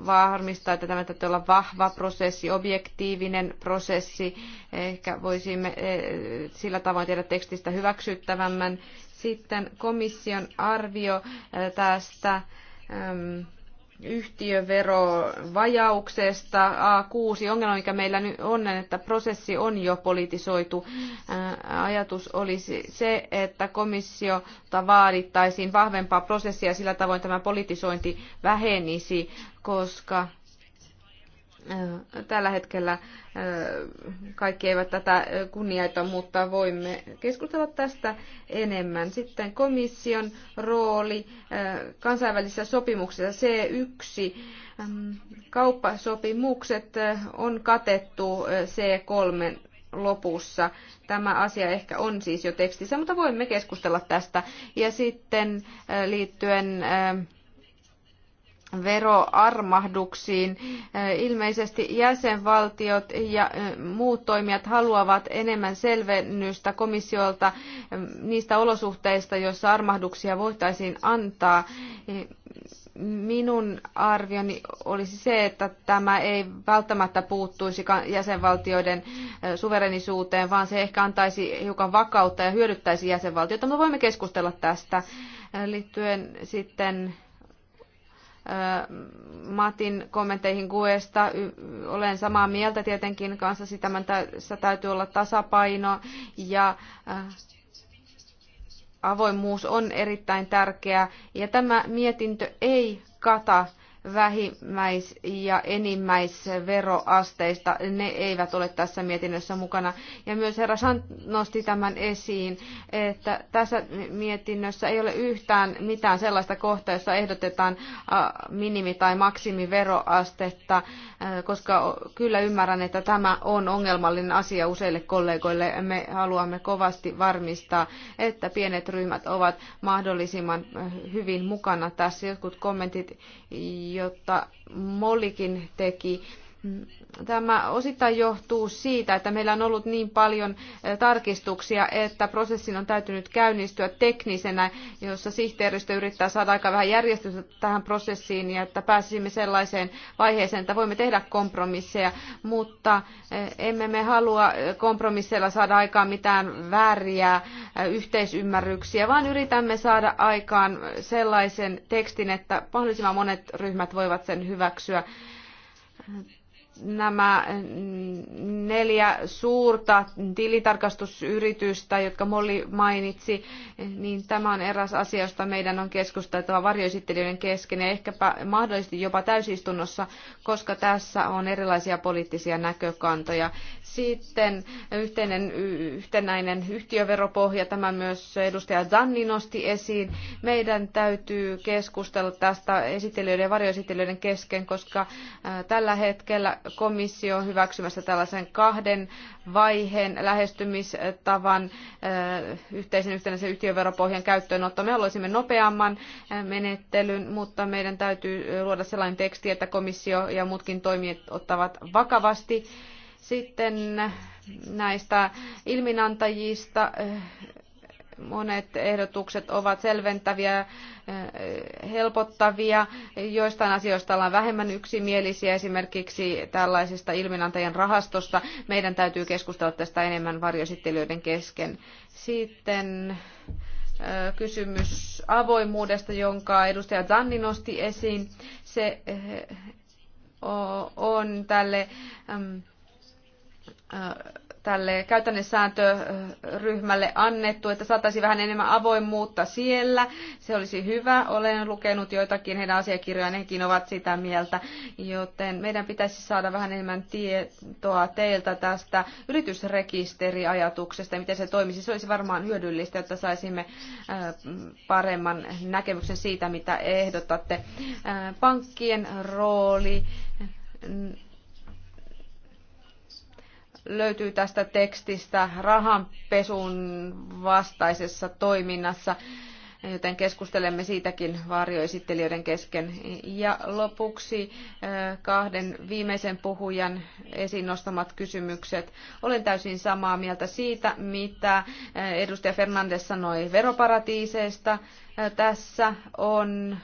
varmistaa, että tämä täytyy olla vahva prosessi, objektiivinen prosessi. Ehkä voisimme sillä tavoin tehdä tekstistä hyväksyttävämmän. Sitten komission arvio tästä yhtiöverovajauksesta A6. Ongelma, mikä meillä nyt on, että prosessi on jo politisoitu. Ajatus olisi se, että komissiota vaadittaisiin vahvempaa prosessia, sillä tavoin tämä politisointi vähenisi, koska Tällä hetkellä kaikki eivät tätä kunnioita, mutta voimme keskustella tästä enemmän. Sitten komission rooli kansainvälisissä sopimuksissa C1. Kauppasopimukset on katettu C3 lopussa. Tämä asia ehkä on siis jo tekstissä, mutta voimme keskustella tästä. Ja sitten liittyen veroarmahduksiin. Äh, ilmeisesti jäsenvaltiot ja äh, muut toimijat haluavat enemmän selvennystä komissiolta äh, niistä olosuhteista, joissa armahduksia voitaisiin antaa. Minun arvioni olisi se, että tämä ei välttämättä puuttuisi jäsenvaltioiden suverenisuuteen, vaan se ehkä antaisi hiukan vakautta ja hyödyttäisi jäsenvaltioita. Me voimme keskustella tästä liittyen sitten Matin kommentteihin Guesta. Olen samaa mieltä tietenkin kanssa, tässä täytyy olla tasapaino ja avoimuus on erittäin tärkeää. Ja tämä mietintö ei kata vähimmäis- ja enimmäisveroasteista. Ne eivät ole tässä mietinnössä mukana. Ja myös herra Sant nosti tämän esiin, että tässä mietinnössä ei ole yhtään mitään sellaista kohtaa, jossa ehdotetaan minimi- tai maksimiveroastetta, koska kyllä ymmärrän, että tämä on ongelmallinen asia useille kollegoille. Me haluamme kovasti varmistaa, että pienet ryhmät ovat mahdollisimman hyvin mukana tässä. Jotkut kommentit, jota Mollikin teki Tämä osittain johtuu siitä, että meillä on ollut niin paljon eh, tarkistuksia, että prosessin on täytynyt käynnistyä teknisenä, jossa sihteeristö yrittää saada aika vähän järjestystä tähän prosessiin ja että pääsisimme sellaiseen vaiheeseen, että voimme tehdä kompromisseja, mutta eh, emme me halua eh, kompromisseilla saada aikaan mitään vääriä yhteisymmärryksiä, vaan yritämme saada aikaan sellaisen tekstin, että mahdollisimman monet ryhmät voivat sen hyväksyä nämä neljä suurta tilitarkastusyritystä, jotka Molli mainitsi, niin tämä on eräs asia, josta meidän on keskusteltava varjoesittelijöiden kesken ja ehkäpä mahdollisesti jopa täysistunnossa, koska tässä on erilaisia poliittisia näkökantoja. Sitten yhteinen, yhtenäinen yhtiöveropohja, tämä myös edustaja Zanni nosti esiin. Meidän täytyy keskustella tästä esittelijöiden ja varjoesittelijöiden kesken, koska tällä hetkellä komissio hyväksymässä tällaisen kahden vaiheen lähestymistavan yhteisen yhtenäisen yhtiöveropohjan käyttöönotto. Me haluaisimme nopeamman menettelyn, mutta meidän täytyy luoda sellainen teksti, että komissio ja muutkin toimijat ottavat vakavasti. Sitten näistä ilminantajista Monet ehdotukset ovat selventäviä, helpottavia. Joistain asioista ollaan vähemmän yksimielisiä, esimerkiksi tällaisesta ilminantajien rahastosta. Meidän täytyy keskustella tästä enemmän varjoesittelijöiden kesken. Sitten kysymys avoimuudesta, jonka edustaja Zanni nosti esiin. Se on tälle tälle käytännön sääntöryhmälle annettu, että saataisiin vähän enemmän avoimuutta siellä. Se olisi hyvä. Olen lukenut joitakin heidän asiakirjojaan, nekin ovat sitä mieltä. Joten meidän pitäisi saada vähän enemmän tietoa teiltä tästä yritysrekisteriajatuksesta, miten se toimisi. Se olisi varmaan hyödyllistä, että saisimme äh, paremman näkemyksen siitä, mitä ehdotatte. Äh, pankkien rooli löytyy tästä tekstistä rahanpesun vastaisessa toiminnassa, joten keskustelemme siitäkin varjoesittelijöiden kesken. Ja lopuksi eh, kahden viimeisen puhujan esiin nostamat kysymykset. Olen täysin samaa mieltä siitä, mitä eh, edustaja Fernandes sanoi veroparatiiseista. Eh, tässä on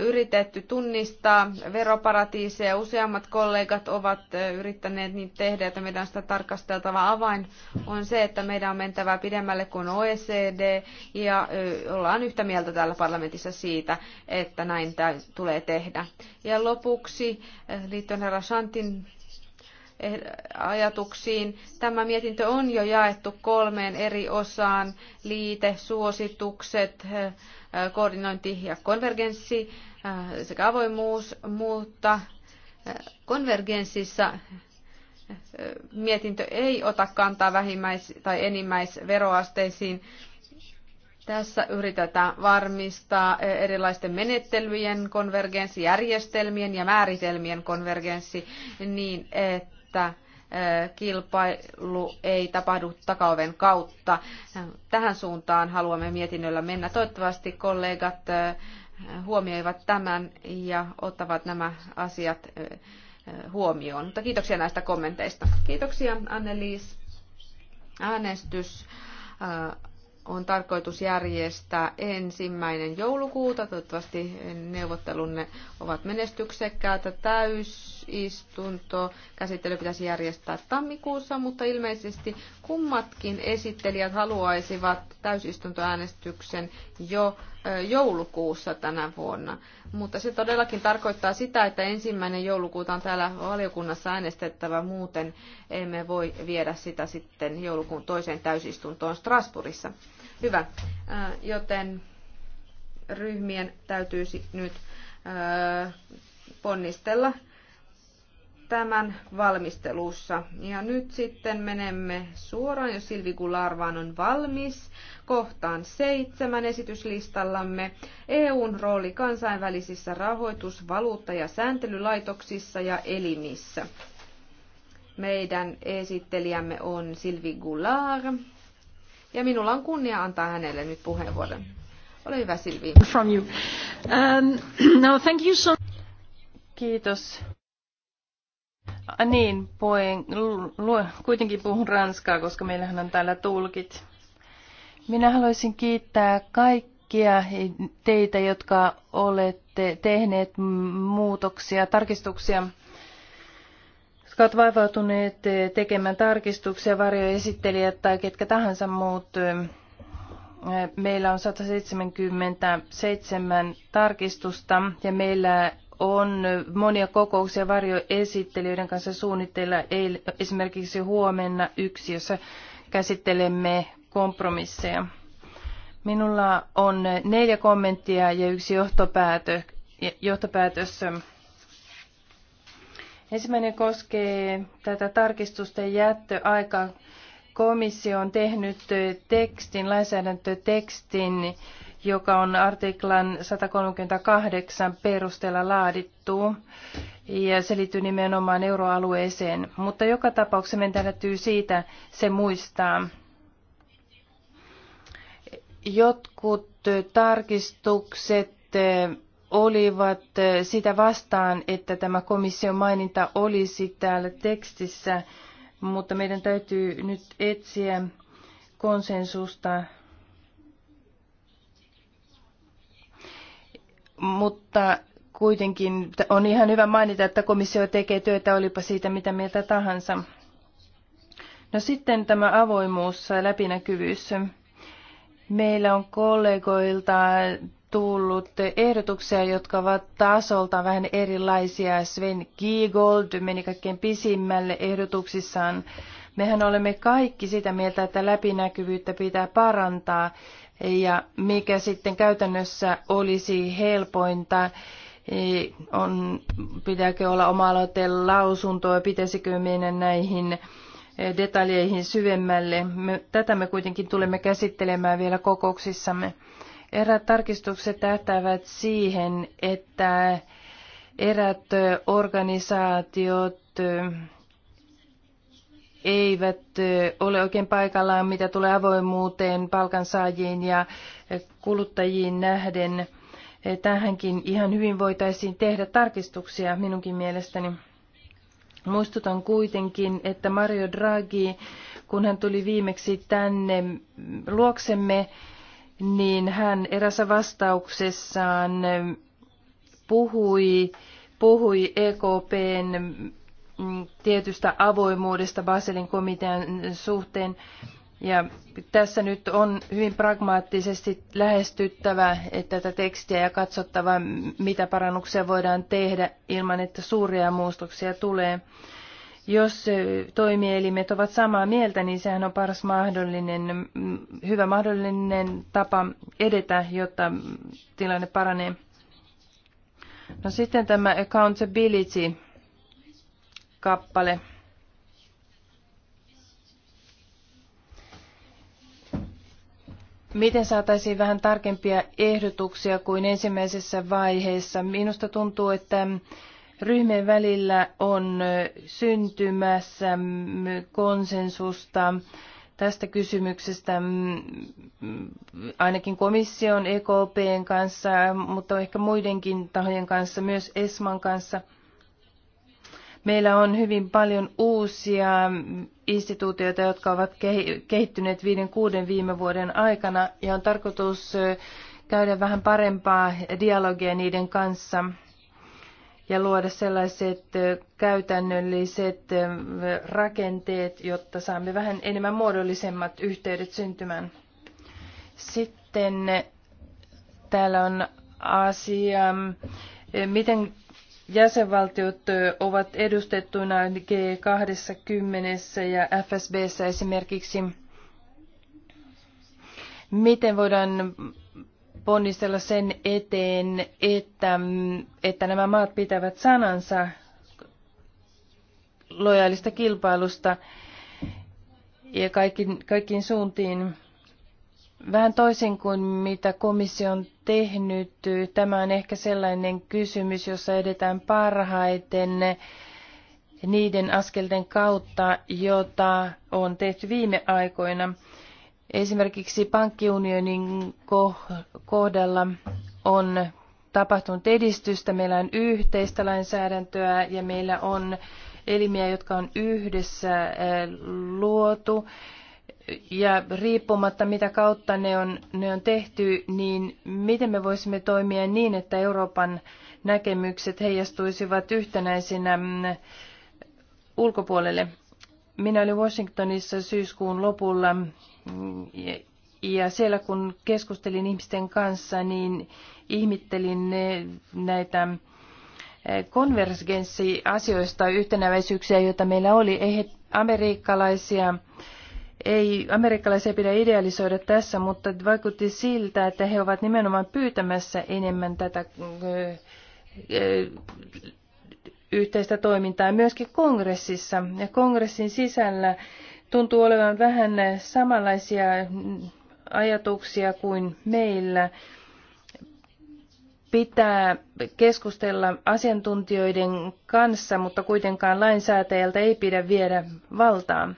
yritetty tunnistaa veroparatiiseja. Useammat kollegat ovat yrittäneet niin tehdä, että meidän on sitä tarkasteltava avain on se, että meidän on mentävä pidemmälle kuin OECD ja ollaan yhtä mieltä täällä parlamentissa siitä, että näin tulee tehdä. Ja lopuksi liittyen herra Shantin eh, ajatuksiin. Tämä mietintö on jo jaettu kolmeen eri osaan, liite, suositukset, koordinointi ja konvergenssi äh, sekä avoimuus, mutta äh, konvergenssissa äh, mietintö ei ota kantaa vähimmäis- tai enimmäisveroasteisiin. Tässä yritetään varmistaa erilaisten menettelyjen konvergenssi, järjestelmien ja määritelmien konvergenssi niin, että kilpailu ei tapahdu takaoven kautta. Tähän suuntaan haluamme mietinnöllä mennä. Toivottavasti kollegat huomioivat tämän ja ottavat nämä asiat huomioon. Mutta kiitoksia näistä kommenteista. Kiitoksia Anneliis. Äänestys on tarkoitus järjestää ensimmäinen joulukuuta. Toivottavasti neuvottelunne ovat menestyksekkäitä täys täysistunto käsittely pitäisi järjestää tammikuussa, mutta ilmeisesti kummatkin esittelijät haluaisivat täysistuntoäänestyksen jo joulukuussa tänä vuonna. Mutta se todellakin tarkoittaa sitä, että ensimmäinen joulukuuta on täällä valiokunnassa äänestettävä, muuten emme voi viedä sitä sitten joulukuun toiseen täysistuntoon Strasbourgissa. Hyvä, joten ryhmien täytyisi nyt ponnistella tämän valmistelussa. Ja nyt sitten menemme suoraan, jos Silvi Gularvaan on valmis, kohtaan seitsemän esityslistallamme. EUn rooli kansainvälisissä rahoitus-, valuutta- ja sääntelylaitoksissa ja elimissä. Meidän esittelijämme on Silvi Goulard. Ja minulla on kunnia antaa hänelle nyt puheenvuoron. Ole hyvä Silvi. From you. Um, no, thank you so... Kiitos Ah, niin, poen, l- kuitenkin puhun ranskaa, koska meillähän on täällä tulkit. Minä haluaisin kiittää kaikkia teitä, jotka olette tehneet muutoksia, tarkistuksia, jotka ovat vaivautuneet eh, tekemään tarkistuksia, varjoesittelijät tai ketkä tahansa muut. Eh, meillä on 177 tarkistusta ja meillä on monia kokouksia varjoesittelijöiden kanssa suunnitteilla esimerkiksi huomenna yksi, jossa käsittelemme kompromisseja. Minulla on neljä kommenttia ja yksi johtopäätö, johtopäätös. Ensimmäinen koskee tätä tarkistusten jättöaikaa. Komissio on tehnyt tekstin, lainsäädäntötekstin, joka on artiklan 138 perusteella laadittu ja se liittyy nimenomaan euroalueeseen. Mutta joka tapauksessa meidän täytyy siitä se muistaa. Jotkut tarkistukset olivat sitä vastaan, että tämä komission maininta olisi täällä tekstissä, mutta meidän täytyy nyt etsiä konsensusta mutta kuitenkin on ihan hyvä mainita, että komissio tekee työtä, olipa siitä mitä mieltä tahansa. No sitten tämä avoimuus ja läpinäkyvyys. Meillä on kollegoilta tullut ehdotuksia, jotka ovat tasolta vähän erilaisia. Sven Giegold meni kaikkein pisimmälle ehdotuksissaan. Mehän olemme kaikki sitä mieltä, että läpinäkyvyyttä pitää parantaa ja mikä sitten käytännössä olisi helpointa, eh, on, pitääkö olla oma lausuntoa, pitäisikö mennä näihin eh, detaljeihin syvemmälle. Me, tätä me kuitenkin tulemme käsittelemään vielä kokouksissamme. Erät tarkistukset tähtäävät siihen, että erät eh, organisaatiot eivät ole oikein paikallaan, mitä tulee avoimuuteen, palkansaajiin ja kuluttajiin nähden. Tähänkin ihan hyvin voitaisiin tehdä tarkistuksia minunkin mielestäni. Muistutan kuitenkin, että Mario Draghi, kun hän tuli viimeksi tänne luoksemme, niin hän erässä vastauksessaan puhui, puhui EKPn Mm, tietystä avoimuudesta Baselin komitean suhteen. Ja tässä nyt on hyvin pragmaattisesti lähestyttävä tätä tekstiä ja katsottava, mitä parannuksia voidaan tehdä ilman, että suuria muutoksia tulee. Jos toimielimet ovat samaa mieltä, niin sehän on paras mahdollinen, hyvä mahdollinen tapa edetä, jotta tilanne paranee. No sitten tämä accountability kappale. Miten saataisiin vähän tarkempia ehdotuksia kuin ensimmäisessä vaiheessa? Minusta tuntuu, että ryhmien välillä on syntymässä konsensusta tästä kysymyksestä ainakin komission, EKPn kanssa, mutta ehkä muidenkin tahojen kanssa, myös ESMAn kanssa – Meillä on hyvin paljon uusia instituutioita, jotka ovat kehittyneet viiden kuuden viime vuoden aikana ja on tarkoitus käydä vähän parempaa dialogia niiden kanssa ja luoda sellaiset käytännölliset rakenteet, jotta saamme vähän enemmän muodollisemmat yhteydet syntymään. Sitten täällä on asia, miten jäsenvaltiot ovat edustettuina G20 ja FSBssä esimerkiksi. Miten voidaan ponnistella sen eteen, että, että nämä maat pitävät sanansa lojaalista kilpailusta ja kaikki, kaikkiin suuntiin? Vähän toisin kuin mitä komissio on tehnyt, tämä on ehkä sellainen kysymys, jossa edetään parhaiten niiden askelten kautta, jota on tehty viime aikoina. Esimerkiksi pankkiunionin kohdalla on tapahtunut edistystä, meillä on yhteistä lainsäädäntöä ja meillä on elimiä, jotka on yhdessä eh, luotu ja riippumatta mitä kautta ne on, ne on tehty, niin miten me voisimme toimia niin, että Euroopan näkemykset heijastuisivat yhtenäisinä mm, ulkopuolelle. Minä olin Washingtonissa syyskuun lopulla mm, ja siellä kun keskustelin ihmisten kanssa, niin ihmittelin ne näitä mm, konvergenssiasioista, yhtenäväisyyksiä, joita meillä oli. Ei he amerikkalaisia ei amerikkalaisia pidä idealisoida tässä, mutta vaikutti siltä, että he ovat nimenomaan pyytämässä enemmän tätä yhteistä toimintaa myöskin kongressissa. Ja kongressin sisällä tuntuu olevan vähän samanlaisia ajatuksia kuin meillä. Pitää keskustella asiantuntijoiden kanssa, mutta kuitenkaan lainsäätäjältä ei pidä viedä valtaa.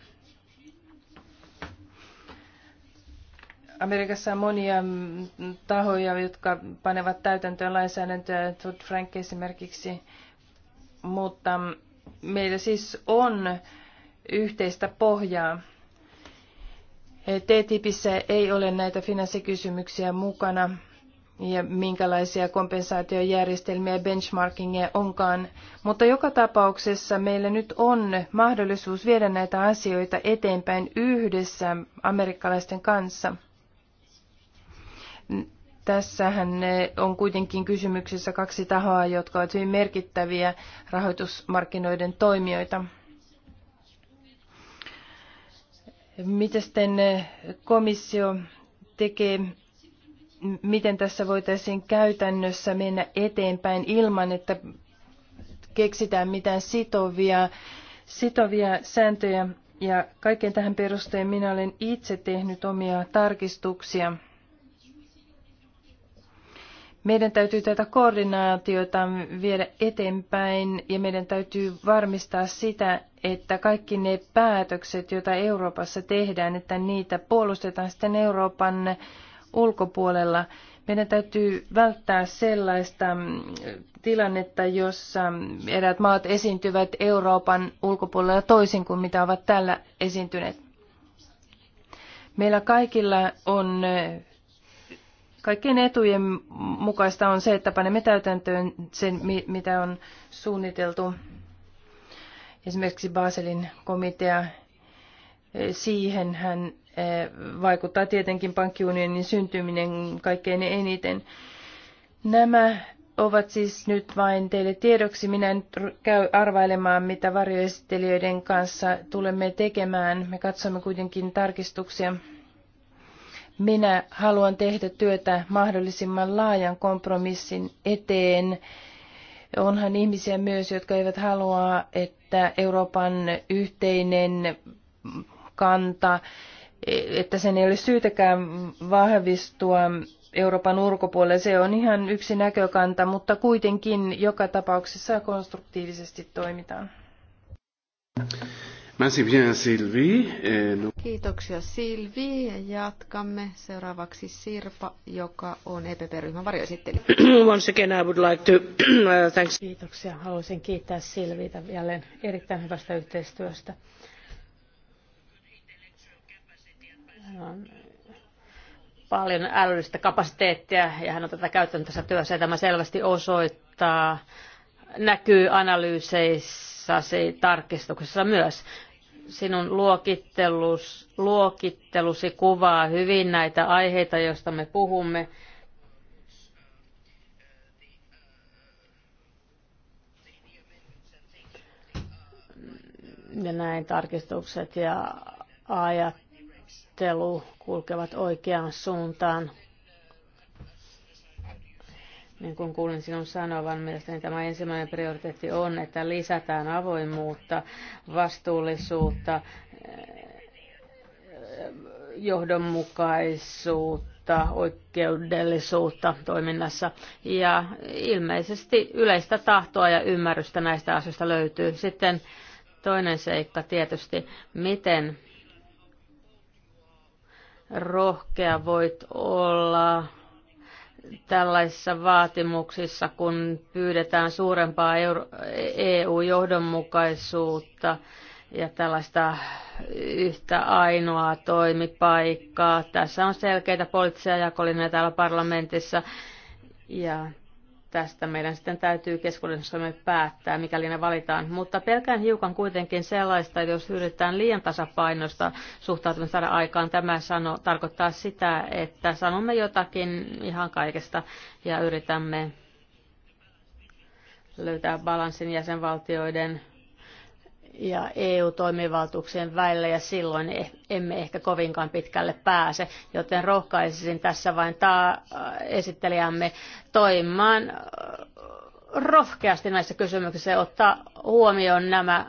Amerikassa on monia mm, tahoja, jotka panevat täytäntöön lainsäädäntöä, Todd Frank esimerkiksi, mutta meillä siis on yhteistä pohjaa. T-tipissä ei ole näitä finanssikysymyksiä mukana ja minkälaisia kompensaatiojärjestelmiä ja benchmarkingia onkaan. Mutta joka tapauksessa meillä nyt on mahdollisuus viedä näitä asioita eteenpäin yhdessä amerikkalaisten kanssa – Tässähän on kuitenkin kysymyksessä kaksi tahoa, jotka ovat hyvin merkittäviä rahoitusmarkkinoiden toimijoita. Miten sitten komissio tekee, miten tässä voitaisiin käytännössä mennä eteenpäin ilman, että keksitään mitään sitovia, sitovia sääntöjä. Ja kaiken tähän perusteen minä olen itse tehnyt omia tarkistuksia. Meidän täytyy tätä koordinaatiota viedä eteenpäin ja meidän täytyy varmistaa sitä, että kaikki ne päätökset, joita Euroopassa tehdään, että niitä puolustetaan sitten Euroopan ulkopuolella. Meidän täytyy välttää sellaista mm, tilannetta, jossa eräät maat esiintyvät Euroopan ulkopuolella toisin kuin mitä ovat täällä esiintyneet. Meillä kaikilla on Kaikkien etujen mukaista on se, että panemme täytäntöön sen, mitä on suunniteltu. Esimerkiksi Baselin komitea, e, siihen hän e, vaikuttaa tietenkin pankkiunionin syntyminen kaikkein eniten. Nämä ovat siis nyt vain teille tiedoksi. Minä en käy arvailemaan, mitä varjoesittelijöiden kanssa tulemme tekemään. Me katsomme kuitenkin tarkistuksia. Minä haluan tehdä työtä mahdollisimman laajan kompromissin eteen. Onhan ihmisiä myös, jotka eivät halua, että Euroopan yhteinen kanta, että sen ei ole syytäkään vahvistua Euroopan ulkopuolelle. Se on ihan yksi näkökanta, mutta kuitenkin joka tapauksessa konstruktiivisesti toimitaan. Merci bien, no- Kiitoksia Silvi ja jatkamme seuraavaksi Sirpa, joka on EPP-ryhmän varjoesittelijä. Once again I would like to uh, thank... Kiitoksia. Haluaisin kiittää Silviitä jälleen erittäin hyvästä yhteistyöstä. paljon älyllistä kapasiteettia ja hän on tätä käyttänyt tässä työssä ja tämä selvästi osoittaa, näkyy analyyseissä tarkistuksessa myös sinun luokittelus, luokittelusi kuvaa hyvin näitä aiheita, joista me puhumme. Ja näin tarkistukset ja ajattelu kulkevat oikeaan suuntaan. Niin kuin kuulin sinun sanovan, mielestäni tämä ensimmäinen prioriteetti on, että lisätään avoimuutta, vastuullisuutta, johdonmukaisuutta, oikeudellisuutta toiminnassa. Ja ilmeisesti yleistä tahtoa ja ymmärrystä näistä asioista löytyy. Sitten toinen seikka tietysti, miten rohkea voit olla tällaisissa vaatimuksissa, kun pyydetään suurempaa EU-johdonmukaisuutta e ja tällaista yhtä ainoaa toimipaikkaa. Tässä on selkeitä poliittisia jakolinjoja täällä parlamentissa ja tästä meidän sitten täytyy keskuudessamme päättää, mikäli ne valitaan. Mutta pelkään hiukan kuitenkin sellaista, että jos yritetään liian tasapainosta suhtautumista saada aikaan, tämä sano, tarkoittaa sitä, että sanomme jotakin ihan kaikesta ja yritämme löytää balanssin jäsenvaltioiden ja EU-toimivaltuuksien välillä ja silloin eh, emme ehkä kovinkaan pitkälle pääse, joten rohkaisisin tässä vain ta- esittelijämme toimimaan rohkeasti näissä kysymyksissä ja ottaa huomioon nämä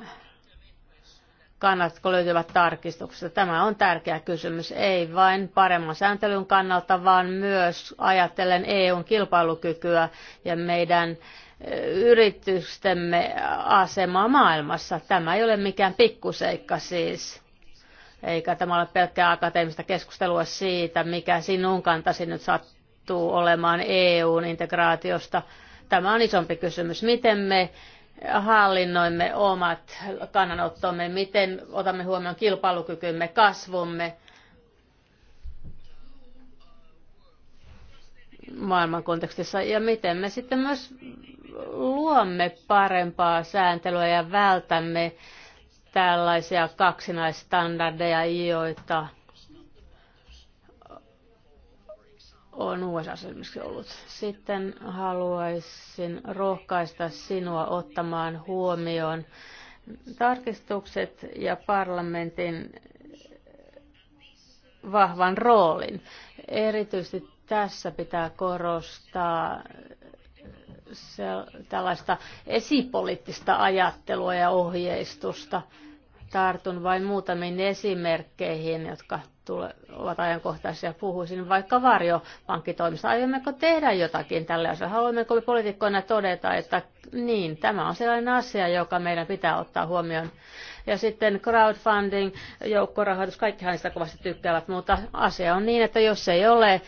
kannatko löytyvät tarkistuksesta. Tämä on tärkeä kysymys, ei vain paremman sääntelyn kannalta, vaan myös ajatellen EUn kilpailukykyä ja meidän yritystemme asemaa maailmassa. Tämä ei ole mikään pikkuseikka siis. Eikä tämä ole pelkkää akateemista keskustelua siitä, mikä sinun kantasi nyt sattuu olemaan EUn integraatiosta. Tämä on isompi kysymys. Miten me hallinnoimme omat kannanottomme, miten otamme huomioon kilpailukykymme, kasvumme, maailman kontekstissa ja miten me sitten myös luomme parempaa sääntelyä ja vältämme tällaisia kaksinaistandardeja, joita on USA esimerkiksi ollut. Sitten haluaisin rohkaista sinua ottamaan huomioon tarkistukset ja parlamentin vahvan roolin. Erityisesti tässä pitää korostaa se, tällaista esipoliittista ajattelua ja ohjeistusta. Tartun vain muutamiin esimerkkeihin, jotka tule, ovat ajankohtaisia. Puhuisin vaikka varjopankkitoimista. Aiommeko tehdä jotakin tälle asialle? Haluammeko me poliitikkoina todeta, että niin, tämä on sellainen asia, joka meidän pitää ottaa huomioon ja sitten crowdfunding, joukkorahoitus, kaikkihan sitä kovasti tykkäävät, mutta asia on niin, että jos ei ole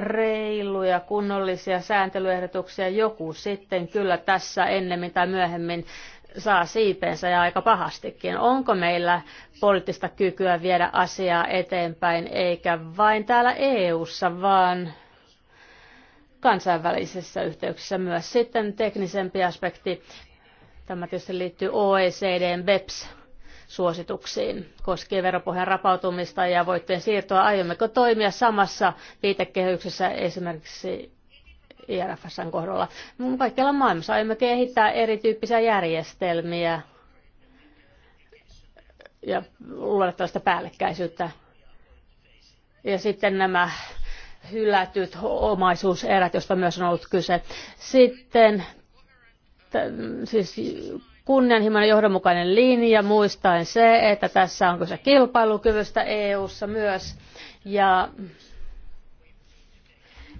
reiluja kunnollisia sääntelyehdotuksia, joku sitten kyllä tässä ennemmin tai myöhemmin saa siipensä ja aika pahastikin. Onko meillä poliittista kykyä viedä asiaa eteenpäin, eikä vain täällä EU-ssa, vaan kansainvälisissä yhteyksissä myös. Sitten teknisempi aspekti, tämä tietysti liittyy OECDn BEPS suosituksiin koskien veropohjan rapautumista ja voitteen siirtoa. Aiommeko toimia samassa viitekehyksessä esimerkiksi IRFSn kohdalla? Kaikkialla maailmassa aiomme kehittää erityyppisiä järjestelmiä ja luoda tällaista päällekkäisyyttä. Ja sitten nämä hylätyt omaisuuserät, joista myös on ollut kyse. Sitten siis kunnianhimoinen johdonmukainen linja muistaen se, että tässä on kyse kilpailukyvystä EU-ssa myös ja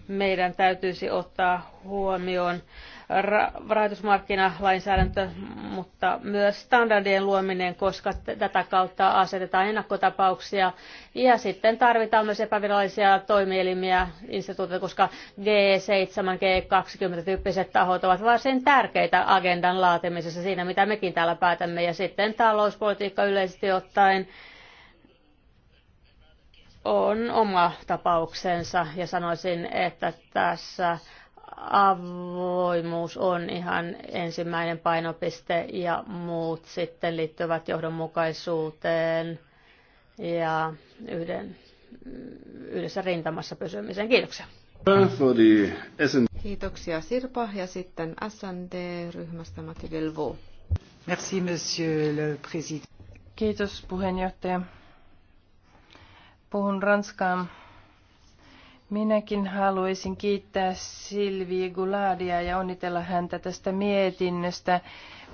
meidän täytyisi ottaa huomioon ra- rahoitusmarkkinalainsäädäntö, mutta myös standardien luominen, koska tätä kautta asetetaan ennakkotapauksia. Ja sitten tarvitaan myös epävirallisia toimielimiä, instituutioita, koska G7, G20-tyyppiset tahot ovat varsin tärkeitä agendan laatimisessa siinä, mitä mekin täällä päätämme. Ja sitten talouspolitiikka yleisesti ottaen on oma tapauksensa ja sanoisin, että tässä avoimuus on ihan ensimmäinen painopiste ja muut sitten liittyvät johdonmukaisuuteen ja yhden, yhdessä rintamassa pysymiseen. Kiitoksia. Kiitoksia Sirpa ja sitten SND-ryhmästä Matti Delvaux. Merci, monsieur le président. Kiitos puheenjohtaja. Puhun ranskaa Minäkin haluaisin kiittää Silvi Guladia ja onnitella häntä tästä mietinnöstä,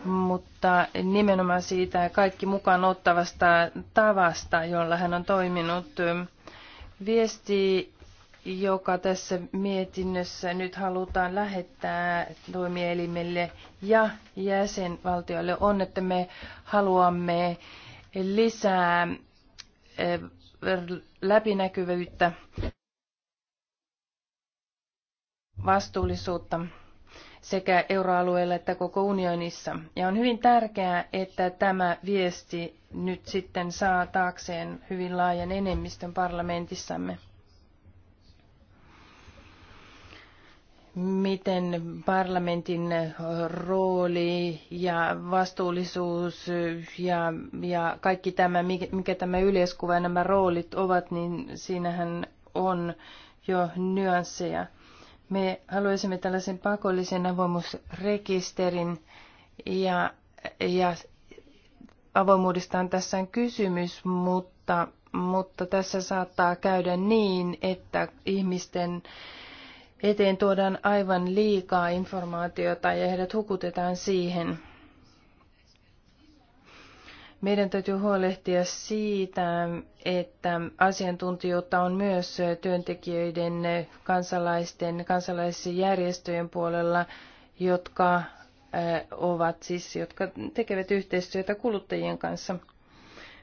mutta nimenomaan siitä kaikki mukaan ottavasta tavasta, jolla hän on toiminut. Viesti, joka tässä mietinnössä nyt halutaan lähettää toimielimille ja jäsenvaltioille, on, että me haluamme lisää eh, läpinäkyvyyttä vastuullisuutta sekä euroalueella että koko unionissa. Ja on hyvin tärkeää, että tämä viesti nyt sitten saa taakseen hyvin laajan enemmistön parlamentissamme. miten parlamentin rooli ja vastuullisuus ja, ja kaikki tämä, mikä tämä yleiskuva ja nämä roolit ovat, niin siinähän on jo nyansseja. Me haluaisimme tällaisen pakollisen avoimuusrekisterin ja, ja avoimuudesta on tässä on kysymys, mutta, mutta tässä saattaa käydä niin, että ihmisten eteen tuodaan aivan liikaa informaatiota ja heidät hukutetaan siihen. Meidän täytyy huolehtia siitä, että asiantuntijuutta on myös työntekijöiden, kansalaisten, kansalaisjärjestöjen puolella, jotka ovat siis, jotka tekevät yhteistyötä kuluttajien kanssa.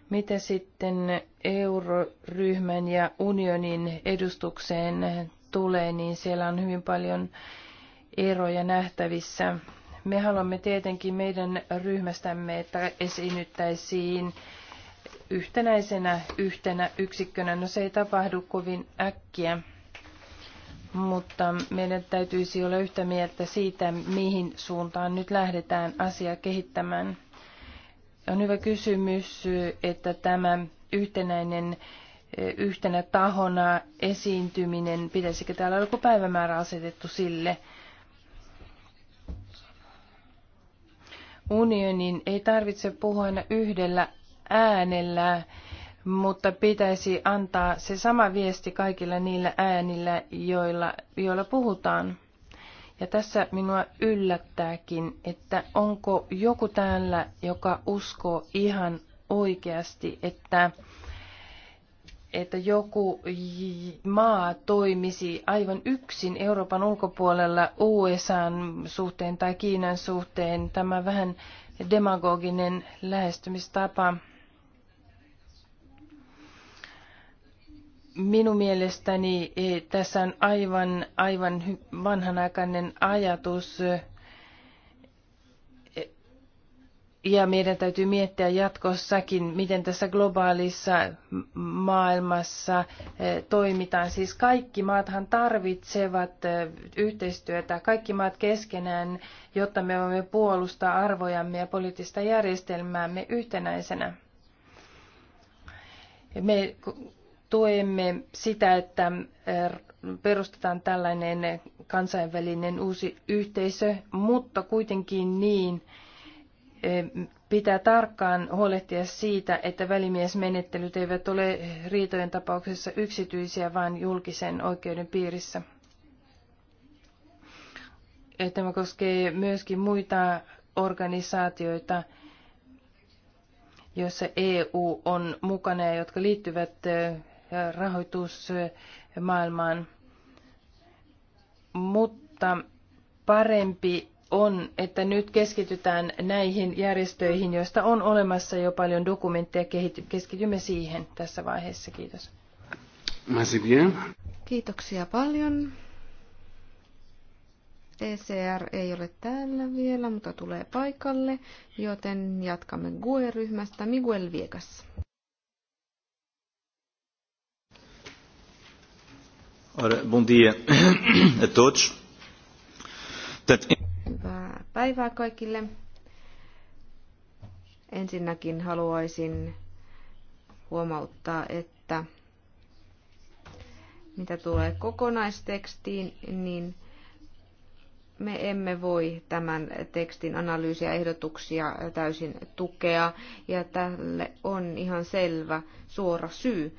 Mitä sitten euroryhmän ja unionin edustukseen tulee, niin siellä on hyvin paljon eroja nähtävissä me haluamme tietenkin meidän ryhmästämme, että esiinnyttäisiin yhtenäisenä yhtenä yksikkönä. No se ei tapahdu kovin äkkiä, mutta meidän täytyisi olla yhtä mieltä siitä, mihin suuntaan nyt lähdetään asiaa kehittämään. On hyvä kysymys, että tämä yhtenäinen yhtenä tahona esiintyminen, pitäisikö täällä joku päivämäärä asetettu sille – unionin ei tarvitse puhua aina yhdellä äänellä, mutta pitäisi antaa se sama viesti kaikilla niillä äänillä, joilla, joilla puhutaan. Ja tässä minua yllättääkin, että onko joku täällä, joka uskoo ihan oikeasti, että että joku maa toimisi aivan yksin Euroopan ulkopuolella USAn suhteen tai Kiinan suhteen. Tämä vähän demagoginen lähestymistapa. Minun mielestäni eh, tässä on aivan, aivan vanhanaikainen ajatus ja meidän täytyy miettiä jatkossakin, miten tässä globaalissa maailmassa eh, toimitaan. Siis kaikki maathan tarvitsevat eh, yhteistyötä, kaikki maat keskenään, jotta me voimme puolustaa arvojamme ja poliittista järjestelmäämme yhtenäisenä. Me tuemme sitä, että eh, perustetaan tällainen kansainvälinen uusi yhteisö, mutta kuitenkin niin, pitää tarkkaan huolehtia siitä, että välimiesmenettelyt eivät ole riitojen tapauksessa yksityisiä, vaan julkisen oikeuden piirissä. Tämä koskee myöskin muita organisaatioita, joissa EU on mukana ja jotka liittyvät rahoitusmaailmaan. Mutta parempi on, että nyt keskitytään näihin järjestöihin, joista on olemassa jo paljon dokumentteja. Keskitymme siihen tässä vaiheessa. Kiitos. Kiitoksia paljon. ECR ei ole täällä vielä, mutta tulee paikalle, joten jatkamme GUE-ryhmästä Miguel Viegas. Ora, bom dia a todos päivää kaikille. Ensinnäkin haluaisin huomauttaa, että mitä tulee kokonaistekstiin, niin me emme voi tämän tekstin analyysiä ehdotuksia täysin tukea, ja tälle on ihan selvä suora syy.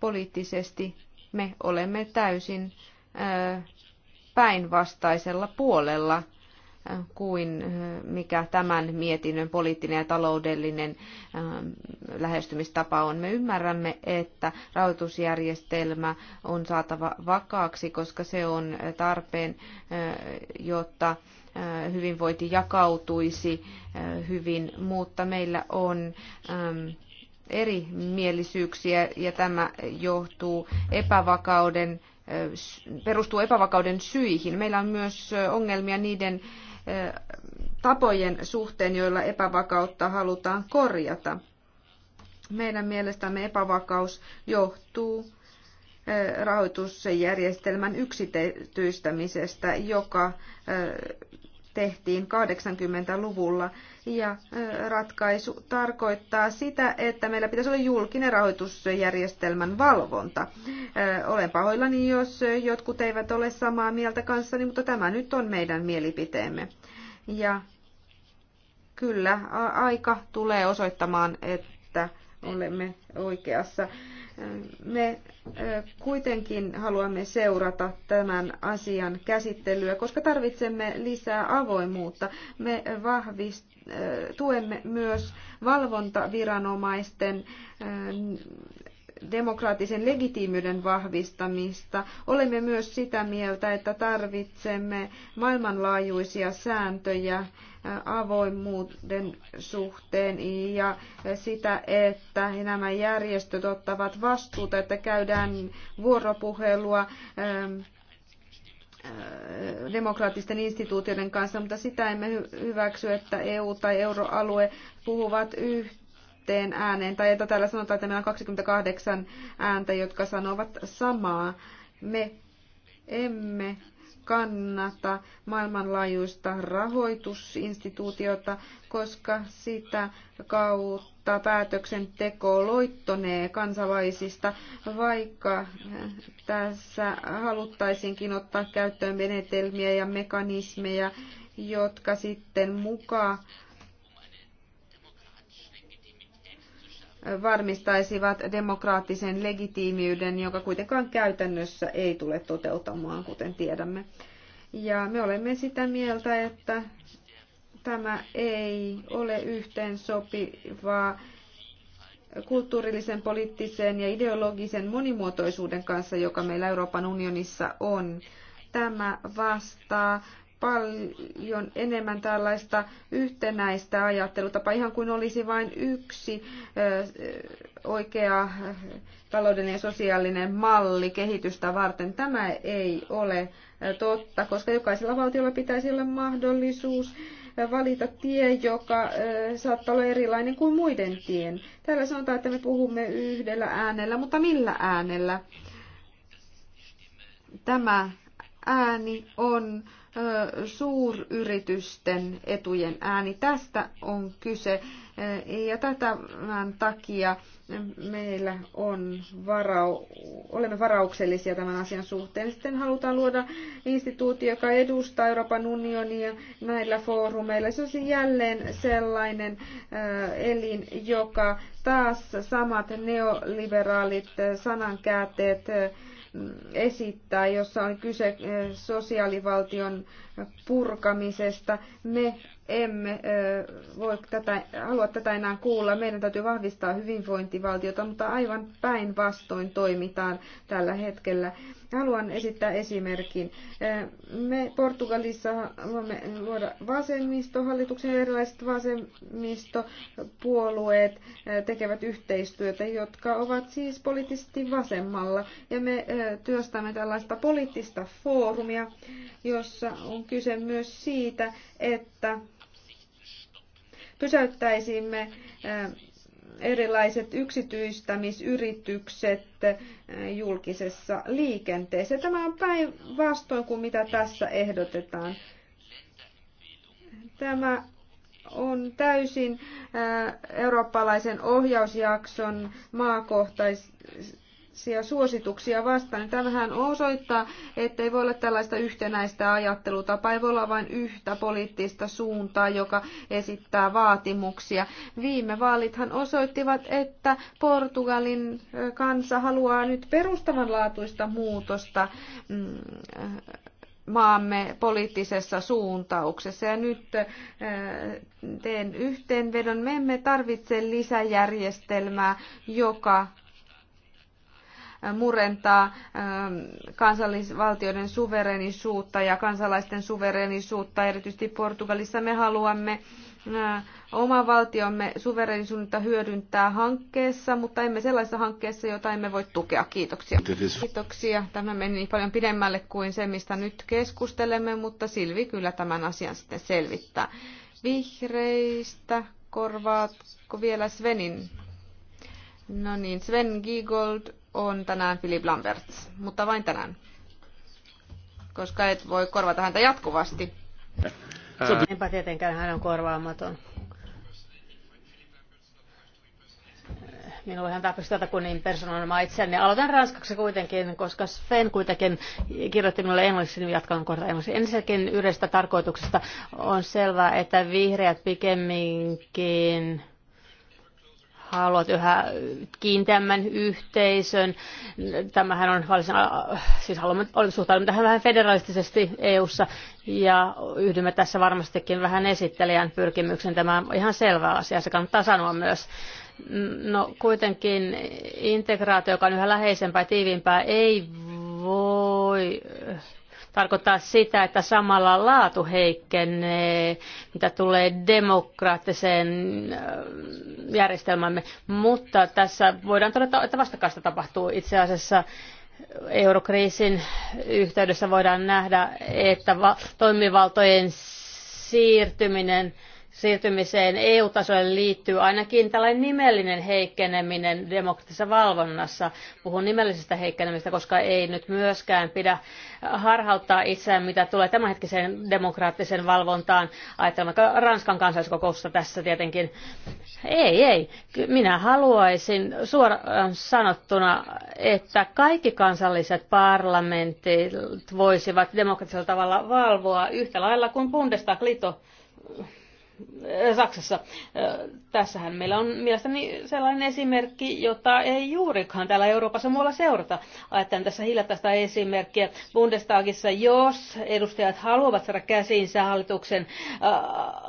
Poliittisesti me olemme täysin päinvastaisella puolella kuin äh, mikä tämän mietinnön poliittinen ja taloudellinen ähm, lähestymistapa on. Me ymmärrämme, että rahoitusjärjestelmä on saatava vakaaksi, koska se on tarpeen, äh, jotta äh, hyvinvointi jakautuisi hyvin, mutta meillä on ähm, erimielisyyksiä ja tämä johtuu epävakauden perustuu epävakauden syihin. Meillä on myös ongelmia niiden tapojen suhteen, joilla epävakautta halutaan korjata. Meidän mielestämme epävakaus johtuu rahoitusjärjestelmän yksityistämisestä, joka tehtiin 80-luvulla. Ja ratkaisu tarkoittaa sitä, että meillä pitäisi olla julkinen rahoitusjärjestelmän valvonta. Olen pahoillani, jos jotkut eivät ole samaa mieltä kanssani, mutta tämä nyt on meidän mielipiteemme. Ja kyllä, aika tulee osoittamaan, että olemme oikeassa. Me kuitenkin haluamme seurata tämän asian käsittelyä, koska tarvitsemme lisää avoimuutta. Me vahvist, tuemme myös valvontaviranomaisten demokraattisen legitiimyyden vahvistamista. Olemme myös sitä mieltä, että tarvitsemme maailmanlaajuisia sääntöjä avoimuuden suhteen ja sitä, että nämä järjestöt ottavat vastuuta, että käydään vuoropuhelua ähm, äh, demokraattisten instituutioiden kanssa, mutta sitä emme hyväksy, että EU tai euroalue puhuvat yhteen ääneen, tai että täällä sanotaan, että meillä on 28 ääntä, jotka sanovat samaa. Me emme kannata maailmanlaajuista rahoitusinstituutiota, koska sitä kautta päätöksenteko loittonee kansalaisista, vaikka tässä haluttaisinkin ottaa käyttöön menetelmiä ja mekanismeja, jotka sitten mukaan varmistaisivat demokraattisen legitiimiyden, joka kuitenkaan käytännössä ei tule toteutumaan, kuten tiedämme. Ja me olemme sitä mieltä, että tämä ei ole yhteen sopivaa kulttuurillisen, poliittisen ja ideologisen monimuotoisuuden kanssa, joka meillä Euroopan unionissa on. Tämä vastaa paljon enemmän tällaista yhtenäistä ajattelutapaa, ihan kuin olisi vain yksi oikea taloudellinen ja sosiaalinen malli kehitystä varten. Tämä ei ole totta, koska jokaisella valtiolla pitäisi olla mahdollisuus valita tie, joka saattaa olla erilainen kuin muiden tien. Täällä sanotaan, että me puhumme yhdellä äänellä, mutta millä äänellä? Tämä ääni on suuryritysten etujen ääni. Tästä on kyse ja tämän takia meillä on varau, olemme varauksellisia tämän asian suhteen. Sitten halutaan luoda instituutio, joka edustaa Euroopan unionia näillä foorumeilla. Se olisi jälleen sellainen elin, joka taas samat neoliberaalit sanankäteet esittää, jossa on kyse eh, sosiaalivaltion purkamisesta. Me emme eh, voi tätä, halua tätä enää kuulla. Meidän täytyy vahvistaa hyvinvointivaltiota, mutta aivan päinvastoin toimitaan tällä hetkellä. Haluan esittää esimerkin. Me Portugalissa haluamme luoda vasemmistohallituksen erilaiset vasemmistopuolueet tekevät yhteistyötä, jotka ovat siis poliittisesti vasemmalla. Ja me työstämme tällaista poliittista foorumia, jossa on kyse myös siitä, että pysäyttäisimme erilaiset yksityistämisyritykset eh, julkisessa liikenteessä. Tämä on päinvastoin kuin mitä tässä ehdotetaan. Tämä on täysin eh, eurooppalaisen ohjausjakson maakohtais, tällaisia suosituksia vastaan. Tämähän osoittaa, että ei voi olla tällaista yhtenäistä ajattelutapaa, ei voi olla vain yhtä poliittista suuntaa, joka esittää vaatimuksia. Viime vaalithan osoittivat, että Portugalin kansa haluaa nyt perustavanlaatuista muutosta mm, maamme poliittisessa suuntauksessa. Ja nyt teen yhteenvedon. Me emme tarvitse lisäjärjestelmää, joka murentaa ähm, kansallisvaltioiden suverenisuutta ja kansalaisten suverenisuutta. Erityisesti Portugalissa me haluamme äh, oman valtiomme suverenisuutta hyödyntää hankkeessa, mutta emme sellaisessa hankkeessa, jota emme voi tukea. Kiitoksia. Kiitoksia. Tämä meni paljon pidemmälle kuin se, mistä nyt keskustelemme, mutta Silvi kyllä tämän asian sitten selvittää. Vihreistä korvaatko vielä Svenin? No niin, Sven Giegold on tänään Philip Lamberts, mutta vain tänään. Koska et voi korvata häntä jatkuvasti. Ää... Enpä tietenkään, hän on korvaamaton. minulla on ihan tarpeeksi tätä kuin niin persoonoimaan itseäni. Niin aloitan ranskaksi kuitenkin, koska Sven kuitenkin kirjoitti minulle englanniksi, niin jatkan kohta englanniksi. Ensinnäkin yhdestä tarkoituksesta on selvää, että vihreät pikemminkin haluat yhä kiinteämmän yhteisön. Tämähän on varsin, siis haluamme, suhtaudumme tähän vähän federalistisesti EU-ssa ja yhdymme tässä varmastikin vähän esittelijän pyrkimyksen. Tämä on ihan selvä asia, se kannattaa sanoa myös. No kuitenkin integraatio, joka on yhä läheisempää ja tiiviimpää, ei voi tarkoittaa sitä, että samalla laatu heikkenee, mitä tulee demokraattiseen järjestelmämme. Mutta tässä voidaan todeta, että vastakkaista tapahtuu itse asiassa eurokriisin yhteydessä voidaan nähdä, että toimivaltojen siirtyminen siirtymiseen EU-tasolle liittyy ainakin tällainen nimellinen heikkeneminen demokraattisessa valvonnassa. Puhun nimellisestä heikkenemisestä, koska ei nyt myöskään pidä harhauttaa itseään, mitä tulee tämänhetkiseen demokraattiseen valvontaan. Ajatellaan Ranskan kansalliskokousta tässä tietenkin. Ei, ei. Minä haluaisin suoraan sanottuna, että kaikki kansalliset parlamentit voisivat demokraattisella tavalla valvoa yhtä lailla kuin Bundestag-liitto Saksassa Tässähän meillä on mielestäni sellainen esimerkki, jota ei juurikaan täällä Euroopassa muualla seurata. Ajattelen tässä hiljattaista esimerkkiä Bundestagissa, jos edustajat haluavat saada käsiinsä hallituksen äh,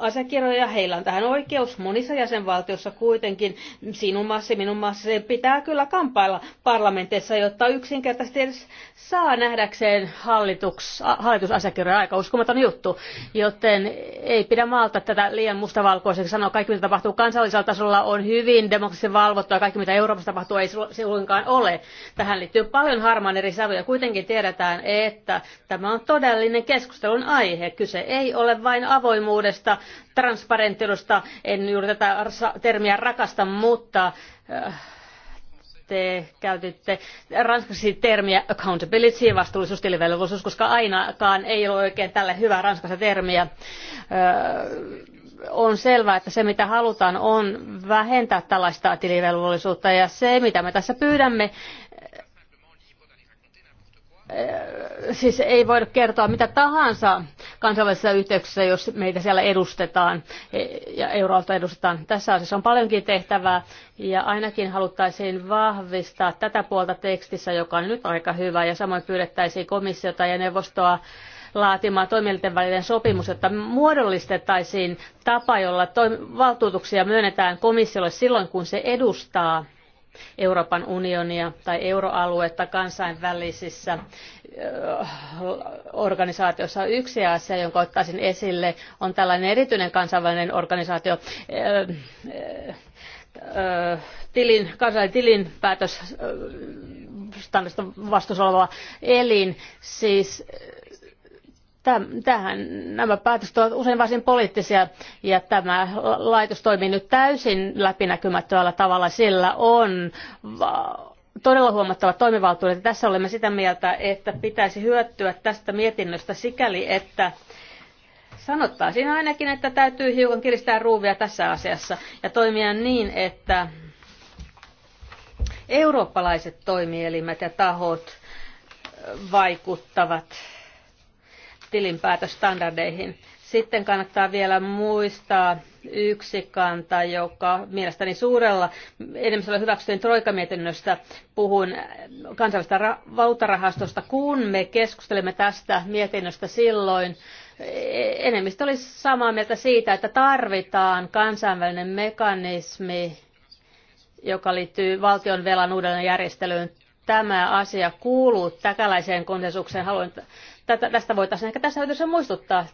asiakirjoja, heillä on tähän oikeus monissa jäsenvaltioissa kuitenkin. Sinun maassa, minun maassa, se pitää kyllä kampailla parlamentissa, jotta yksinkertaisesti edes saa nähdäkseen hallitus, hallitusasiakirjoja. Aika uskomaton juttu, joten ei pidä maalta tätä liian mustavalkoiseksi sanoa kaikki, mitä tapahtuu kansallisella tasolla on hyvin demokraattisesti valvottua. Kaikki mitä Euroopassa tapahtuu ei suinkaan ole. Tähän liittyy paljon harmaan eri sävyjä. Kuitenkin tiedetään, että tämä on todellinen keskustelun aihe. Kyse ei ole vain avoimuudesta, transparenttilusta. En juuri tätä termiä rakasta, mutta äh, te käytitte ranskaksi termiä accountability, vastuullisuus, tilivelvollisuus, koska ainakaan ei ole oikein tälle hyvää ranskassa termiä. Öö, on selvää, että se mitä halutaan on vähentää tällaista tilivelvollisuutta ja se mitä me tässä pyydämme, eh, siis ei voida kertoa mitä tahansa kansainvälisissä yhteyksissä, jos meitä siellä edustetaan eh, ja Euroalta edustetaan. Tässä asiassa on paljonkin tehtävää ja ainakin haluttaisiin vahvistaa tätä puolta tekstissä, joka on nyt aika hyvä ja samoin pyydettäisiin komissiota ja neuvostoa laatima toimielinten välinen sopimus, jotta muodollistettaisiin tapa, jolla valtuutuksia myönnetään komissiolle silloin, kun se edustaa Euroopan unionia tai euroaluetta kansainvälisissä organisaatioissa. Yksi asia, jonka ottaisin esille, on tällainen erityinen kansainvälinen organisaatio, tilin, kansainvälinen tilinpäätös vastuussa oleva elin, siis Tähän nämä päätökset ovat usein varsin poliittisia ja tämä laitos toimii nyt täysin läpinäkymättömällä tavalla. Sillä on todella huomattavat toimivaltuudet. Tässä olemme sitä mieltä, että pitäisi hyötyä tästä mietinnöstä sikäli, että sanottaisiin ainakin, että täytyy hiukan kiristää ruuvia tässä asiassa ja toimia niin, että eurooppalaiset toimielimet ja tahot vaikuttavat tilinpäätöstandardeihin. Sitten kannattaa vielä muistaa yksi kanta, joka mielestäni suurella enemmistöllä troika-mietinnöstä puhun kansainvälistä valtarahastosta, Kun me keskustelemme tästä mietinnöstä silloin, enemmistö oli samaa mieltä siitä, että tarvitaan kansainvälinen mekanismi, joka liittyy valtion velan uudelleenjärjestelyyn. Tämä asia kuuluu täkäläiseen konsensukseen. Haluan Tätä, tästä voitaisiin ehkä tässä yhteydessä muistuttaa.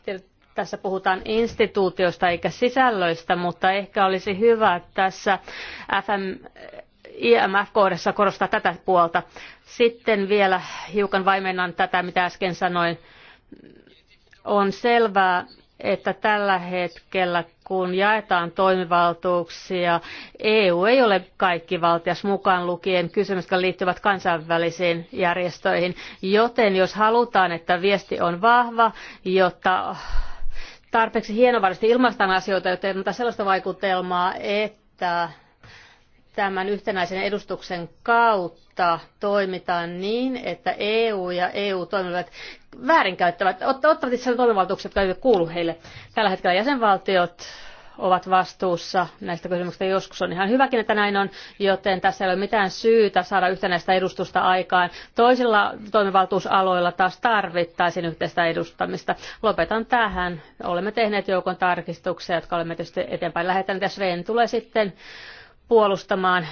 Tässä puhutaan instituutiosta eikä sisällöistä, mutta ehkä olisi hyvä tässä FM, IMF-kohdassa korostaa tätä puolta. Sitten vielä hiukan vaimennan tätä, mitä äsken sanoin. On selvää, että tällä hetkellä, kun jaetaan toimivaltuuksia, EU ei ole kaikki valtias mukaan lukien kysymys, jotka liittyvät kansainvälisiin järjestöihin. Joten jos halutaan, että viesti on vahva, jotta tarpeeksi hienovaraisesti ilmaistaan asioita, joten ei sellaista vaikutelmaa, että tämän yhtenäisen edustuksen kautta toimitaan niin, että EU ja EU toimivat väärinkäyttävät, ottavat itse toimivaltuukset, jotka eivät kuulu heille. Tällä hetkellä jäsenvaltiot ovat vastuussa näistä kysymyksistä. Joskus on ihan hyväkin, että näin on, joten tässä ei ole mitään syytä saada yhtenäistä edustusta aikaan. Toisilla toimivaltuusaloilla taas tarvittaisiin yhteistä edustamista. Lopetan tähän. Olemme tehneet joukon tarkistuksia, jotka olemme tietysti eteenpäin lähettäneet. Ja Sven tulee sitten puolustamaan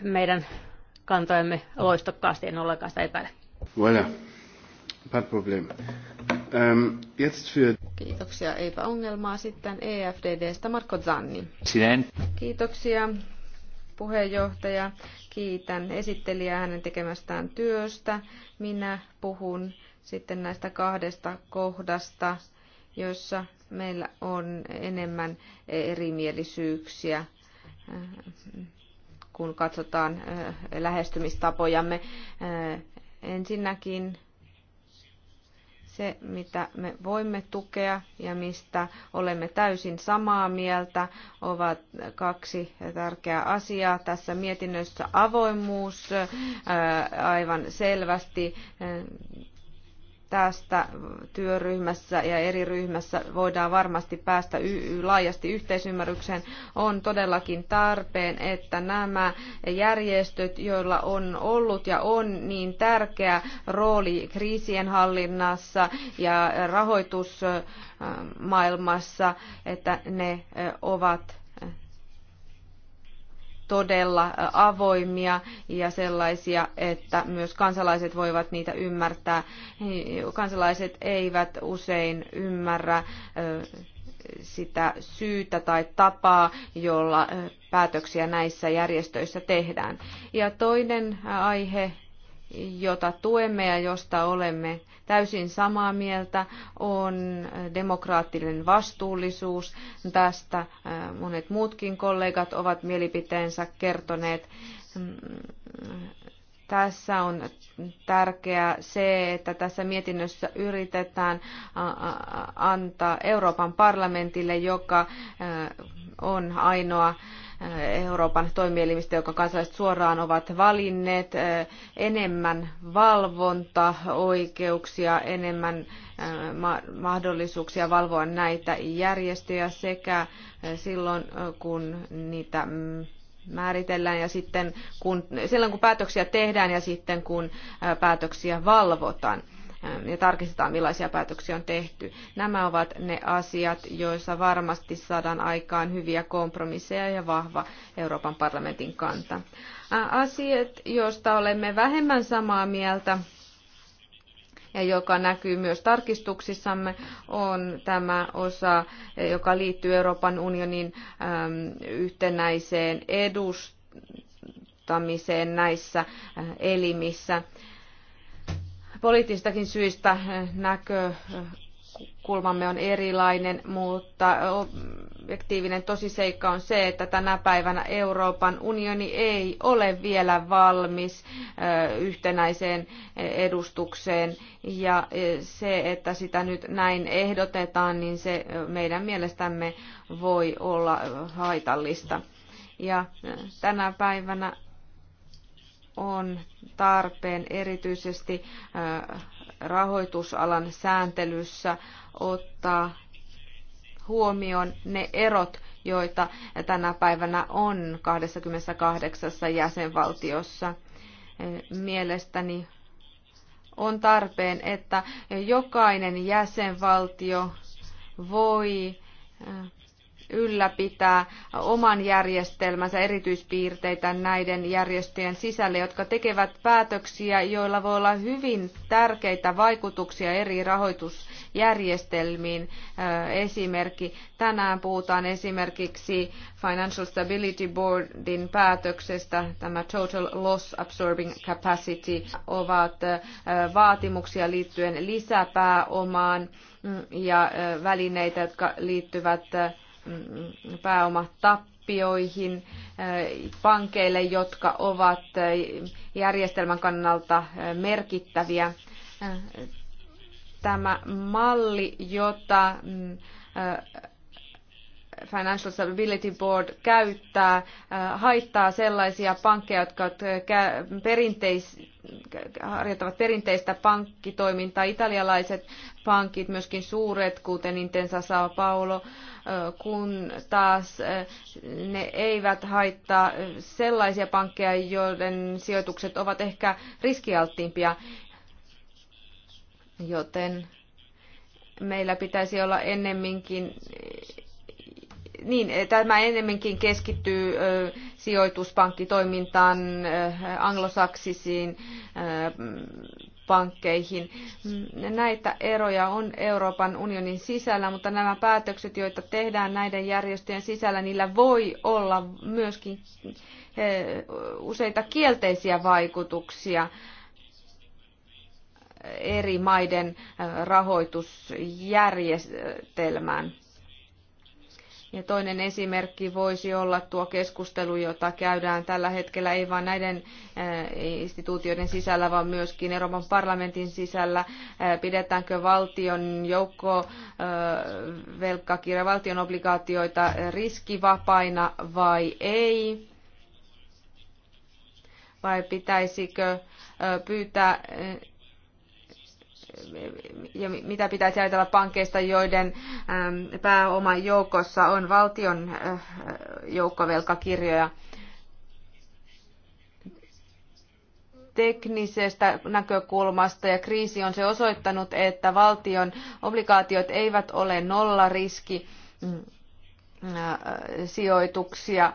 meidän kantojemme loistokkaasti, en ollenkaan sitä epäile. Voilà. Pas de Ähm, jetzt für... Kiitoksia, eipä ongelmaa. Sitten EFDDstä Marko Zanni. Sinen. Kiitoksia puheenjohtaja. Kiitän esittelijää hänen tekemästään työstä. Minä puhun sitten näistä kahdesta kohdasta, joissa meillä on enemmän erimielisyyksiä kun katsotaan lähestymistapojamme. Ensinnäkin se, mitä me voimme tukea ja mistä olemme täysin samaa mieltä, ovat kaksi tärkeää asiaa. Tässä mietinnössä avoimuus aivan selvästi tästä työryhmässä ja eri ryhmässä voidaan varmasti päästä laajasti yhteisymmärrykseen, on todellakin tarpeen, että nämä järjestöt, joilla on ollut ja on niin tärkeä rooli kriisien hallinnassa ja rahoitusmaailmassa, että ne ovat todella avoimia ja sellaisia, että myös kansalaiset voivat niitä ymmärtää. Kansalaiset eivät usein ymmärrä sitä syytä tai tapaa, jolla päätöksiä näissä järjestöissä tehdään. Ja toinen aihe jota tuemme ja josta olemme täysin samaa mieltä, on demokraattinen vastuullisuus. Tästä äh, monet muutkin kollegat ovat mielipiteensä kertoneet. Mm, tässä on tärkeää se, että tässä mietinnössä yritetään äh, äh, antaa Euroopan parlamentille, joka on ainoa Euroopan toimielimistä, joka kansalaiset suoraan ovat valinneet, eh, enemmän valvontaoikeuksia, enemmän eh, mahdollisuuksia valvoa näitä järjestöjä sekä eh, silloin, kun niitä mm, määritellään ja sitten kun, silloin kun päätöksiä tehdään ja sitten kun päätöksiä valvotaan ja tarkistetaan, millaisia päätöksiä on tehty. Nämä ovat ne asiat, joissa varmasti saadaan aikaan hyviä kompromisseja ja vahva Euroopan parlamentin kanta. Asiat, joista olemme vähemmän samaa mieltä, ja joka näkyy myös tarkistuksissamme, on tämä osa, joka liittyy Euroopan unionin yhtenäiseen edustamiseen näissä elimissä poliittisistakin syistä eh, näkökulmamme on erilainen, mutta objektiivinen tosiseikka on se, että tänä päivänä Euroopan unioni ei ole vielä valmis eh, yhtenäiseen edustukseen ja eh, se, että sitä nyt näin ehdotetaan, niin se meidän mielestämme voi olla haitallista. Ja tänä päivänä on tarpeen erityisesti rahoitusalan sääntelyssä ottaa huomioon ne erot, joita tänä päivänä on 28 jäsenvaltiossa. Mielestäni on tarpeen, että jokainen jäsenvaltio voi ylläpitää oman järjestelmänsä erityispiirteitä näiden järjestöjen sisälle, jotka tekevät päätöksiä, joilla voi olla hyvin tärkeitä vaikutuksia eri rahoitusjärjestelmiin. Esimerkki, tänään puhutaan esimerkiksi Financial Stability Boardin päätöksestä, tämä Total Loss Absorbing Capacity, ovat vaatimuksia liittyen lisäpääomaan mm, ja välineitä, jotka liittyvät pääomatappioihin äh, pankeille, jotka ovat äh, järjestelmän kannalta äh, merkittäviä. Tämä malli, jota mm, Financial Stability Board käyttää, äh, haittaa sellaisia pankkeja, jotka perinteis, harjoittavat perinteistä pankkitoimintaa. Italialaiset pankit, myöskin suuret, kuten Intensa Sao Paulo, äh, kun taas äh, ne eivät haittaa sellaisia pankkeja, joiden sijoitukset ovat ehkä riskialttiimpia. Joten meillä pitäisi olla ennemminkin niin, eh, tämä enemmänkin keskittyy eh, sijoituspankkitoimintaan, eh, anglosaksisiin pankkeihin. Mm, näitä eroja on Euroopan unionin sisällä, mutta nämä päätökset, joita tehdään näiden järjestöjen sisällä, niillä voi olla myöskin useita kielteisiä vaikutuksia eri maiden rahoitusjärjestelmään. Ja toinen esimerkki voisi olla tuo keskustelu, jota käydään tällä hetkellä ei vain näiden eh, instituutioiden sisällä, vaan myöskin Euroopan parlamentin sisällä. Eh, pidetäänkö valtion joukko eh, velkakirja valtion obligaatioita riskivapaina vai ei? Vai pitäisikö pyytää ja mitä pitäisi ajatella pankeista, joiden pääoman joukossa on valtion äh, joukkovelkakirjoja. teknisestä näkökulmasta ja kriisi on se osoittanut, että valtion obligaatiot eivät ole nollariski mm, äh, sijoituksia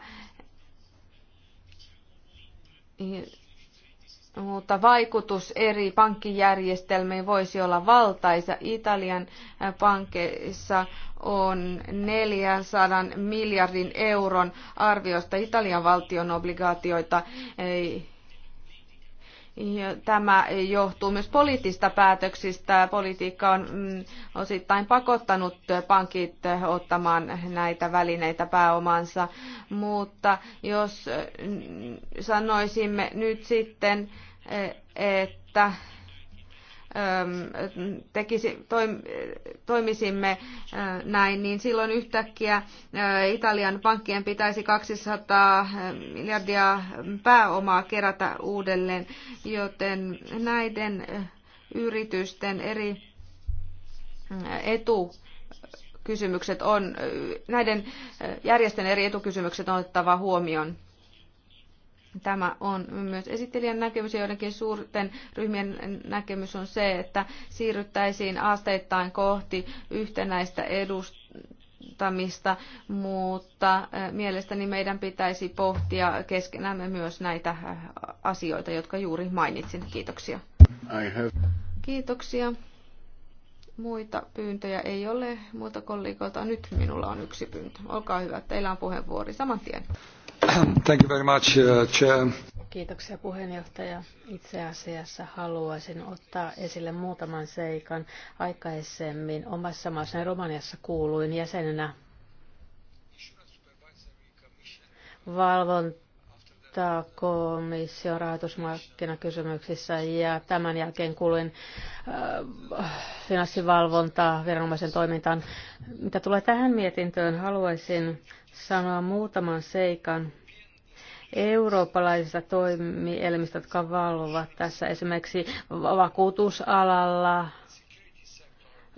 mutta vaikutus eri pankkijärjestelmiin voisi olla valtaisa. Italian pankeissa on 400 miljardin euron arviosta Italian valtion obligaatioita, Tämä johtuu myös poliittista päätöksistä. Politiikka on mm, osittain pakottanut pankit ottamaan näitä välineitä pääomansa, mutta jos mm, sanoisimme nyt sitten, e, että Ähm, tekisi, toimisimme äh, näin, niin silloin yhtäkkiä äh, Italian pankkien pitäisi 200 äh, miljardia ähm, pääomaa kerätä uudelleen, joten näiden yritysten eri etu kysymykset on, näiden järjestön eri etukysymykset on otettava huomioon. Tämä on myös esittelijän näkemys ja joidenkin suurten ryhmien näkemys on se, että siirryttäisiin asteittain kohti yhtenäistä edustamista, mutta mielestäni meidän pitäisi pohtia keskenämme myös näitä asioita, jotka juuri mainitsin. Kiitoksia. Kiitoksia. Muita pyyntöjä ei ole, muilta kollegoilta nyt minulla on yksi pyyntö. Olkaa hyvä, teillä on puheenvuori saman tien. Thank you very much, uh, chair. Kiitoksia puheenjohtaja. Itse asiassa haluaisin ottaa esille muutaman seikan. Aikaisemmin omassa maassa Romaniassa kuuluin jäsenenä valvonta johtaa komission rahoitusmarkkinakysymyksissä ja tämän jälkeen kuulin äh, finanssivalvontaa viranomaisen toimintaan. Mitä tulee tähän mietintöön, haluaisin sanoa muutaman seikan eurooppalaisista toimielimistä, jotka valvovat tässä esimerkiksi vakuutusalalla,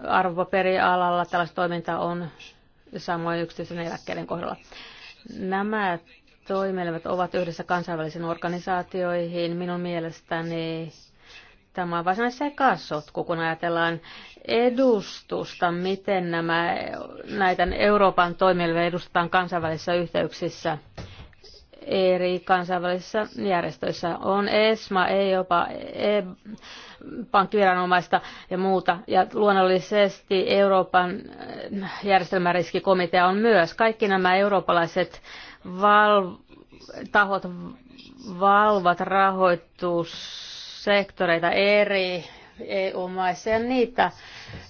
arvopaperialalla tällaista toimintaa on samoin yksityisen eläkkeiden kohdalla. Nämä toimelevat ovat yhdessä kansainvälisiin organisaatioihin. Minun mielestäni tämä on varsinainen sekasotku, kun ajatellaan edustusta, miten nämä, näitä Euroopan toimielimiä edustetaan kansainvälisissä yhteyksissä eri kansainvälisissä järjestöissä. On ESMA, ei jopa e- pankkiviranomaista ja muuta. Ja luonnollisesti Euroopan eh, järjestelmäriskikomitea on myös. Kaikki nämä eurooppalaiset val- tahot valvat rahoitussektoreita eri EU-maissa ja niitä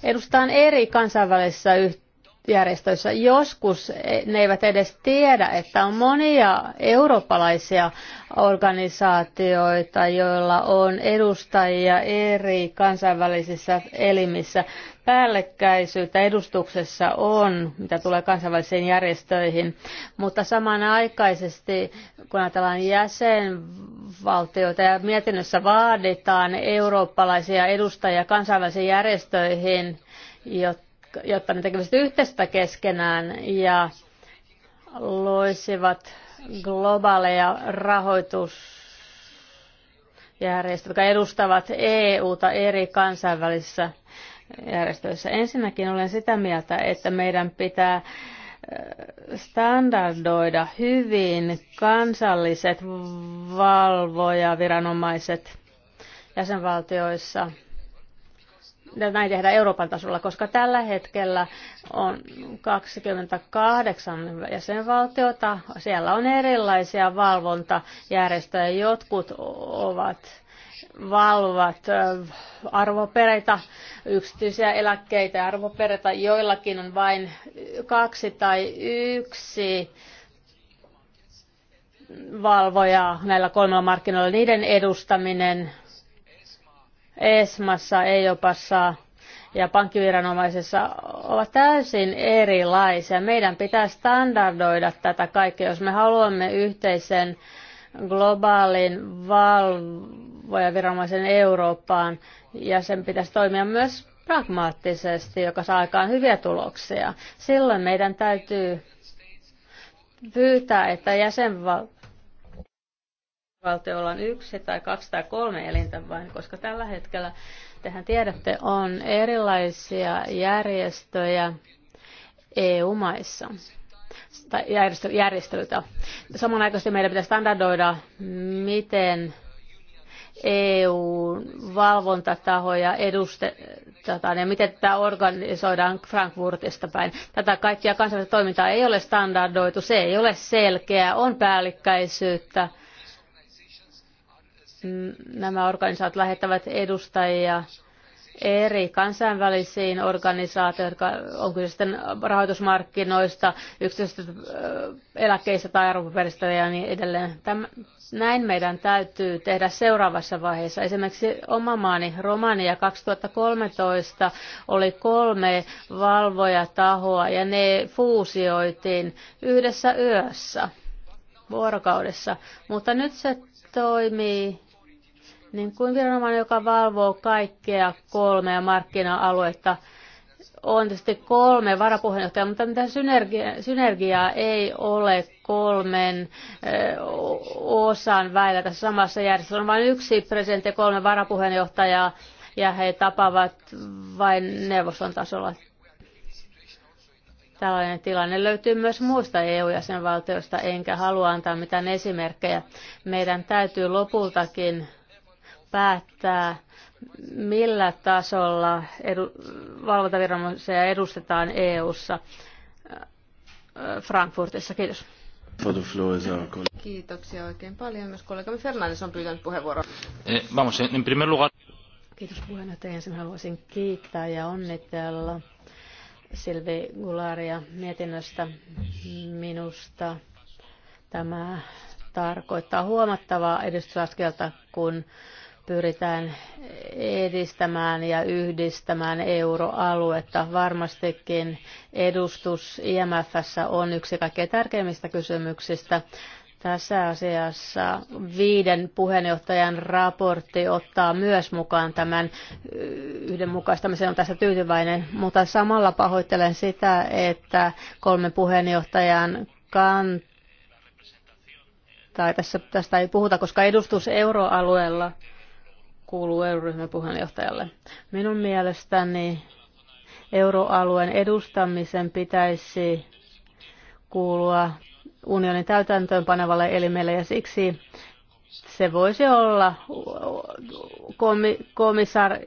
edustetaan eri kansainvälisissä yhteisöissä järjestöissä. Joskus ne eivät edes tiedä, että on monia eurooppalaisia organisaatioita, joilla on edustajia eri kansainvälisissä elimissä. Päällekkäisyyttä edustuksessa on, mitä tulee kansainvälisiin järjestöihin, mutta samanaikaisesti, kun ajatellaan jäsenvaltioita ja mietinnössä vaaditaan eurooppalaisia edustajia kansainvälisiin järjestöihin, jotta jotta ne tekevät yhteistä keskenään ja loisivat globaaleja järjestöt, jotka edustavat EUta eri kansainvälisissä järjestöissä. Ensinnäkin olen sitä mieltä, että meidän pitää eh, standardoida hyvin kansalliset valvojaviranomaiset jäsenvaltioissa – näin tehdä Euroopan tasolla, koska tällä hetkellä on 28 jäsenvaltiota. Siellä on erilaisia valvontajärjestöjä. Jotkut ovat valvovat arvopereitä, yksityisiä eläkkeitä ja arvopereitä. Joillakin on vain kaksi tai yksi valvojaa näillä kolmella markkinoilla. Niiden edustaminen ESMassa, EIOPassa ja pankkiviranomaisessa ovat täysin erilaisia. Meidän pitää standardoida tätä kaikkea, jos me haluamme yhteisen globaalin valvojaviranomaisen Eurooppaan ja sen pitäisi toimia myös pragmaattisesti, joka saa aikaan hyviä tuloksia. Silloin meidän täytyy pyytää, että jäsenval- valtiolla on yksi tai kaksi tai kolme elintä vain, koska tällä hetkellä, tehän tiedätte, on erilaisia järjestöjä EU-maissa tai järjestö, järjestelytä. Samanaikaisesti meidän pitää standardoida, miten EU-valvontatahoja edustetaan ja miten tämä organisoidaan Frankfurtista päin. Tätä kaikkia kansainvälistä toimintaa ei ole standardoitu, se ei ole selkeää, on päällikkäisyyttä nämä organisaatiot lähettävät edustajia eri kansainvälisiin organisaatioihin, jotka on kyse sitten rahoitusmarkkinoista, yksityisistä eläkkeistä tai arvopaperistä, ja niin edelleen. Tämä, näin meidän täytyy tehdä seuraavassa vaiheessa. Esimerkiksi oma maani Romania 2013 oli kolme valvojatahoa ja ne fuusioitiin yhdessä yössä, vuorokaudessa. Mutta nyt se toimii niin kuin viranomainen, joka valvoo kaikkea kolmea markkina-aluetta, on tietysti kolme varapuheenjohtajaa, mutta mitä synergia, synergiaa ei ole kolmen ö, osan väillä tässä samassa järjestelmässä. On vain yksi presidentti ja kolme varapuheenjohtajaa, ja he tapaavat vain neuvoston tasolla. Tällainen tilanne löytyy myös muista EU-jäsenvaltioista, enkä halua antaa mitään esimerkkejä. Meidän täytyy lopultakin päättää, millä tasolla edu, valvontaviranomaisia edustetaan EU-ssa äh, Frankfurtissa. Kiitos. Kiitoksia oikein paljon. Myös kollegamme Fernandes on pyytänyt puheenvuoroa. Eh, vamos, primer lugar... Kiitos puheenjohtaja. Ensin haluaisin kiittää ja onnitella Silvi Gularia mietinnöstä minusta. Tämä tarkoittaa huomattavaa edistysaskelta, kun pyritään edistämään ja yhdistämään euroaluetta. Varmastikin edustus IMFssä on yksi kaikkein tärkeimmistä kysymyksistä. Tässä asiassa viiden puheenjohtajan raportti ottaa myös mukaan tämän yhdenmukaistamisen. on tässä tyytyväinen, mutta samalla pahoittelen sitä, että kolmen puheenjohtajan kanta tai tässä, tästä ei puhuta, koska edustus euroalueella kuuluu euroryhmän puheenjohtajalle. Minun mielestäni euroalueen edustamisen pitäisi kuulua unionin täytäntöönpanevalle elimelle ja siksi se voisi olla komissaari,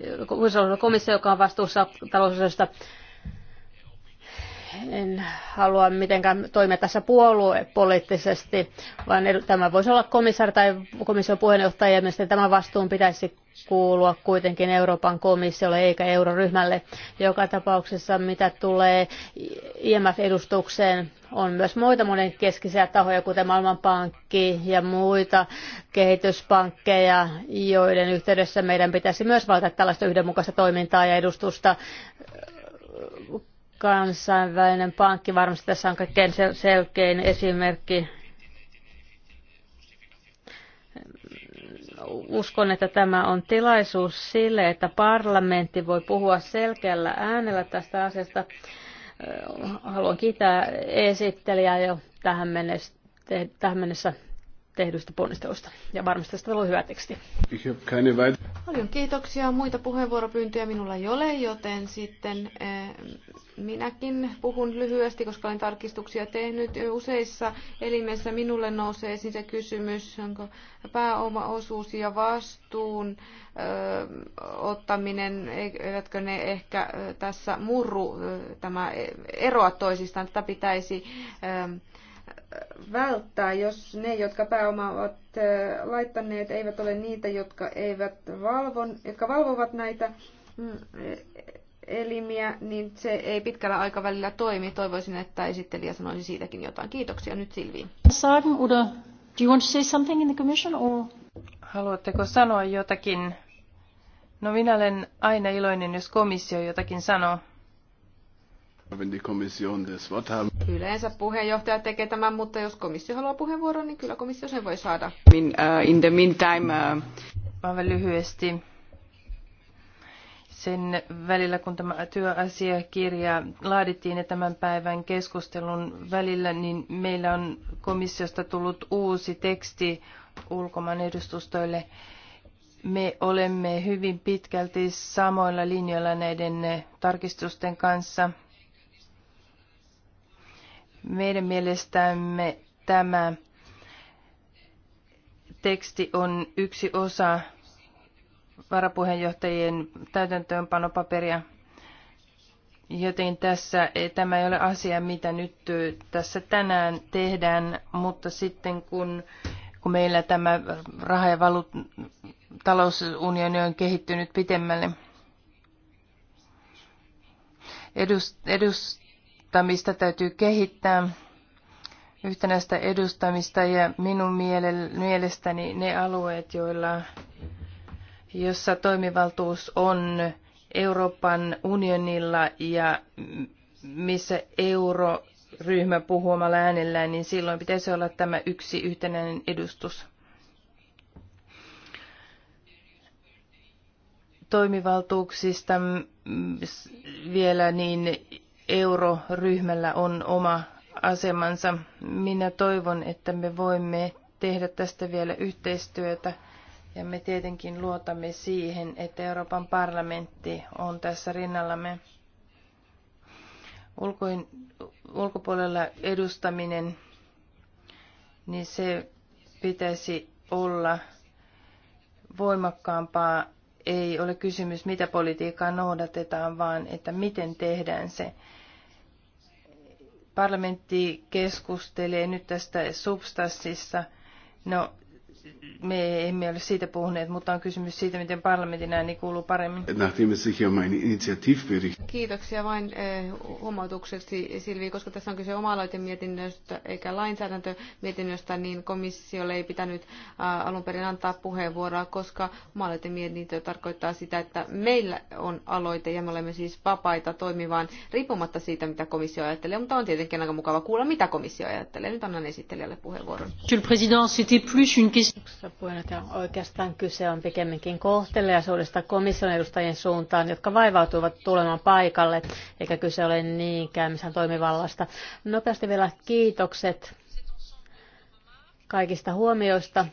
komissio, joka on vastuussa talousasioista en halua mitenkään toimia tässä puoluepoliittisesti, vaan tämä voisi olla komissaari tai komission puheenjohtaja, ja mielestäni tämä vastuun pitäisi kuulua kuitenkin Euroopan komissiolle eikä euroryhmälle. Joka tapauksessa, mitä tulee IMF-edustukseen, on myös muita monenkeskisiä tahoja, kuten Maailmanpankki ja muita kehityspankkeja, joiden yhteydessä meidän pitäisi myös valita tällaista yhdenmukaista toimintaa ja edustusta kansainvälinen pankki varmasti tässä on kaikkein selkein esimerkki. Uskon, että tämä on tilaisuus sille, että parlamentti voi puhua selkeällä äänellä tästä asiasta. Haluan kiittää esittelijää jo tähän mennessä, tähän mennessä tehdyistä ponnisteluista ja että tästä tulee hyvä teksti. Paljon kiitoksia. Muita puheenvuoropyyntöjä minulla ei ole, joten sitten eh, minäkin puhun lyhyesti, koska olen tarkistuksia tehnyt. Useissa elimessä minulle nousee esiin se kysymys, onko pääomaosuus ja vastuun eh, ottaminen, eivätkö ne ehkä eh, tässä murru, tämä eroa toisistaan. Tätä pitäisi välttää, jos ne, jotka pääomaa ovat laittaneet, eivät ole niitä, jotka, eivät valvon, jotka valvovat näitä mm, e, elimiä, niin se ei pitkällä aikavälillä toimi. Toivoisin, että esittelijä sanoisi siitäkin jotain. Kiitoksia nyt Silviin. Sagen do you want to say something in the commission or... Haluatteko sanoa jotakin? No minä olen aina iloinen, jos komissio jotakin sanoo. Yleensä puheenjohtaja tekee tämän, mutta jos komissio haluaa puheenvuoron, niin kyllä komissio sen voi saada. Min, uh, in the meantime, uh... Aivan lyhyesti. Sen välillä, kun tämä työasiakirja laadittiin ja tämän päivän keskustelun välillä, niin meillä on komissiosta tullut uusi teksti ulkomaan edustustoille. Me olemme hyvin pitkälti samoilla linjoilla näiden tarkistusten kanssa – meidän mielestämme tämä teksti on yksi osa varapuheenjohtajien täytäntöönpanopaperia. Joten tässä, e, tämä ei ole asia, mitä nyt e, tässä tänään tehdään, mutta sitten kun, kun meillä tämä raha- ja valut, talousunioni on kehittynyt pitemmälle, edust, edust, edustamista täytyy kehittää, yhtenäistä edustamista ja minun mielestäni ne alueet, joilla, jossa toimivaltuus on Euroopan unionilla ja missä euroryhmä omalla äänellään, niin silloin pitäisi olla tämä yksi yhtenäinen edustus. Toimivaltuuksista vielä, niin euroryhmällä on oma asemansa. Minä toivon, että me voimme tehdä tästä vielä yhteistyötä ja me tietenkin luotamme siihen, että Euroopan parlamentti on tässä rinnallamme. Ulkoin, ulkopuolella edustaminen, niin se pitäisi olla voimakkaampaa. Ei ole kysymys, mitä politiikkaa noudatetaan, vaan että miten tehdään se. Parlamentti keskustelee nyt tästä substanssissa. No, me emme ole siitä puhuneet, mutta on kysymys siitä, miten parlamentin ääni kuuluu paremmin. Um Kiitoksia vain eh, huomautukseksi Silvi, koska tässä on kyse oma mietinnöstä eikä lainsäädäntömietinnöstä, niin komissiolle ei pitänyt eh, alun perin antaa puheenvuoroa, koska oma mietintö tarkoittaa sitä, että meillä on aloite ja me olemme siis vapaita toimimaan riippumatta siitä, mitä komissio ajattelee, mutta on tietenkin aika mukava kuulla, mitä komissio ajattelee. Nyt annan esittelijälle puheenvuoron. Monsieur le Président, c'était plus une question Kiitoksia puheenjohtaja. Oikeastaan kyse on pikemminkin kohteliaisuudesta komission edustajien suuntaan, jotka vaivautuivat tulemaan paikalle, eikä kyse ole niinkään missään toimivallasta. Nopeasti vielä kiitokset kaikista huomioista.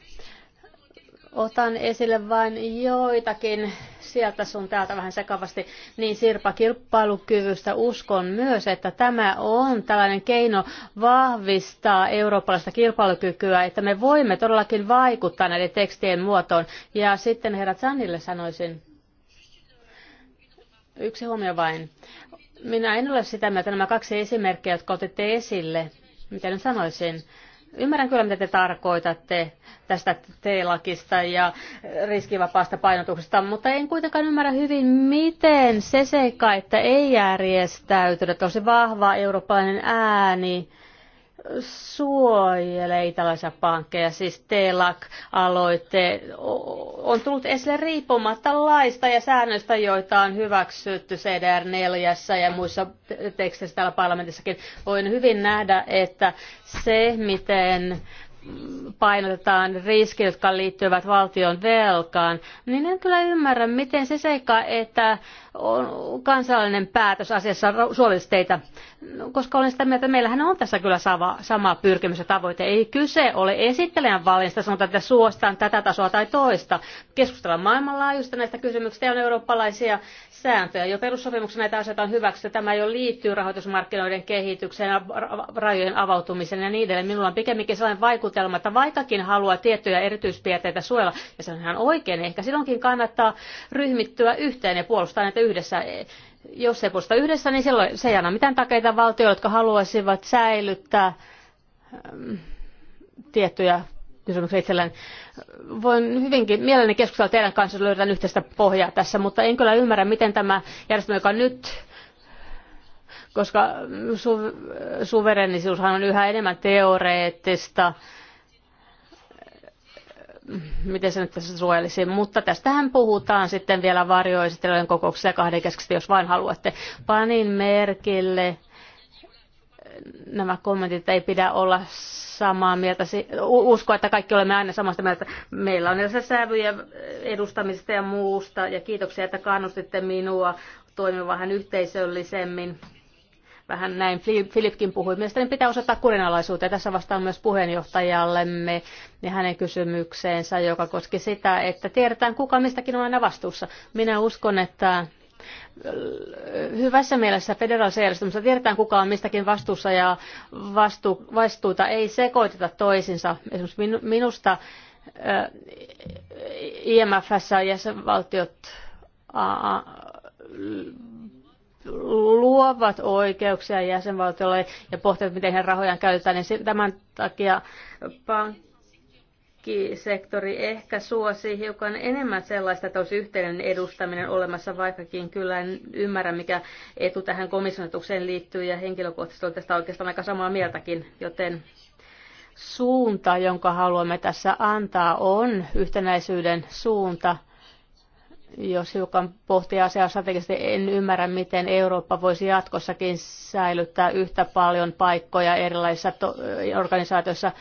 Otan esille vain joitakin sieltä sun täältä vähän sekavasti, niin Sirpa kilpailukyvystä uskon myös, että tämä on tällainen keino vahvistaa eurooppalaista kilpailukykyä, että me voimme todellakin vaikuttaa näiden tekstien muotoon. Ja sitten herra Zanille sanoisin, yksi huomio vain. Minä en ole sitä mieltä, nämä kaksi esimerkkiä, jotka otitte esille, mitä nyt sanoisin, Ymmärrän kyllä, mitä te tarkoitatte tästä T-lakista ja riskivapaasta painotuksesta, mutta en kuitenkaan ymmärrä hyvin, miten se seikka, että ei järjestäytynyt, on se vahva eurooppalainen ääni, suojelee tällaisia pankkeja, siis TELAC-aloite on tullut esille riippumatta laista ja säännöistä, joita on hyväksytty CDR4 ja muissa teksteissä täällä parlamentissakin. Voin hyvin nähdä, että se, miten painotetaan riskejä, jotka liittyvät valtion velkaan, niin en kyllä ymmärrä, miten se seikka, että on kansallinen päätös asiassa suolisi teitä, no, koska olen sitä mieltä, että meillähän on tässä kyllä sama, sama pyrkimys ja tavoite. Ei kyse ole esittelijän valinnasta, sanotaan, että suostaan tätä tasoa tai toista. Keskustellaan maailmanlaajuista näistä kysymyksistä ja on eurooppalaisia sääntöjä. Jo perussopimuksessa näitä asioita on hyväksytty. Tämä jo liittyy rahoitusmarkkinoiden kehitykseen ja rajojen avautumiseen ja niin edelleen. Minulla on pikemminkin sellainen vaikutelma, että vaikkakin haluaa tiettyjä erityispiirteitä suojella, ja se on ihan oikein, niin ehkä silloinkin kannattaa ryhmittyä yhteen ja puolustaa näitä yhdessä jos ei puolustaa yhdessä, niin silloin se ei anna mitään takeita valtioille, jotka haluaisivat säilyttää ähm, tiettyjä kysymyksiä itselleen voin hyvinkin mielelläni keskustella teidän kanssa, löydän yhteistä pohjaa tässä, mutta en kyllä ymmärrä, miten tämä järjestelmä, joka nyt koska su- suverenisuushan on yhä enemmän teoreettista, miten se nyt tässä suojelisi, mutta tästähän puhutaan sitten vielä varjoesittelyjen kokouksessa ja kahdenkeskisesti, jos vain haluatte. Panin merkille nämä kommentit, ei pidä olla samaa mieltä, uskoa, että kaikki olemme aina samasta mieltä. Meillä on erilaisia sävyjä edustamisesta ja muusta, ja kiitoksia, että kannustitte minua toimimaan vähän yhteisöllisemmin. Vähän näin Filipkin puhui. Mielestäni pitää osoittaa kurinalaisuuteen. Tässä vastaan myös puheenjohtajallemme ja hänen kysymykseensä, joka koski sitä, että tiedetään kuka mistäkin on aina vastuussa. Minä uskon, että Äh, hyvässä mielessä federaalisessa järjestelmässä tiedetään kuka on mistäkin vastuussa ja vastu, vastuuta ei sekoiteta toisinsa. Esimerkiksi minusta äh, IMFssä jäsenvaltiot luovat oikeuksia jäsenvaltiolle ja pohtivat, miten heidän rahojaan käytetään, niin tämän takia pankki pankkisektori ehkä suosi hiukan enemmän sellaista, että olisi yhteinen edustaminen olemassa, vaikkakin kyllä en ymmärrä, mikä etu tähän komissionetukseen liittyy, ja henkilökohtaisesti olen tästä oikeastaan aika samaa mieltäkin, joten suunta, jonka haluamme tässä antaa, on yhtenäisyyden suunta. Jos hiukan pohtii asiaa strategisesti, en ymmärrä, miten Eurooppa voisi jatkossakin säilyttää yhtä paljon paikkoja erilaisissa organisaatioissa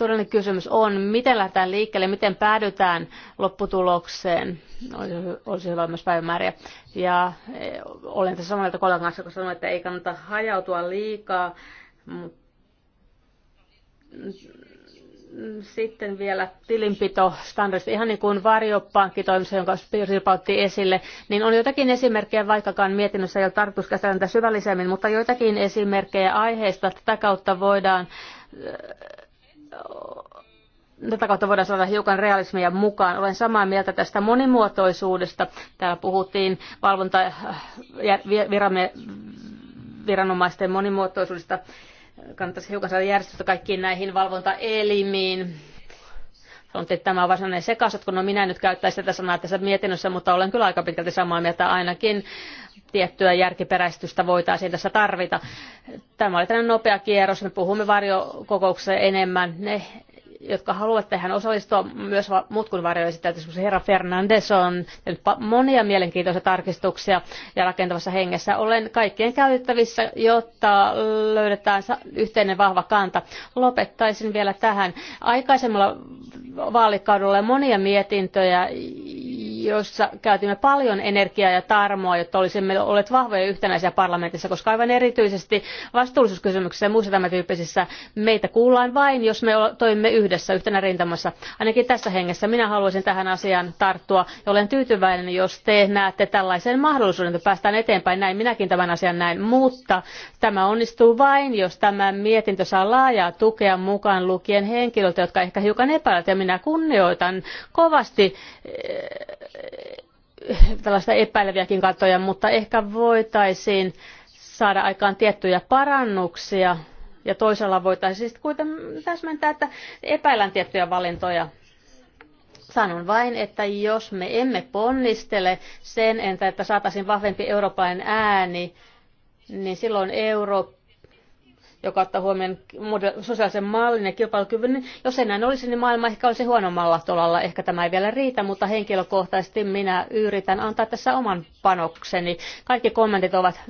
todellinen kysymys on, miten lähdetään liikkeelle, miten päädytään lopputulokseen. Olisi hyvä myös päivämääriä. Ja e, olen tässä samalta kollegan kanssa, kun sanoin, että ei kannata hajautua liikaa. Sitten vielä tilinpito standardista, ihan niin kuin varjopankkitoimissa, jonka Sirpa otti esille, niin on joitakin esimerkkejä, vaikkakaan mietinnössä ei ole tarkoitus käsitellä tätä syvällisemmin, mutta joitakin esimerkkejä aiheista, tätä kautta voidaan tätä kautta voidaan saada hiukan realismia mukaan. Olen samaa mieltä tästä monimuotoisuudesta. Täällä puhuttiin valvonta viranomaisten monimuotoisuudesta. Kannattaisi hiukan saada järjestystä kaikkiin näihin valvontaelimiin. On että tämä on varsinainen kun No minä nyt käyttäisin tätä sanaa tässä mietinnössä, mutta olen kyllä aika pitkälti samaa mieltä ainakin tiettyä järkiperäistystä voitaisiin tässä tarvita. Tämä oli tällainen nopea kierros. Me puhumme varjokokouksessa enemmän. Ne, jotka haluavat tähän osallistua, myös muut kuin varjoesittäjät, esimerkiksi herra Fernandes on tehnyt monia mielenkiintoisia tarkistuksia ja rakentavassa hengessä. Olen kaikkien käytettävissä, jotta löydetään yhteinen vahva kanta. Lopettaisin vielä tähän. Aikaisemmalla vaalikaudella monia mietintöjä, joissa käytimme paljon energiaa ja tarmoa, jotta olisimme olleet vahvoja yhtenäisiä parlamentissa, koska aivan erityisesti vastuullisuuskysymyksissä ja muissa tämän tyyppisissä meitä kuullaan vain, jos me toimimme yhdessä yhtenä rintamassa. Ainakin tässä hengessä minä haluaisin tähän asiaan tarttua ja olen tyytyväinen, jos te näette tällaisen mahdollisuuden, että päästään eteenpäin. Näin minäkin tämän asian näin, mutta tämä onnistuu vain, jos tämä mietintö saa laajaa tukea mukaan lukien henkilöiltä, jotka ehkä hiukan epäilevät ja minä kunnioitan kovasti tällaista epäileviäkin kantoja, mutta ehkä voitaisiin saada aikaan tiettyjä parannuksia ja toisella voitaisiin sitten kuitenkin täsmentää, että epäillään tiettyjä valintoja. Sanon vain, että jos me emme ponnistele sen, entä että saataisiin vahvempi eurooppalainen ääni, niin silloin Eurooppa joka ottaa huomioon sosiaalisen mallin ja kilpailukyvyn. Niin jos enää näin olisi, niin maailma ehkä olisi huonommalla tolalla. Ehkä tämä ei vielä riitä, mutta henkilökohtaisesti minä yritän antaa tässä oman panokseni. Kaikki kommentit ovat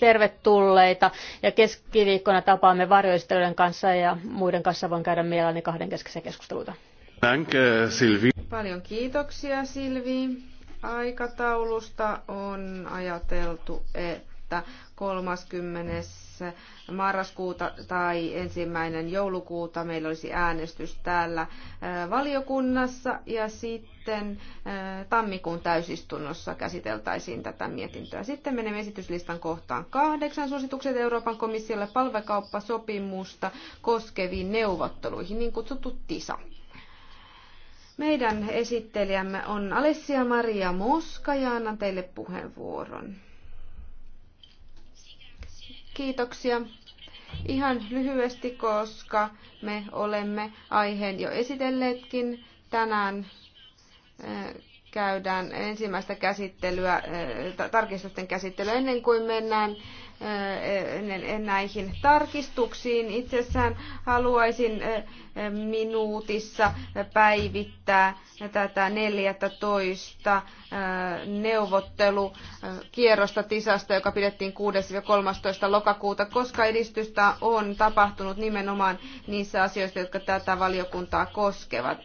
tervetulleita ja keskiviikkona tapaamme varjoistelujen kanssa ja muiden kanssa voin käydä mielelläni kahdenkeskisiä keskusteluita. Paljon kiitoksia Silvi. Aikataulusta on ajateltu, että 30. marraskuuta tai ensimmäinen joulukuuta meillä olisi äänestys täällä äh, valiokunnassa ja sitten äh, tammikuun täysistunnossa käsiteltäisiin tätä mietintöä. Sitten menemme esityslistan kohtaan kahdeksan suositukset Euroopan komissiolle palvekauppasopimusta koskeviin neuvotteluihin, niin kutsuttu TISA. Meidän esittelijämme on Alessia Maria Moska ja annan teille puheenvuoron. Kiitoksia. Ihan lyhyesti, koska me olemme aiheen jo esitelleetkin tänään eh, käydään ensimmäistä käsittelyä, eh, tarkistusten käsittelyä ennen kuin mennään Äh, näihin tarkistuksiin. Itsessään haluaisin äh, minuutissa päivittää tätä 14 äh, neuvottelukierrosta Tisasta, joka pidettiin 6-13 ja lokakuuta, koska edistystä on tapahtunut nimenomaan niissä asioissa, jotka tätä valiokuntaa koskevat.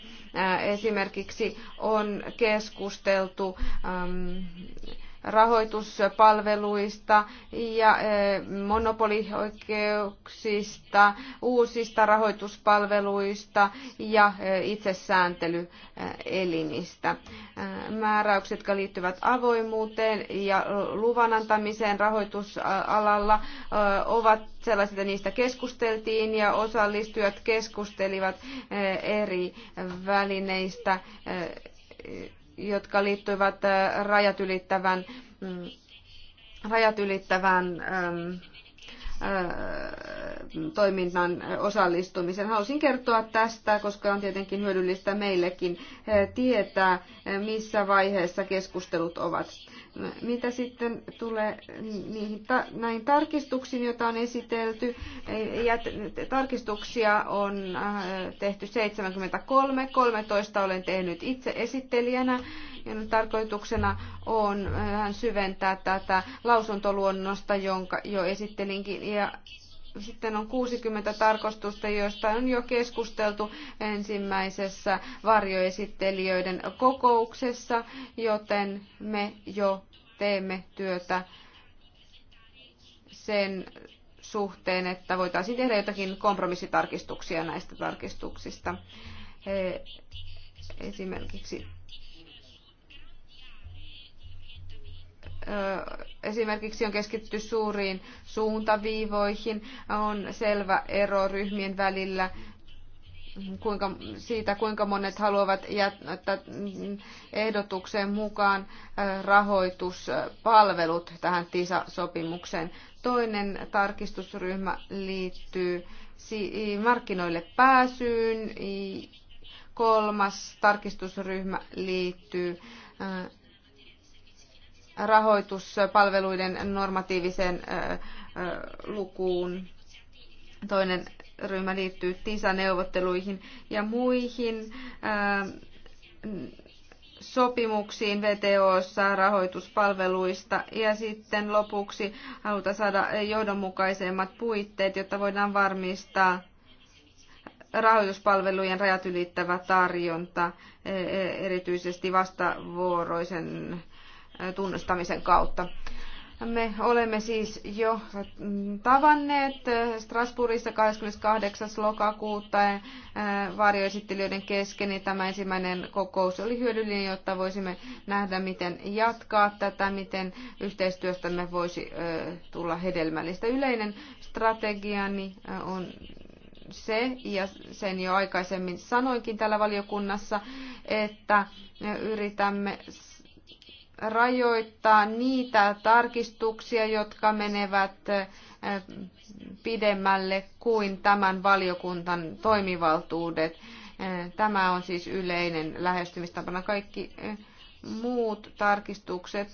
Esimerkiksi on keskusteltu rahoituspalveluista ja eh, monopolioikeuksista, uusista rahoituspalveluista ja eh, itsesääntelyelimistä. Eh, määräykset, jotka liittyvät avoimuuteen ja luvan antamiseen rahoitusalalla, ovat sellaiset, että niistä keskusteltiin ja osallistujat keskustelivat eri välineistä jotka liittyivät äh, rajat ylittävän, mm, rajat ylittävän ähm, äh, toiminnan osallistumisen. Halusin kertoa tästä, koska on tietenkin hyödyllistä meillekin äh, tietää, missä vaiheessa keskustelut ovat. Mitä sitten tulee niihin ta- näihin tarkistuksiin, joita on esitelty? Jät- tarkistuksia on äh, tehty 73, 13 olen tehnyt itse esittelijänä Ja tarkoituksena on äh, vähän syventää tätä lausuntoluonnosta, jonka jo esittelinkin. Ja sitten on 60 tarkastusta, joista on jo keskusteltu ensimmäisessä varjoesittelijöiden kokouksessa, joten me jo teemme työtä sen suhteen, että voitaisiin tehdä jotakin kompromissitarkistuksia näistä tarkistuksista. Esimerkiksi esimerkiksi on keskitty suuriin suuntaviivoihin, on selvä ero ryhmien välillä kuinka, siitä, kuinka monet haluavat jättää ehdotukseen mukaan rahoituspalvelut tähän TISA-sopimukseen. Toinen tarkistusryhmä liittyy markkinoille pääsyyn. Kolmas tarkistusryhmä liittyy rahoituspalveluiden normatiiviseen lukuun. Toinen ryhmä liittyy TISA-neuvotteluihin ja muihin sopimuksiin VTOssa rahoituspalveluista ja sitten lopuksi halutaan saada johdonmukaisemmat puitteet, jotta voidaan varmistaa rahoituspalvelujen rajat ylittävä tarjonta, e, e, erityisesti vastavuoroisen tunnustamisen kautta. Me olemme siis jo mm, tavanneet Strasbourgissa 28. lokakuuta varjoesittelijöiden kesken. Niin tämä ensimmäinen kokous oli hyödyllinen, jotta voisimme nähdä, miten jatkaa tätä, miten yhteistyöstämme voisi tulla hedelmällistä. Yleinen strategiani on se, ja sen jo aikaisemmin sanoinkin täällä valiokunnassa, että yritämme rajoittaa niitä tarkistuksia, jotka menevät eh, pidemmälle kuin tämän valiokuntan toimivaltuudet. Eh, tämä on siis yleinen lähestymistapana. Kaikki eh, muut tarkistukset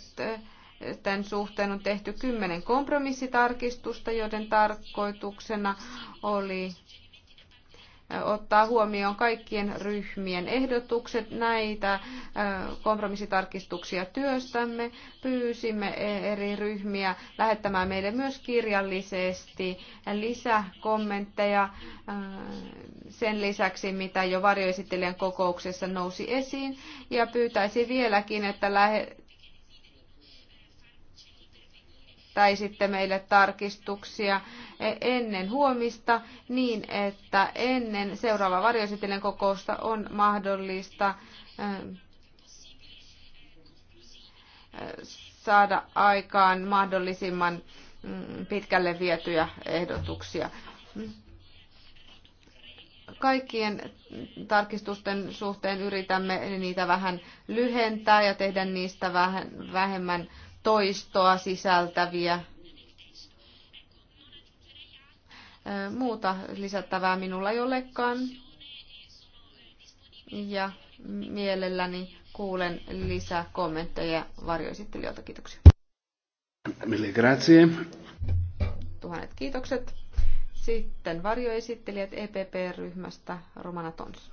tämän suhteen on tehty kymmenen kompromissitarkistusta, joiden tarkoituksena oli ottaa huomioon kaikkien ryhmien ehdotukset. Näitä äh, kompromissitarkistuksia työstämme. Pyysimme e- eri ryhmiä lähettämään meille myös kirjallisesti lisäkommentteja äh, sen lisäksi, mitä jo varjoesittelijän kokouksessa nousi esiin. Ja pyytäisi vieläkin, että lähe Tai sitten meille tarkistuksia ennen huomista niin, että ennen seuraavaa varjoesitellen kokousta on mahdollista eh, saada aikaan mahdollisimman mm, pitkälle vietyjä ehdotuksia. Kaikkien tarkistusten suhteen yritämme niitä vähän lyhentää ja tehdä niistä vähän vähemmän toistoa sisältäviä. Muuta lisättävää minulla ei olekaan. Ja mielelläni kuulen lisää kommentteja varjoesittelijöiltä. Kiitoksia. Mille grazie. Tuhannet kiitokset. Sitten varjoesittelijät EPP-ryhmästä Romana Tons.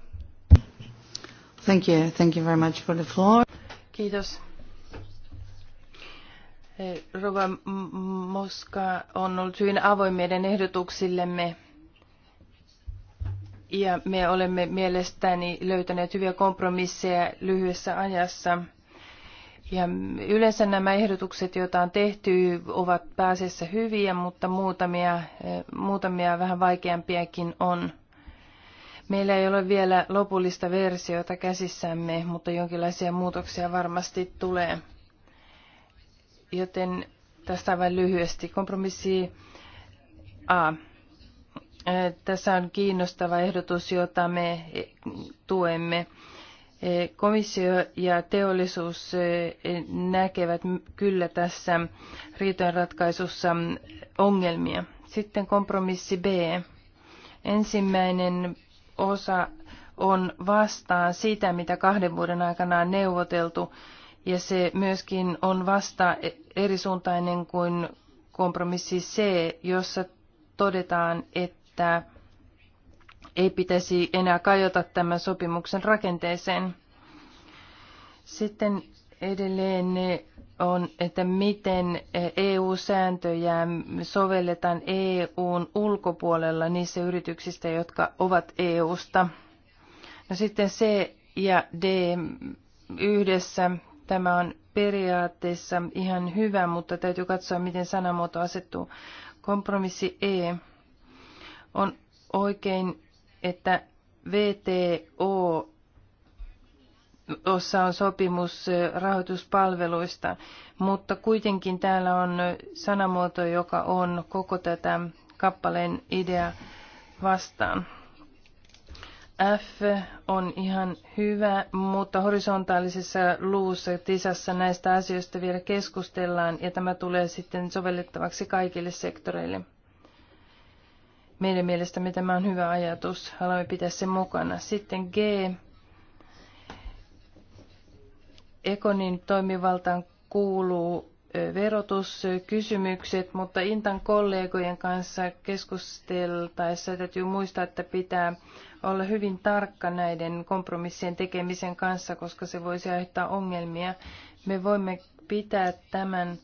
Thank you. Thank you very much for the floor. Kiitos Rova Moska on ollut hyvin avoin meidän ehdotuksillemme ja me olemme mielestäni löytäneet hyviä kompromisseja lyhyessä ajassa. Ja yleensä nämä ehdotukset, joita on tehty, ovat pääasiassa hyviä, mutta muutamia, muutamia vähän vaikeampiakin on. Meillä ei ole vielä lopullista versiota käsissämme, mutta jonkinlaisia muutoksia varmasti tulee joten tästä vain lyhyesti. Kompromissi A. Tässä on kiinnostava ehdotus, jota me tuemme. Komissio ja teollisuus näkevät kyllä tässä riitojenratkaisussa ongelmia. Sitten kompromissi B. Ensimmäinen osa on vastaan sitä, mitä kahden vuoden aikana on neuvoteltu ja se myöskin on vasta erisuuntainen kuin kompromissi C, jossa todetaan, että ei pitäisi enää kajota tämän sopimuksen rakenteeseen. Sitten edelleen on, että miten EU-sääntöjä sovelletaan EUn ulkopuolella niissä yrityksistä, jotka ovat EUsta. No sitten C ja D yhdessä Tämä on periaatteessa ihan hyvä, mutta täytyy katsoa, miten sanamuoto asettuu. Kompromissi E on oikein, että VTO ossa on sopimus rahoituspalveluista, mutta kuitenkin täällä on sanamuoto, joka on koko tätä kappaleen idea vastaan. F on ihan hyvä, mutta horisontaalisessa luussa tisassa näistä asioista vielä keskustellaan ja tämä tulee sitten sovellettavaksi kaikille sektoreille. Meidän mielestämme tämä on hyvä ajatus. Haluamme pitää sen mukana. Sitten G. Ekonin toimivaltaan kuuluu verotuskysymykset, mutta Intan kollegojen kanssa keskusteltaessa täytyy muistaa, että pitää olla hyvin tarkka näiden kompromissien tekemisen kanssa, koska se voisi aiheuttaa ongelmia. Me voimme pitää tämän,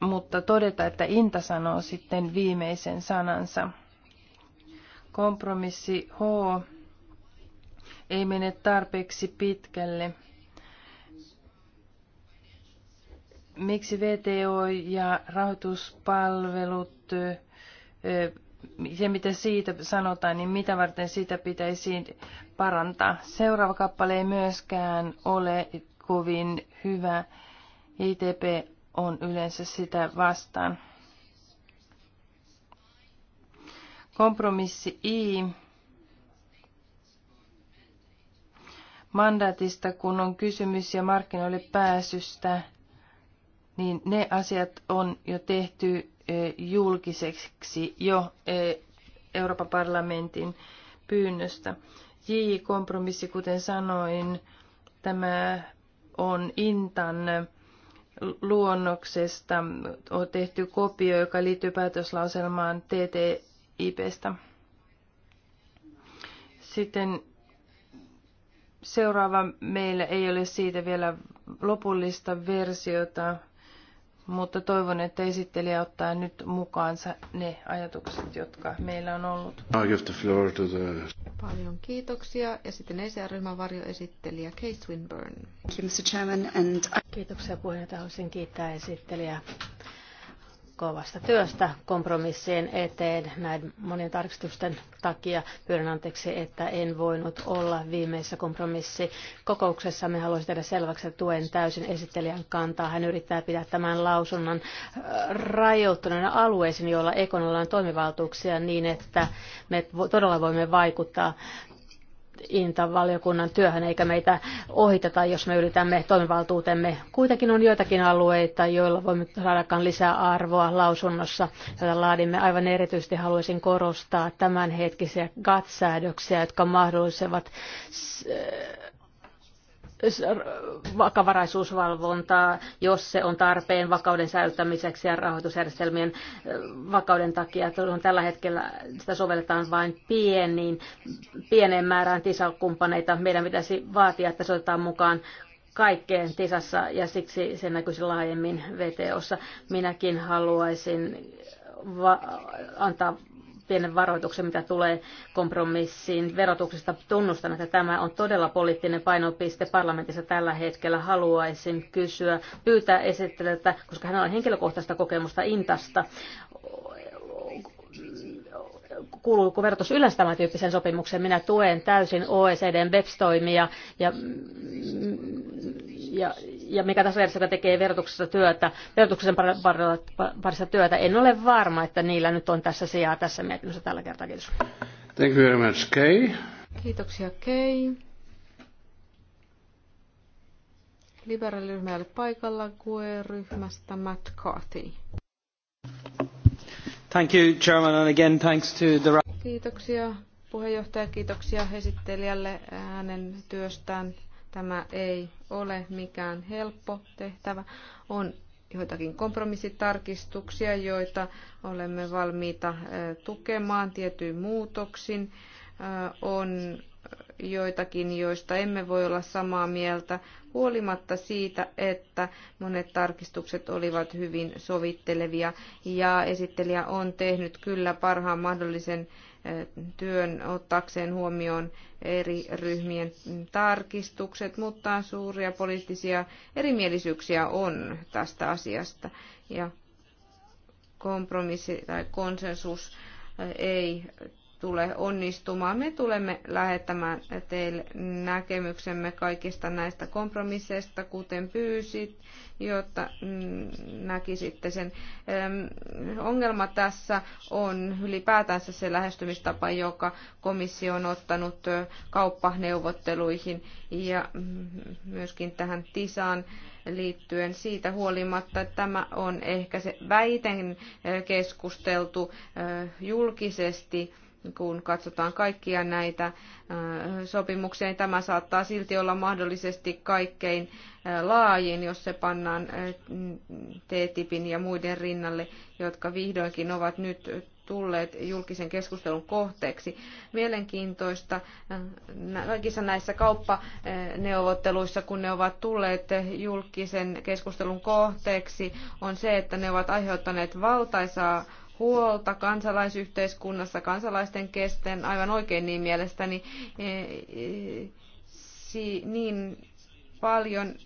mutta todeta, että Inta sanoo sitten viimeisen sanansa. Kompromissi H ei mene tarpeeksi pitkälle miksi VTO ja rahoituspalvelut, se mitä siitä sanotaan, niin mitä varten sitä pitäisi parantaa. Seuraava kappale ei myöskään ole kovin hyvä. ITP on yleensä sitä vastaan. Kompromissi I. Mandaatista, kun on kysymys ja markkinoille pääsystä – niin ne asiat on jo tehty eh, julkiseksi jo eh, Euroopan parlamentin pyynnöstä. J-kompromissi, kuten sanoin, tämä on Intan luonnoksesta on tehty kopio, joka liittyy päätöslauselmaan TTIPstä. Sitten seuraava meillä ei ole siitä vielä lopullista versiota, mutta toivon, että esittelijä ottaa nyt mukaansa ne ajatukset, jotka meillä on ollut. Paljon kiitoksia. Ja sitten ECR-ryhmän varjoesittelijä Kate Swinburne. Kiitoksia puheenjohtaja. Haluaisin kiittää esittelijää kovasta työstä kompromissien eteen näiden monien tarkistusten takia. Pyydän anteeksi, että en voinut olla viimeisessä kompromissikokouksessa. Me haluaisin tehdä selväksi, että tuen täysin esittelijän kantaa. Hän yrittää pitää tämän lausunnon äh, rajoittuneena alueisiin, joilla ekonolla on toimivaltuuksia niin, että me todella voimme vaikuttaa Inta-valiokunnan työhön, eikä meitä ohiteta, jos me ylitämme toimivaltuutemme. Kuitenkin on joitakin alueita, joilla voimme saadakaan lisää arvoa lausunnossa, joita laadimme. Aivan erityisesti haluaisin korostaa tämänhetkisiä GATT-säädöksiä, jotka mahdollisivat vakavaraisuusvalvontaa, jos se on tarpeen vakauden säilyttämiseksi ja rahoitusjärjestelmien vakauden takia. Tällä hetkellä sitä sovelletaan vain pieniin, pieneen määrään TISA-kumppaneita. Meidän pitäisi vaatia, että se otetaan mukaan kaikkeen TISassa ja siksi se näkyisi laajemmin VTOssa. Minäkin haluaisin antaa pienen varoituksen, mitä tulee kompromissiin verotuksesta. Tunnustan, että tämä on todella poliittinen painopiste parlamentissa tällä hetkellä. Haluaisin kysyä, pyytää esittelijältä, koska hänellä on henkilökohtaista kokemusta Intasta kuuluuko verotus yleensä tämän tyyppiseen sopimuksen. Minä tuen täysin OECDn BEPS-toimia ja, ja, ja mikä tässä versiossa, joka tekee verotuksessa työtä, verotuksen parissa työtä. En ole varma, että niillä nyt on tässä sijaa tässä mietinnössä tällä kertaa. Kiitos. Thank you very much, Kay. Kiitoksia, Kay. Liberaaliryhmä paikalla, QE-ryhmästä Matt Carthy. Thank you, Chairman, and again thanks to the... Kiitoksia puheenjohtaja, kiitoksia esittelijälle hänen työstään. Tämä ei ole mikään helppo tehtävä. On joitakin kompromissitarkistuksia, joita olemme valmiita eh, tukemaan tietyin muutoksin. Eh, on joitakin, joista emme voi olla samaa mieltä, huolimatta siitä, että monet tarkistukset olivat hyvin sovittelevia ja esittelijä on tehnyt kyllä parhaan mahdollisen eh, työn ottaakseen huomioon eri ryhmien tarkistukset, mutta suuria poliittisia erimielisyyksiä on tästä asiasta. Ja kompromissi tai konsensus eh, ei tule onnistumaan. Me tulemme lähettämään teille näkemyksemme kaikista näistä kompromisseista, kuten pyysit, jotta näkisitte sen. Ongelma tässä on ylipäätänsä se lähestymistapa, joka komissio on ottanut kauppaneuvotteluihin ja myöskin tähän TISAan liittyen siitä huolimatta, että tämä on ehkä se väiten keskusteltu julkisesti kun katsotaan kaikkia näitä äh, sopimuksia, niin tämä saattaa silti olla mahdollisesti kaikkein äh, laajin, jos se pannaan äh, TTIPin ja muiden rinnalle, jotka vihdoinkin ovat nyt tulleet julkisen keskustelun kohteeksi. Mielenkiintoista kaikissa näissä kauppaneuvotteluissa, kun ne ovat tulleet julkisen keskustelun kohteeksi, on se, että ne ovat aiheuttaneet valtaisaa huolta kansalaisyhteiskunnassa, kansalaisten kesten, aivan oikein niin mielestäni, e, e, niin paljonkin,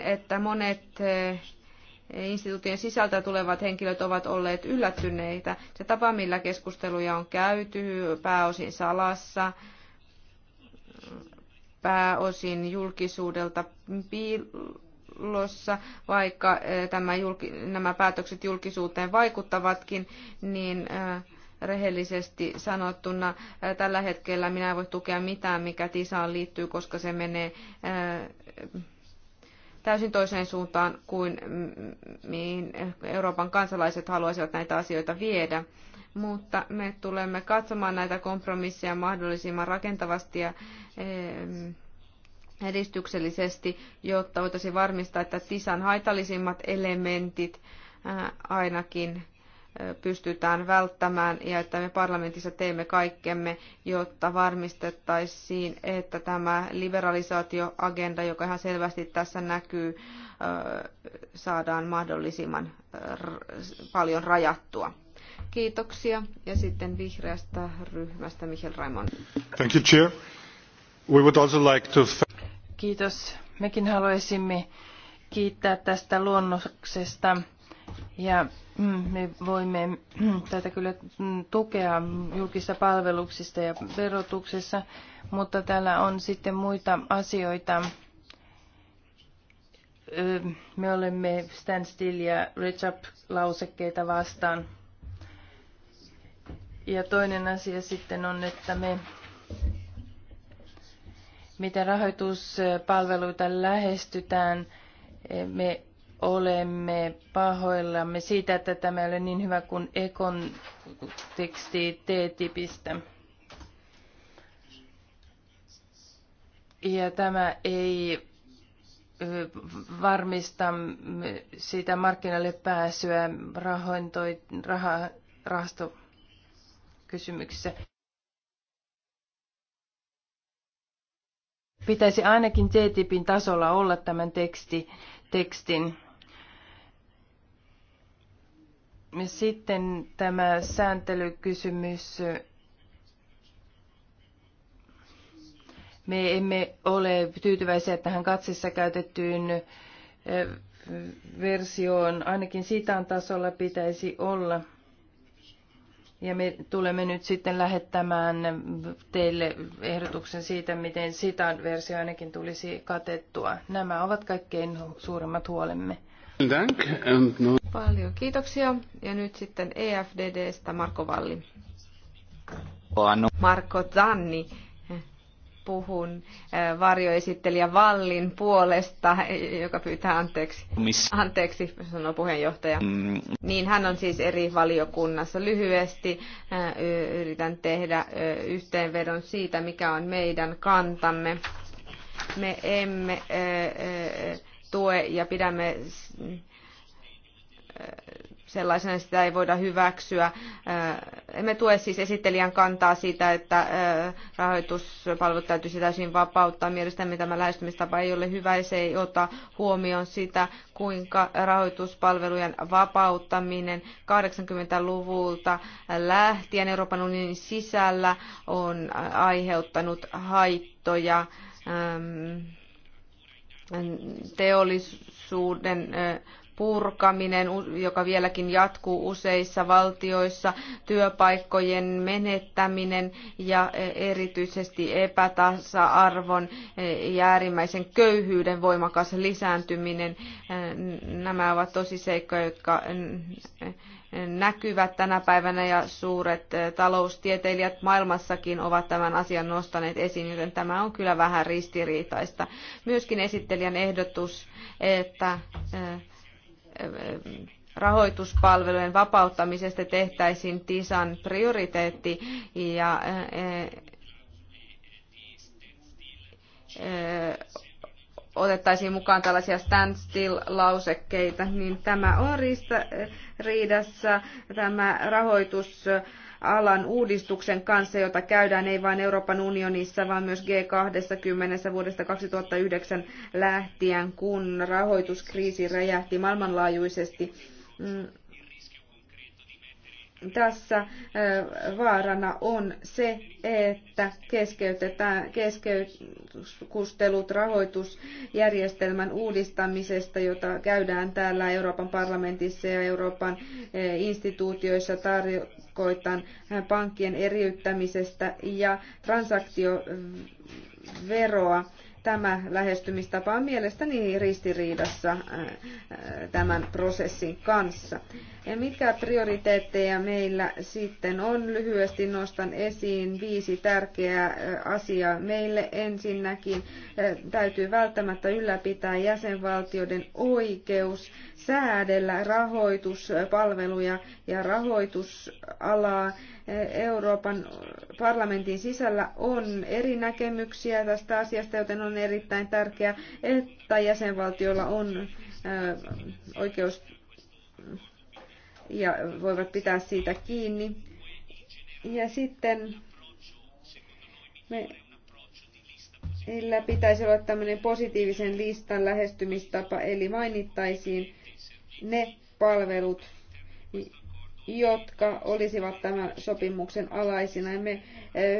e, että monet instituutien sisältä tulevat henkilöt ovat olleet yllättyneitä. Se tapa, millä keskusteluja on käyty, pääosin salassa, pääosin julkisuudelta piil tulossa, vaikka eh, tämä julki, nämä päätökset julkisuuteen vaikuttavatkin, niin eh, rehellisesti sanottuna eh, tällä hetkellä minä en voi tukea mitään, mikä TISAan liittyy, koska se menee täysin toiseen suuntaan kuin mihin Euroopan kansalaiset haluaisivat näitä asioita viedä. Mutta me tulemme katsomaan näitä kompromisseja mahdollisimman rakentavasti ja edistyksellisesti, jotta voitaisiin varmistaa, että tisan haitallisimmat elementit ainakin pystytään välttämään ja että me parlamentissa teemme kaikkemme, jotta varmistettaisiin, että tämä liberalisaatioagenda, joka ihan selvästi tässä näkyy, saadaan mahdollisimman paljon rajattua. Kiitoksia. Ja sitten vihreästä ryhmästä Michel Raimon. Thank you, Chair. We would also like to... Kiitos. Mekin haluaisimme kiittää tästä luonnoksesta ja mm, me voimme mm, tätä kyllä mm, tukea julkisissa palveluksissa ja verotuksessa, mutta täällä on sitten muita asioita. Me olemme Still ja up lausekkeita vastaan. Ja toinen asia sitten on, että me miten rahoituspalveluita lähestytään. Me olemme pahoillamme siitä, että tämä ei ole niin hyvä kuin Ekon teksti T-tipistä. Ja tämä ei varmista sitä markkinoille pääsyä rahointoi, raha, rahastokysymyksissä. Pitäisi ainakin C-tipin tasolla olla tämän teksti, tekstin. Ja sitten tämä sääntelykysymys. Me emme ole tyytyväisiä tähän katsissa käytettyyn versioon. Ainakin sitan tasolla pitäisi olla ja me tulemme nyt sitten lähettämään teille ehdotuksen siitä, miten sitä versio ainakin tulisi katettua. Nämä ovat kaikkein suurimmat huolemme. No- Paljon kiitoksia. Ja nyt sitten EFDDstä Marko Valli. Marko Zanni puhun varjoesittelijä Vallin puolesta, joka pyytää anteeksi. Miss. Anteeksi, sanoo puheenjohtaja. Mm. Niin, hän on siis eri valiokunnassa. Lyhyesti yritän tehdä yhteenvedon siitä, mikä on meidän kantamme. Me emme tue ja pidämme sellaisena niin sitä ei voida hyväksyä. Emme tue siis esittelijän kantaa siitä, että rahoituspalvelut täytyisi täysin vapauttaa. Mielestäni tämä lähestymistapa ei ole hyvä ja se ei ota huomioon sitä, kuinka rahoituspalvelujen vapauttaminen 80-luvulta lähtien Euroopan unionin sisällä on aiheuttanut haittoja teollisuuden purkaminen, joka vieläkin jatkuu useissa valtioissa, työpaikkojen menettäminen ja e, erityisesti epätasa-arvon e, ja äärimmäisen köyhyyden voimakas lisääntyminen. E, nämä ovat tosiseikkoja, jotka näkyvät tänä päivänä ja suuret taloustieteilijät maailmassakin ovat tämän asian nostaneet esiin, joten tämä on kyllä vähän ristiriitaista. Myöskin esittelijän ehdotus, että rahoituspalvelujen vapauttamisesta tehtäisiin TISAN prioriteetti ja eh, eh, otettaisiin mukaan tällaisia standstill-lausekkeita, niin tämä on riista, riidassa tämä rahoitusalan uudistuksen kanssa, jota käydään ei vain Euroopan unionissa, vaan myös G20 vuodesta 2009 lähtien, kun rahoituskriisi räjähti maailmanlaajuisesti mm, tässä vaarana on se, että keskeytetään keskeytyskustelut rahoitusjärjestelmän uudistamisesta, jota käydään täällä Euroopan parlamentissa ja Euroopan instituutioissa tarkoitan pankkien eriyttämisestä ja transaktioveroa. Tämä lähestymistapa on mielestäni ristiriidassa tämän prosessin kanssa. Ja mitkä prioriteetteja meillä sitten on? Lyhyesti nostan esiin viisi tärkeää asiaa. Meille ensinnäkin täytyy välttämättä ylläpitää jäsenvaltioiden oikeus säädellä rahoituspalveluja ja rahoitusalaa. Euroopan parlamentin sisällä on eri näkemyksiä tästä asiasta, joten on erittäin tärkeää, että jäsenvaltioilla on oikeus ja voivat pitää siitä kiinni. Ja sitten meillä pitäisi olla tämmöinen positiivisen listan lähestymistapa, eli mainittaisiin ne palvelut, jotka olisivat tämän sopimuksen alaisina. Me eh,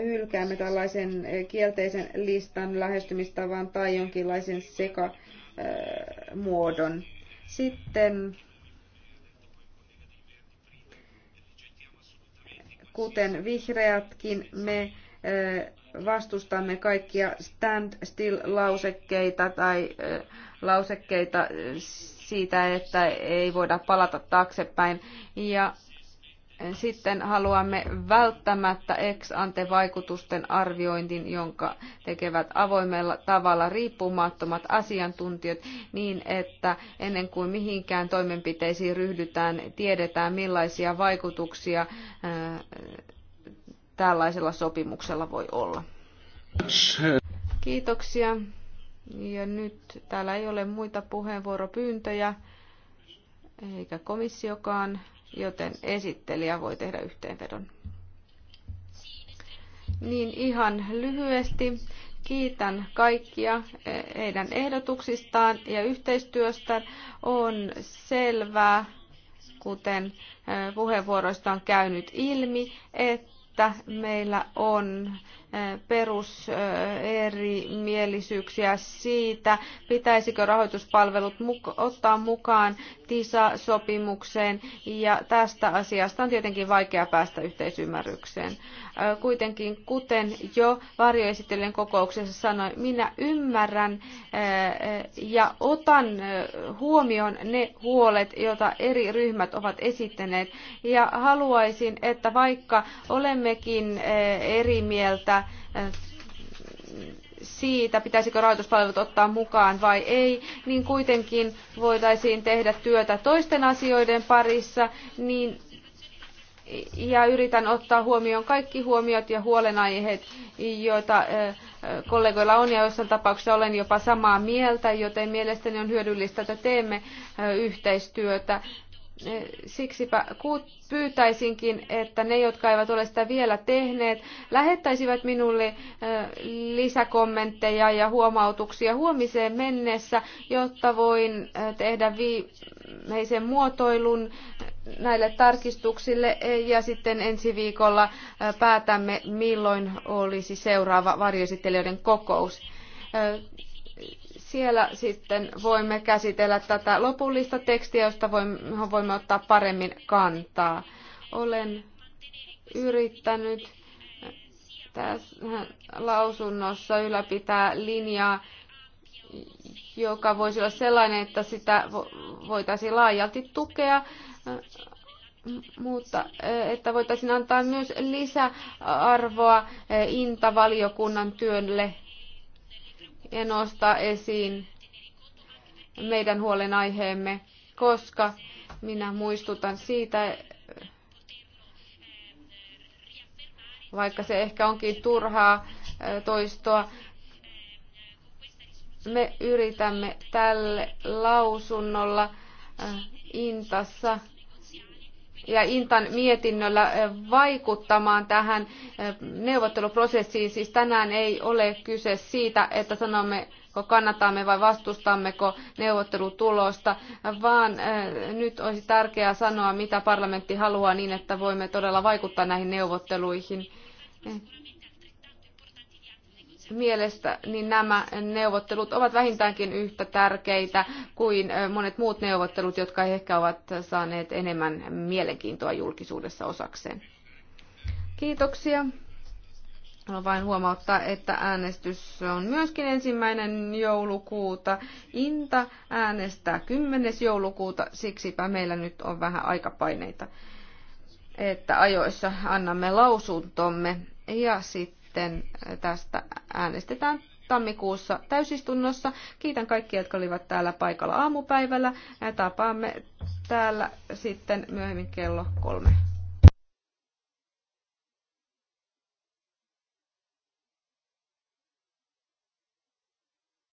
hylkäämme tällaisen eh, kielteisen listan lähestymistavan tai jonkinlaisen sekamuodon. Sitten kuten vihreätkin, me vastustamme kaikkia stand still-lausekkeita tai lausekkeita siitä, että ei voida palata taaksepäin. Ja sitten haluamme välttämättä ex ante vaikutusten arviointin, jonka tekevät avoimella tavalla riippumattomat asiantuntijat niin, että ennen kuin mihinkään toimenpiteisiin ryhdytään, tiedetään millaisia vaikutuksia äh, tällaisella sopimuksella voi olla. Kiitoksia. Ja nyt täällä ei ole muita puheenvuoropyyntöjä, eikä komissiokaan joten esittelijä voi tehdä yhteenvedon. Niin ihan lyhyesti kiitän kaikkia e, heidän ehdotuksistaan ja yhteistyöstä. On selvää, kuten e, puheenvuoroista on käynyt ilmi, että meillä on peruserimielisyyksiä siitä, pitäisikö rahoituspalvelut ottaa mukaan TISA-sopimukseen, ja tästä asiasta on tietenkin vaikea päästä yhteisymmärrykseen. Kuitenkin, kuten jo varjoesittelijän kokouksessa sanoin, minä ymmärrän ja otan huomioon ne huolet, joita eri ryhmät ovat esittäneet, ja haluaisin, että vaikka olemmekin eri mieltä siitä, pitäisikö rahoituspalvelut ottaa mukaan vai ei, niin kuitenkin voitaisiin tehdä työtä toisten asioiden parissa, niin ja yritän ottaa huomioon kaikki huomiot ja huolenaiheet, joita kollegoilla on ja jossain tapauksessa olen jopa samaa mieltä, joten mielestäni on hyödyllistä, että teemme yhteistyötä Siksipä pyytäisinkin, että ne, jotka eivät ole sitä vielä tehneet, lähettäisivät minulle lisäkommentteja ja huomautuksia huomiseen mennessä, jotta voin tehdä viimeisen muotoilun näille tarkistuksille e, ja sitten ensi viikolla päätämme, milloin olisi seuraava varjoesittelijöiden kokous. Siellä sitten voimme käsitellä tätä lopullista tekstiä, josta voimme, voimme ottaa paremmin kantaa. Olen yrittänyt tässä lausunnossa ylläpitää linjaa, joka voisi olla sellainen, että sitä voitaisiin laajalti tukea, mutta että voitaisiin antaa myös lisäarvoa eh, Inta-valiokunnan työlle nostaa esiin meidän huolenaiheemme, koska minä muistutan siitä, vaikka se ehkä onkin turhaa toistoa, me yritämme tälle lausunnolla Intassa ja Intan mietinnöllä eh, vaikuttamaan tähän eh, neuvotteluprosessiin. Siis tänään ei ole kyse siitä, että sanomme kannatamme vai vastustammeko neuvottelutulosta, vaan eh, nyt olisi tärkeää sanoa, mitä parlamentti haluaa niin, että voimme todella vaikuttaa näihin neuvotteluihin mielestä niin nämä neuvottelut ovat vähintäänkin yhtä tärkeitä kuin monet muut neuvottelut, jotka ehkä ovat saaneet enemmän mielenkiintoa julkisuudessa osakseen. Kiitoksia. Haluan vain huomauttaa, että äänestys on myöskin ensimmäinen joulukuuta. Inta äänestää 10. joulukuuta, siksipä meillä nyt on vähän aikapaineita, että ajoissa annamme lausuntomme. Ja sitten sitten tästä äänestetään tammikuussa täysistunnossa. Kiitän kaikkia, jotka olivat täällä paikalla aamupäivällä. ja Tapaamme täällä sitten myöhemmin kello kolme.